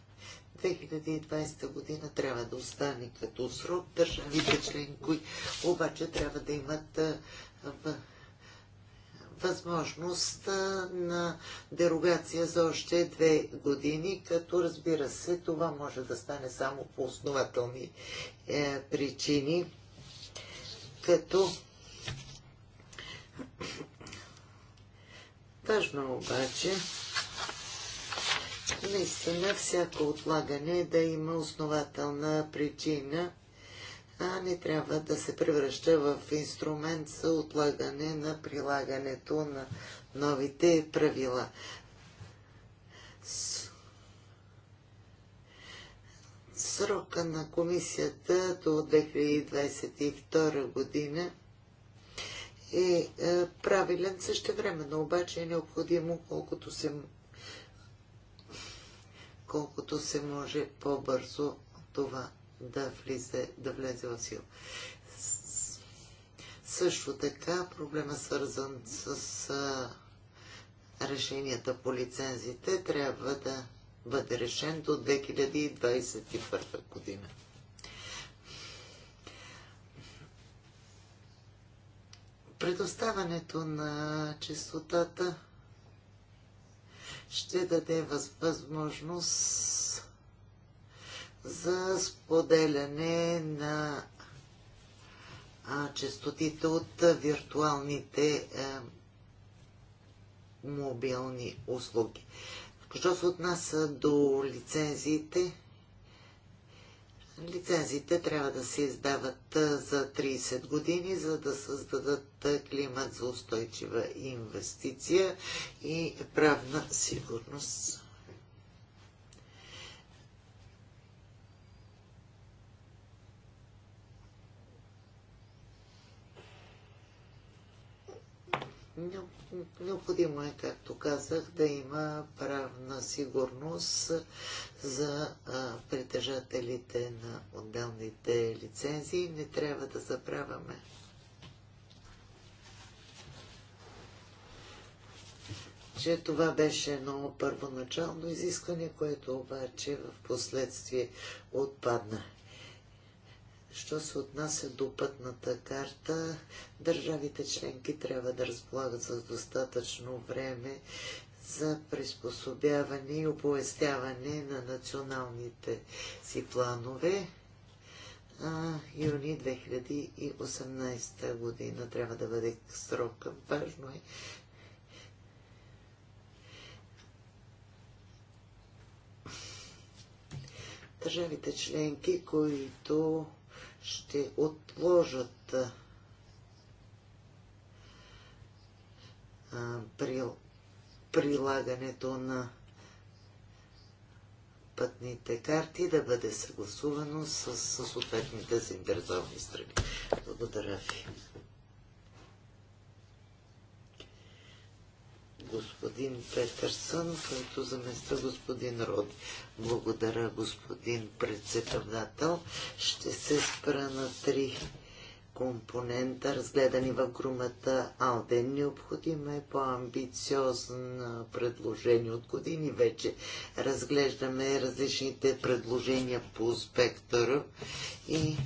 2020 година трябва да остане като срок. Държавите членки обаче трябва да имат а, в, възможност на дерогация за още две години, като разбира се, това може да стане само по основателни е, причини, като Важно е обаче наистина всяко отлагане е да има основателна причина, а не трябва да се превръща в инструмент за отлагане на прилагането на новите правила. Срока на комисията до 2022 година е, е правилен същевременно, обаче е необходимо колкото се, колкото се може по-бързо това да влезе, да влезе в сила. Също така проблема свързан с а, решенията по лицензите трябва да бъде решен до 2021 година. предоставането на чистотата ще даде възможност за споделяне на частотите от виртуалните е, мобилни услуги. Що се отнася до лицензиите, Лицензите трябва да се издават за 30 години, за да създадат климат за устойчива инвестиция и правна сигурност. Необходимо е, както казах, да има правна сигурност за притежателите на отделните лицензии. Не трябва да забравяме. че това беше едно първоначално изискване, което обаче в последствие отпадна. Що се отнася до пътната карта, държавите членки трябва да разполагат с достатъчно време за приспособяване и оповестяване на националните си планове. А, юни 2018 година трябва да бъде срока. Важно е държавите членки, които ще отложат а, при, прилагането на пътните карти да бъде съгласувано с, с съответните заинтересовани страни. Благодаря ви. господин Петърсън, който замества господин Род. Благодаря, господин председател. Ще се спра на три компонента, разгледани в грумата Алден. Необходимо е по-амбициозно предложение. От години вече разглеждаме различните предложения по спектъра и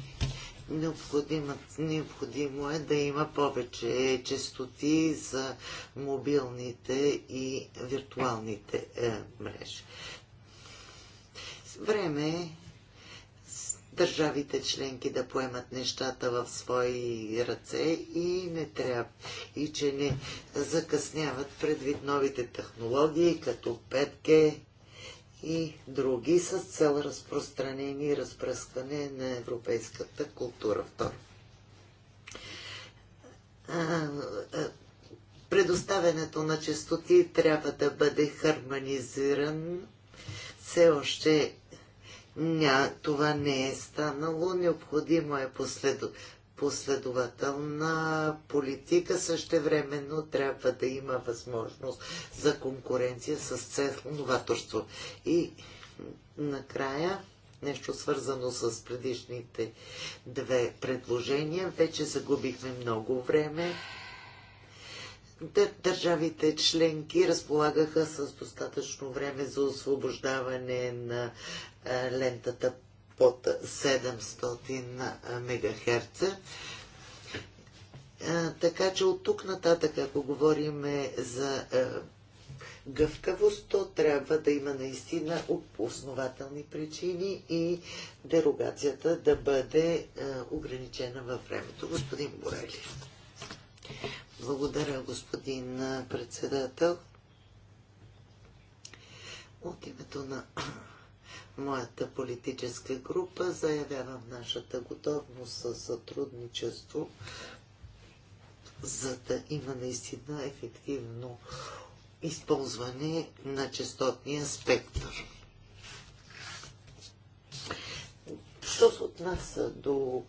Необходимо, необходимо е да има повече частоти за мобилните и виртуалните е, мрежи. Време е държавите членки да поемат нещата в свои ръце и не трябва и че не закъсняват предвид новите технологии, като 5G, и други с цел разпространение и разпръскване на европейската култура. Второ. Предоставянето на частоти трябва да бъде хармонизиран. Все още ня, това не е станало. Необходимо е последователно последователна политика. Същевременно трябва да има възможност за конкуренция с цел новаторство. И накрая нещо свързано с предишните две предложения. Вече загубихме много време. Държавите членки разполагаха с достатъчно време за освобождаване на е, лентата под 700 МГц. Е, така че от тук нататък, ако говорим за е, гъвкавост, то трябва да има наистина основателни причини и дерогацията да бъде е, ограничена във времето. Господин Борели. Благодаря, господин председател. От името на моята политическа група заявявам нашата готовност за сътрудничество, за да има наистина ефективно използване на частотния спектър. Що се отнася до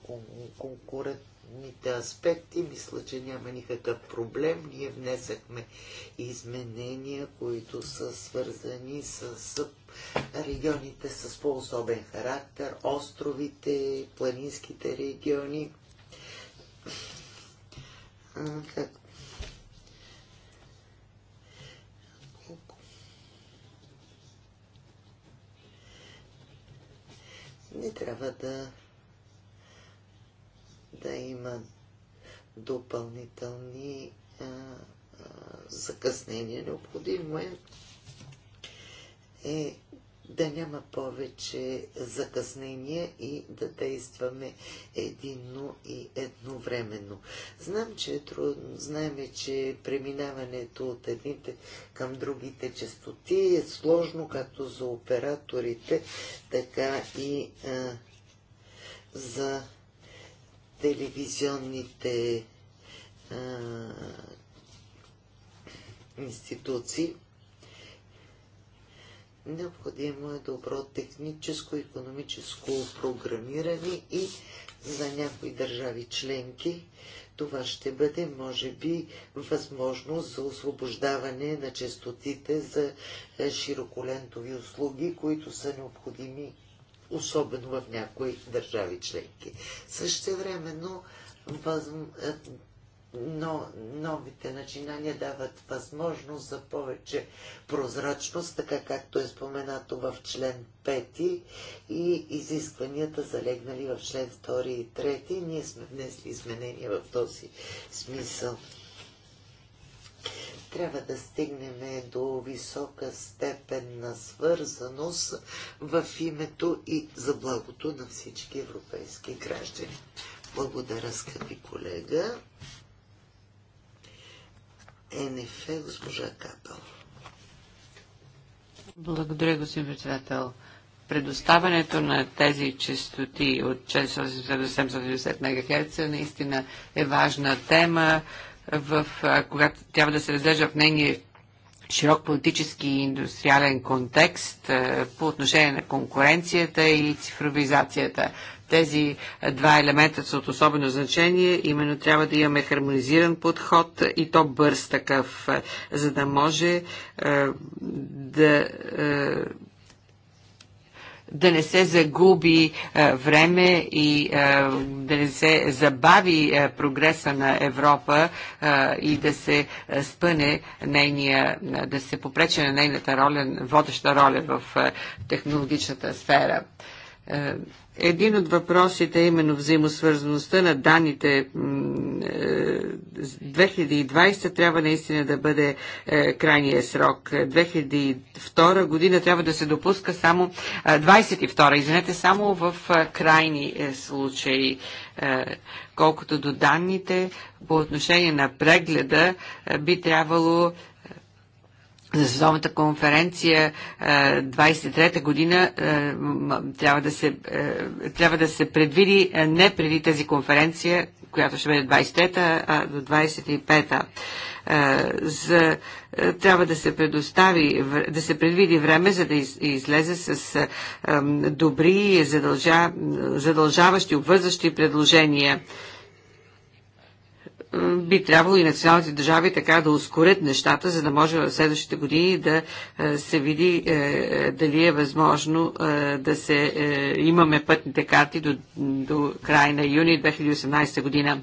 конкурентните аспекти, мисля, че няма никакъв проблем. Ние внесахме изменения, които са свързани с регионите с по-особен характер, островите, планинските региони. Не трябва да да има допълнителни а, а, закъснения. Необходимо е е да няма повече закъснения и да действаме единно и едновременно. Знам, че е трудно, знаем, че преминаването от едните към другите частоти е сложно както за операторите, така и а, за телевизионните а, институции. Необходимо е добро техническо, економическо програмиране и за някои държави членки това ще бъде, може би, възможност за освобождаване на частотите за е, широколентови услуги, които са необходими особено в някои държави членки. Също времено, но новите начинания дават възможност за повече прозрачност, така както е споменато в член 5 и изискванията залегнали в член 2 и 3. Ние сме внесли изменения в този смисъл. Трябва да стигнем до висока степен на свързаност в името и за благото на всички европейски граждани. Благодаря, скъпи колега. НФ, госпожа Капел. Благодаря, господин председател. Предоставянето на тези частоти от 480 до 790 МГц наистина е важна тема, в, когато трябва да се разлежа в нейния широк политически и индустриален контекст по отношение на конкуренцията и цифровизацията. Тези два елемента са от особено значение. Именно трябва да имаме хармонизиран подход и то бърз такъв, е, за да може е, да е, да не се загуби време и да не се забави прогреса на Европа и да се спъне нейния, да се попрече на нейната роля, водеща роля в технологичната сфера. Един от въпросите е именно взаимосвързаността на данните. 2020 е, трябва наистина да бъде е, крайния срок. 2002 година трябва да се допуска само 22, е, извинете, само в крайни случаи. Колкото до данните, по отношение на прегледа би трябвало за сезонната конференция 23-та е, година е, трябва да, се, е, трябва да се предвиди не преди тази конференция, която ще бъде 23-та, а до 25-та. За, трябва да се предостави, да се предвиди време, за да излезе с добри задължаващи, обвързващи предложения би трябвало и националните държави така да ускорят нещата, за да може в следващите години да е, се види е, дали е възможно е, да се имаме пътните карти до, до края на юни 2018 година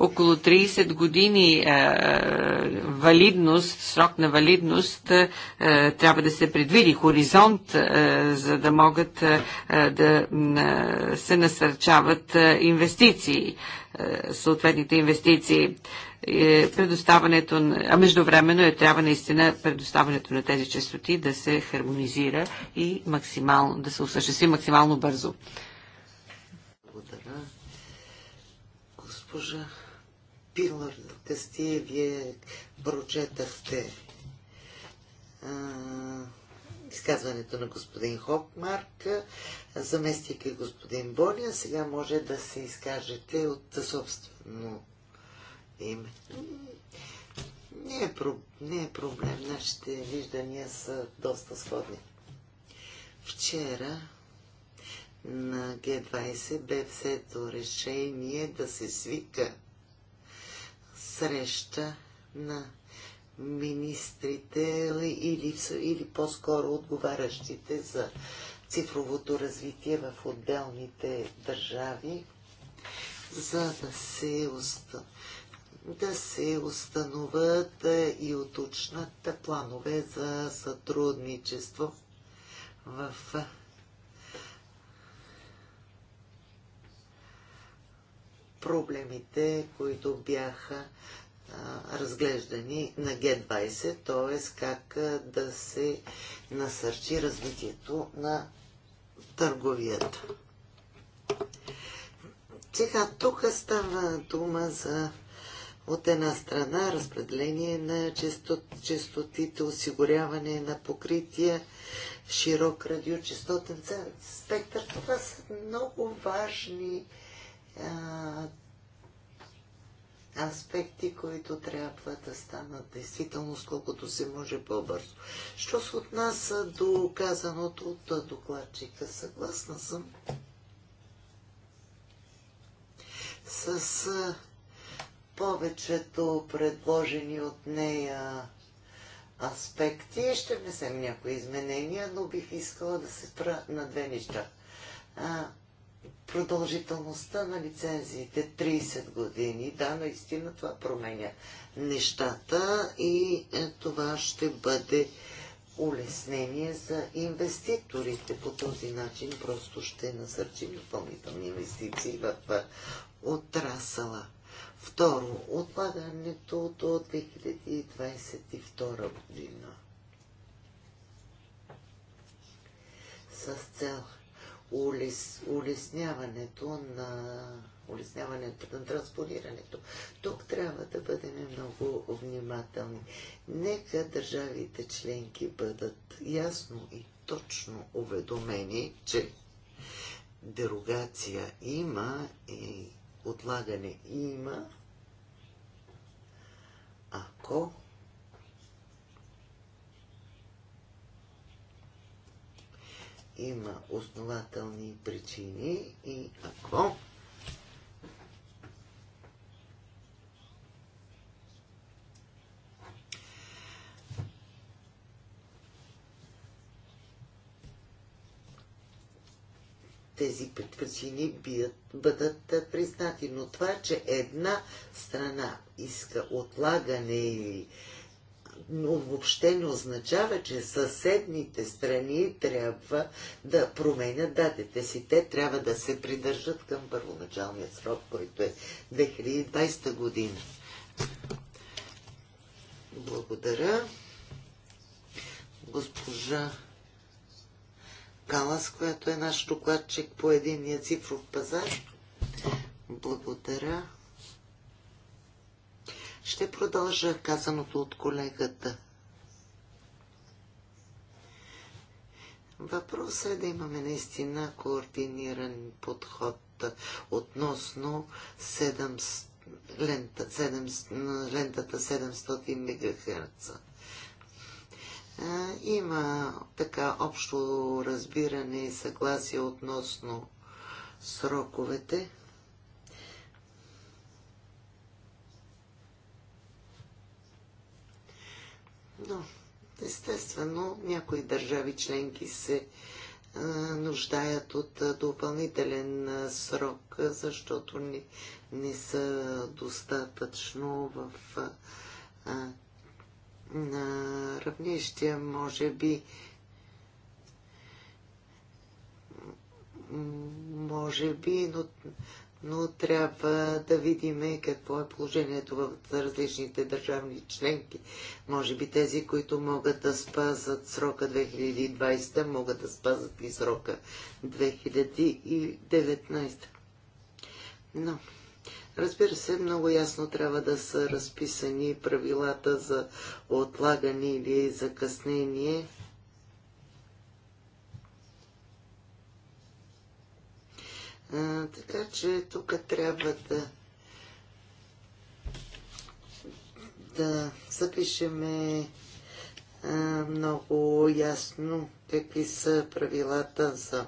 около 30 години а, е, е, валидност, срок на валидност а, е, трябва да се предвиди, хоризонт, а, за да могат а, да а, се насърчават инвестиции, а, съответните инвестиции. предоставането, на, а междувременно е трябва наистина предоставането на тези частоти да се хармонизира и максимално, да се осъществи максимално бързо. Благодаря госпожа пилър тести, вие прочетахте а, изказването на господин Хокмарк, заместик и господин Боня. Сега може да се изкажете от собствено име. Не е, про... не е проблем. Нашите виждания са доста сходни. Вчера на Г-20 бе взето решение да се свика среща на министрите или, или по-скоро отговарящите за цифровото развитие в отделните държави, за да се, уста... да се установят е, и уточнат планове за сътрудничество в проблемите, които бяха разглеждани на Г20, т.е. как да се насърчи развитието на търговията. Сега тук става дума за от една страна разпределение на частот, частотите, осигуряване на покрития, широк радиочастотен спектър. Това са много важни аспекти, които трябва да станат действително колкото се може по-бързо. Що се отнася до казаното от докладчика, съгласна съм с повечето предложени от нея аспекти. Ще внесем някои изменения, но бих искала да се спра на две неща продължителността на лицензиите 30 години. Да, наистина това променя нещата и е, това ще бъде улеснение за инвеститорите. По този начин просто ще насърчим допълнителни инвестиции в е, отрасъла. Второ, отлагането до 2022 година с цел улес, улесняването на улесняването на транспонирането. Тук трябва да бъдем много внимателни. Нека държавите членки бъдат ясно и точно уведомени, че дерогация има и отлагане има, ако има основателни причини и ако тези причини бият, бъдат признати. Но това, че една страна иска отлагане или но въобще не означава, че съседните страни трябва да променят датите си. Те трябва да се придържат към първоначалния срок, който е 2020 година. Благодаря. Госпожа Калас, която е наш докладчик по единния цифров пазар. Благодаря. Ще продължа казаното от колегата. Въпросът е да имаме наистина координиран подход относно 7, лента, 7, лентата 700 МГц. Има така общо разбиране и съгласие относно сроковете. Но, естествено, някои държави членки се нуждаят от допълнителен срок, защото не, не са достатъчно в а, на равнище, може би може би, но но трябва да видим какво е положението в различните държавни членки. Може би тези, които могат да спазат срока 2020, могат да спазат и срока 2019. Но, разбира се, много ясно трябва да са разписани правилата за отлагане или закъснение така че тук трябва да да запишеме а, много ясно какви са правилата за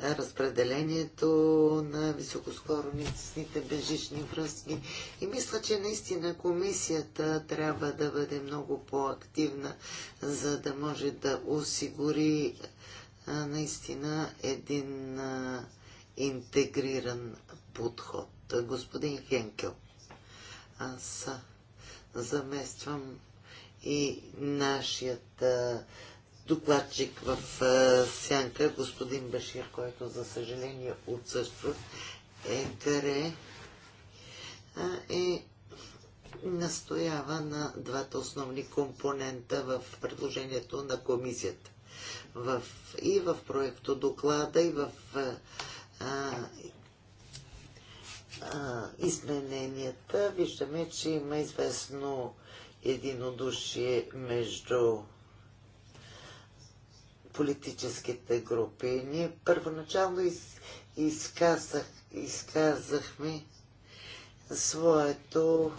разпределението на високоскоростните бежични връзки. И мисля, че наистина комисията трябва да бъде много по-активна, за да може да осигури наистина един интегриран подход. Господин Хенкел, аз замествам и нашият докладчик в сянка, господин Башир, който за съжаление отсъства, е каре е настоява на двата основни компонента в предложението на комисията в, и в проекто доклада, и в а, а, измененията. Виждаме, че има известно единодушие между политическите групи. Ние първоначално из, изказах, изказахме своето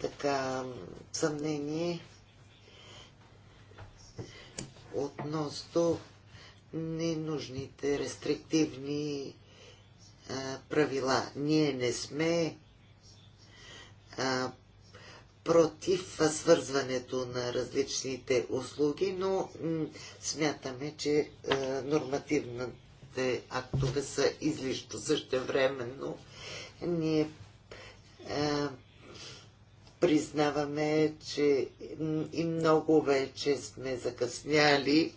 така съмнение относно ненужните рестриктивни а, правила. Ние не сме а, против свързването на различните услуги, но смятаме, че а, нормативните актове са излишно същевременно. Ние признаваме, че и много вече сме закъсняли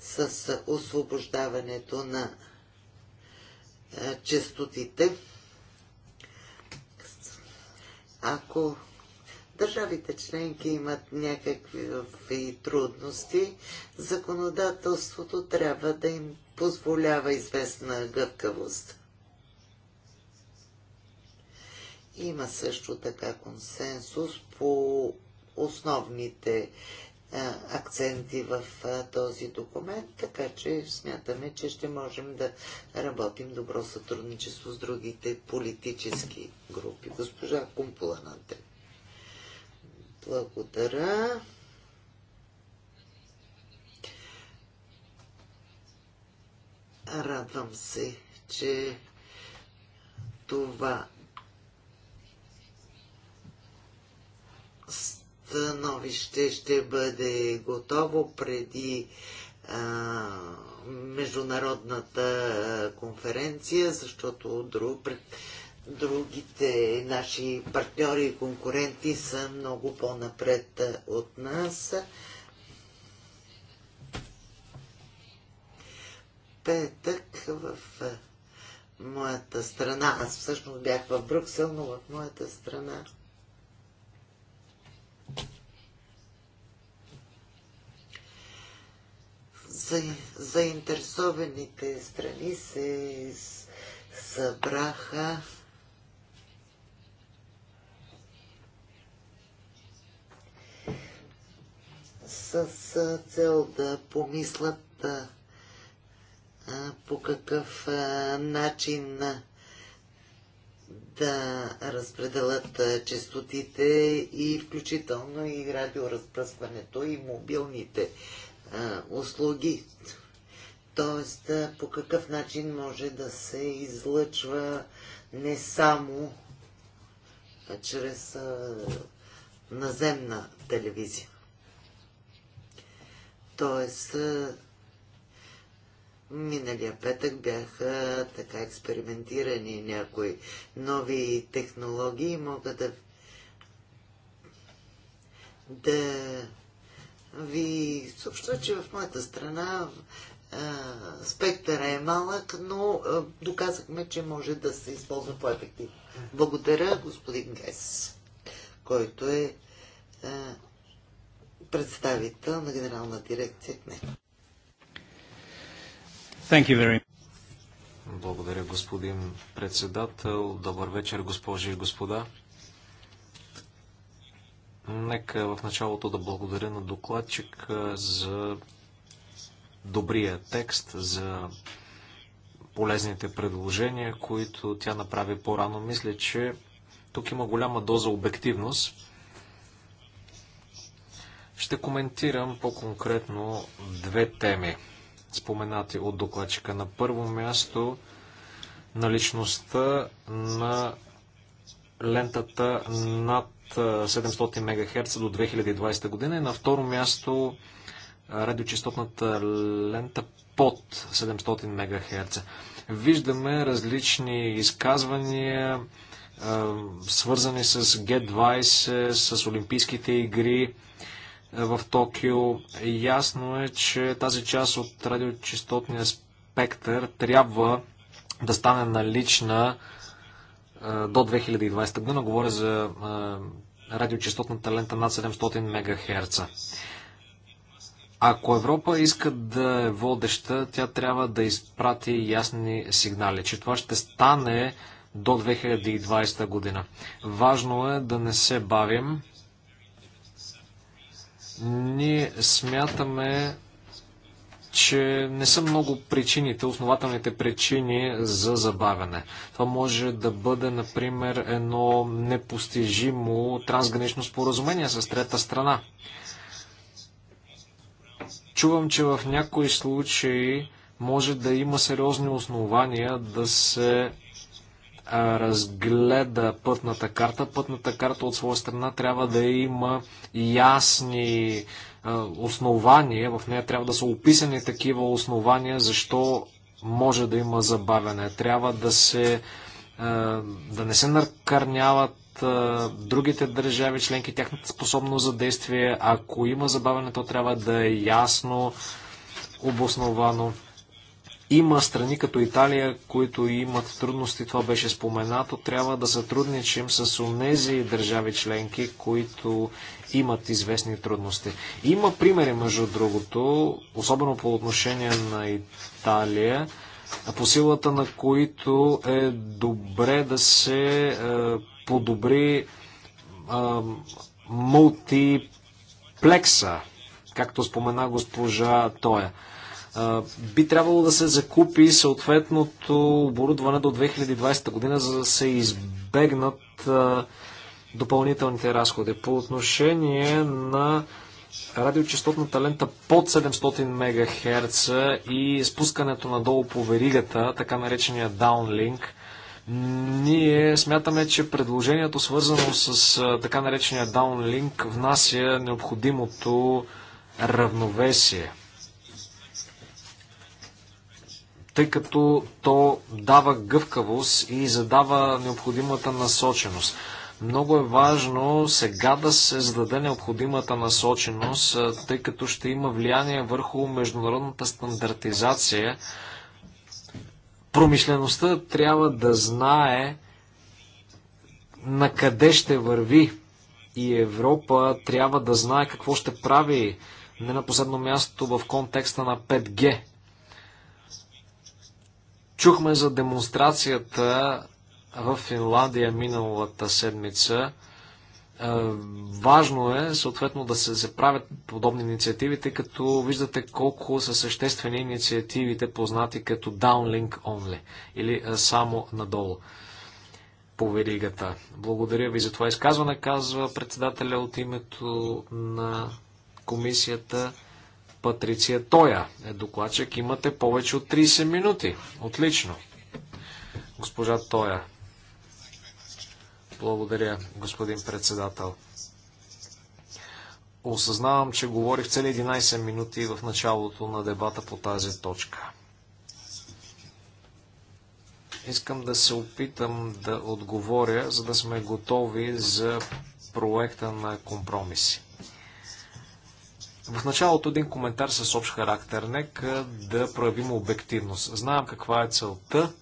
с освобождаването на е, честотите. Ако държавите членки имат някакви трудности, законодателството трябва да им позволява известна гъвкавост. Има също така консенсус по основните акценти в този документ, така че смятаме, че ще можем да работим добро сътрудничество с другите политически групи. Госпожа Кумпула Благодаря. Радвам се, че това становище ще бъде готово преди а, международната конференция, защото друг, пред, другите наши партньори и конкуренти са много по-напред от нас. Петък в моята страна, аз всъщност бях в Брюксел, но в моята страна за, заинтересованите страни се събраха с цел да помислят по какъв начин да разпределят частотите и включително и радиоразпръскването и мобилните а, услуги. Тоест, а, по какъв начин може да се излъчва не само а, чрез а, наземна телевизия. Тоест, а, Миналия петък бяха така експериментирани някои нови технологии. Мога да, да ви съобща, че в моята страна спектъра е малък, но доказахме, че може да се използва по-ефективно. Благодаря, господин Гес, който е представител на генерална дирекция КНЕ. Благодаря, господин председател. Добър вечер, госпожи и господа. Нека в началото да благодаря на докладчик за добрия текст, за полезните предложения, които тя направи по-рано. Мисля, че тук има голяма доза обективност. Ще коментирам по-конкретно две теми, споменати от докладчика. На първо място наличността на лентата над 700 МГц до 2020 година и на второ място радиочастотната лента под 700 МГц. Виждаме различни изказвания, свързани с G20, с Олимпийските игри в Токио. Ясно е, че тази част от радиочастотния спектър трябва да стане налична до 2020 година. Говоря за радиочастотната лента над 700 МГц. Ако Европа иска да е водеща, тя трябва да изпрати ясни сигнали, че това ще стане до 2020 година. Важно е да не се бавим. Ние смятаме, че не са много причините, основателните причини за забавяне. Това може да бъде, например, едно непостижимо трансгранично споразумение с трета страна. Чувам, че в някои случаи може да има сериозни основания да се разгледа пътната карта. Пътната карта от своя страна трябва да има ясни основания, в нея трябва да са описани такива основания, защо може да има забавяне. Трябва да се да не се накърняват другите държави членки, тяхната способност за действие. Ако има забавяне, то трябва да е ясно, обосновано. Има страни като Италия, които имат трудности, това беше споменато. Трябва да сътрудничим с онези държави членки, които имат известни трудности. Има примери, между другото, особено по отношение на Италия, по силата на които е добре да се е, подобри е, мултиплекса, както спомена госпожа Тоя е, би трябвало да се закупи съответното оборудване до 2020 година, за да се избегнат е, допълнителните разходи. По отношение на радиочастотната лента под 700 МГц и спускането надолу по веригата, така наречения downlink, ние смятаме, че предложението свързано с така наречения downlink внася необходимото равновесие. Тъй като то дава гъвкавост и задава необходимата насоченост. Много е важно сега да се зададе необходимата насоченост, тъй като ще има влияние върху международната стандартизация. Промишлеността трябва да знае на къде ще върви и Европа трябва да знае какво ще прави не на последно място в контекста на 5G. Чухме за демонстрацията в Финландия миналата седмица. Е, важно е, съответно, да се заправят подобни инициативи, тъй като виждате колко са съществени инициативите, познати като downlink only, или е, само надолу по веригата. Благодаря ви за това изказване, казва председателя от името на комисията Патриция Тоя. Е докладчик, имате повече от 30 минути. Отлично. Госпожа Тоя, благодаря, господин председател. Осъзнавам, че говорих цели 11 минути в началото на дебата по тази точка. Искам да се опитам да отговоря, за да сме готови за проекта на компромиси. В началото един коментар с общ характер. Нека да проявим обективност. Знаем каква е целта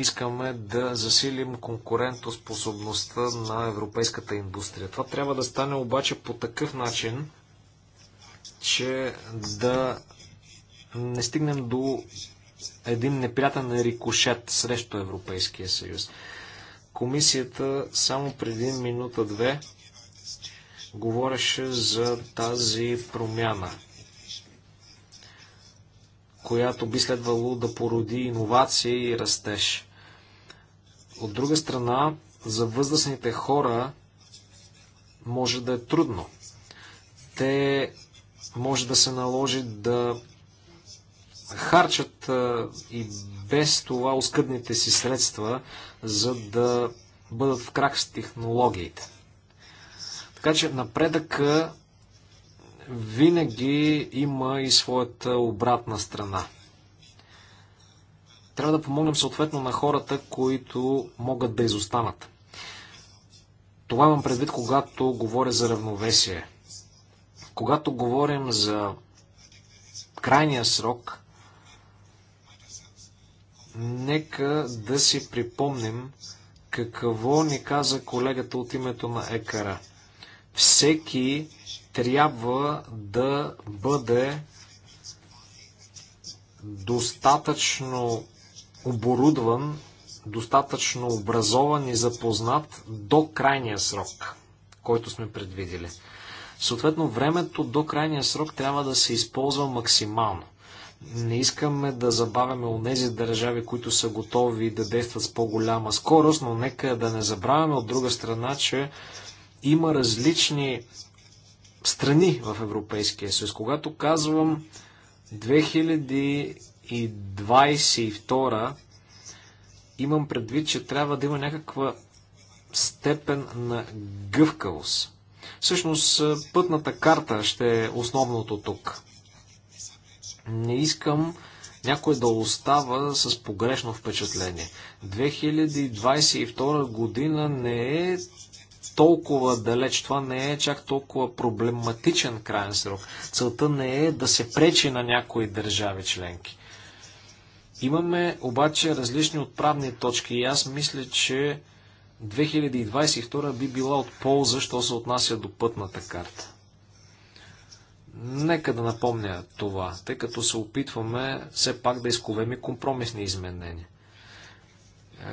искаме да засилим конкурентоспособността на европейската индустрия. Това трябва да стане обаче по такъв начин, че да не стигнем до един неприятен рикошет срещу Европейския съюз. Комисията само преди минута-две говореше за тази промяна, която би следвало да породи иновации и растеж. От друга страна, за възрастните хора може да е трудно. Те може да се наложи да харчат и без това оскъдните си средства, за да бъдат в крак с технологиите. Така че напредъка винаги има и своята обратна страна. Трябва да помогнем съответно на хората, които могат да изостанат. Това имам предвид, когато говоря за равновесие. Когато говорим за крайния срок, нека да си припомним какво ни каза колегата от името на Екара. Всеки трябва да бъде достатъчно оборудван, достатъчно образован и запознат до крайния срок, който сме предвидели. Съответно, времето до крайния срок трябва да се използва максимално. Не искаме да забавяме тези държави, които са готови да действат с по-голяма скорост, но нека да не забравяме от друга страна, че има различни страни в Европейския съюз. Когато казвам и 22 имам предвид, че трябва да има някаква степен на гъвкавост. Всъщност пътната карта ще е основното тук. Не искам някой да остава с погрешно впечатление. 2022 година не е толкова далеч. Това не е чак толкова проблематичен крайен срок. Целта не е да се пречи на някои държави членки. Имаме обаче различни отправни точки и аз мисля, че 2022 би била от полза, що се отнася до пътната карта. Нека да напомня това, тъй като се опитваме все пак да изковем и компромисни изменения. Е,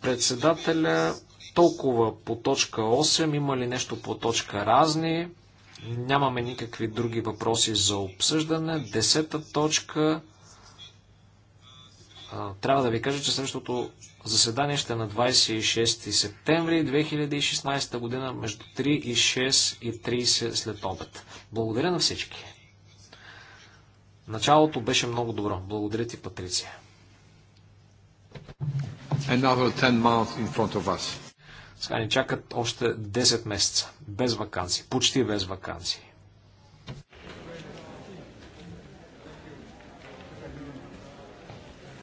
председателя толкова по точка 8, има ли нещо по точка разни, нямаме никакви други въпроси за обсъждане. Десета точка трябва да ви кажа, че следващото заседание ще е на 26 септември 2016 година между 3 и 6 и 30 след обед. Благодаря на всички. Началото беше много добро. Благодаря ти, Патриция. Сега ни чакат още 10 месеца. Без вакансии. Почти без вакансии.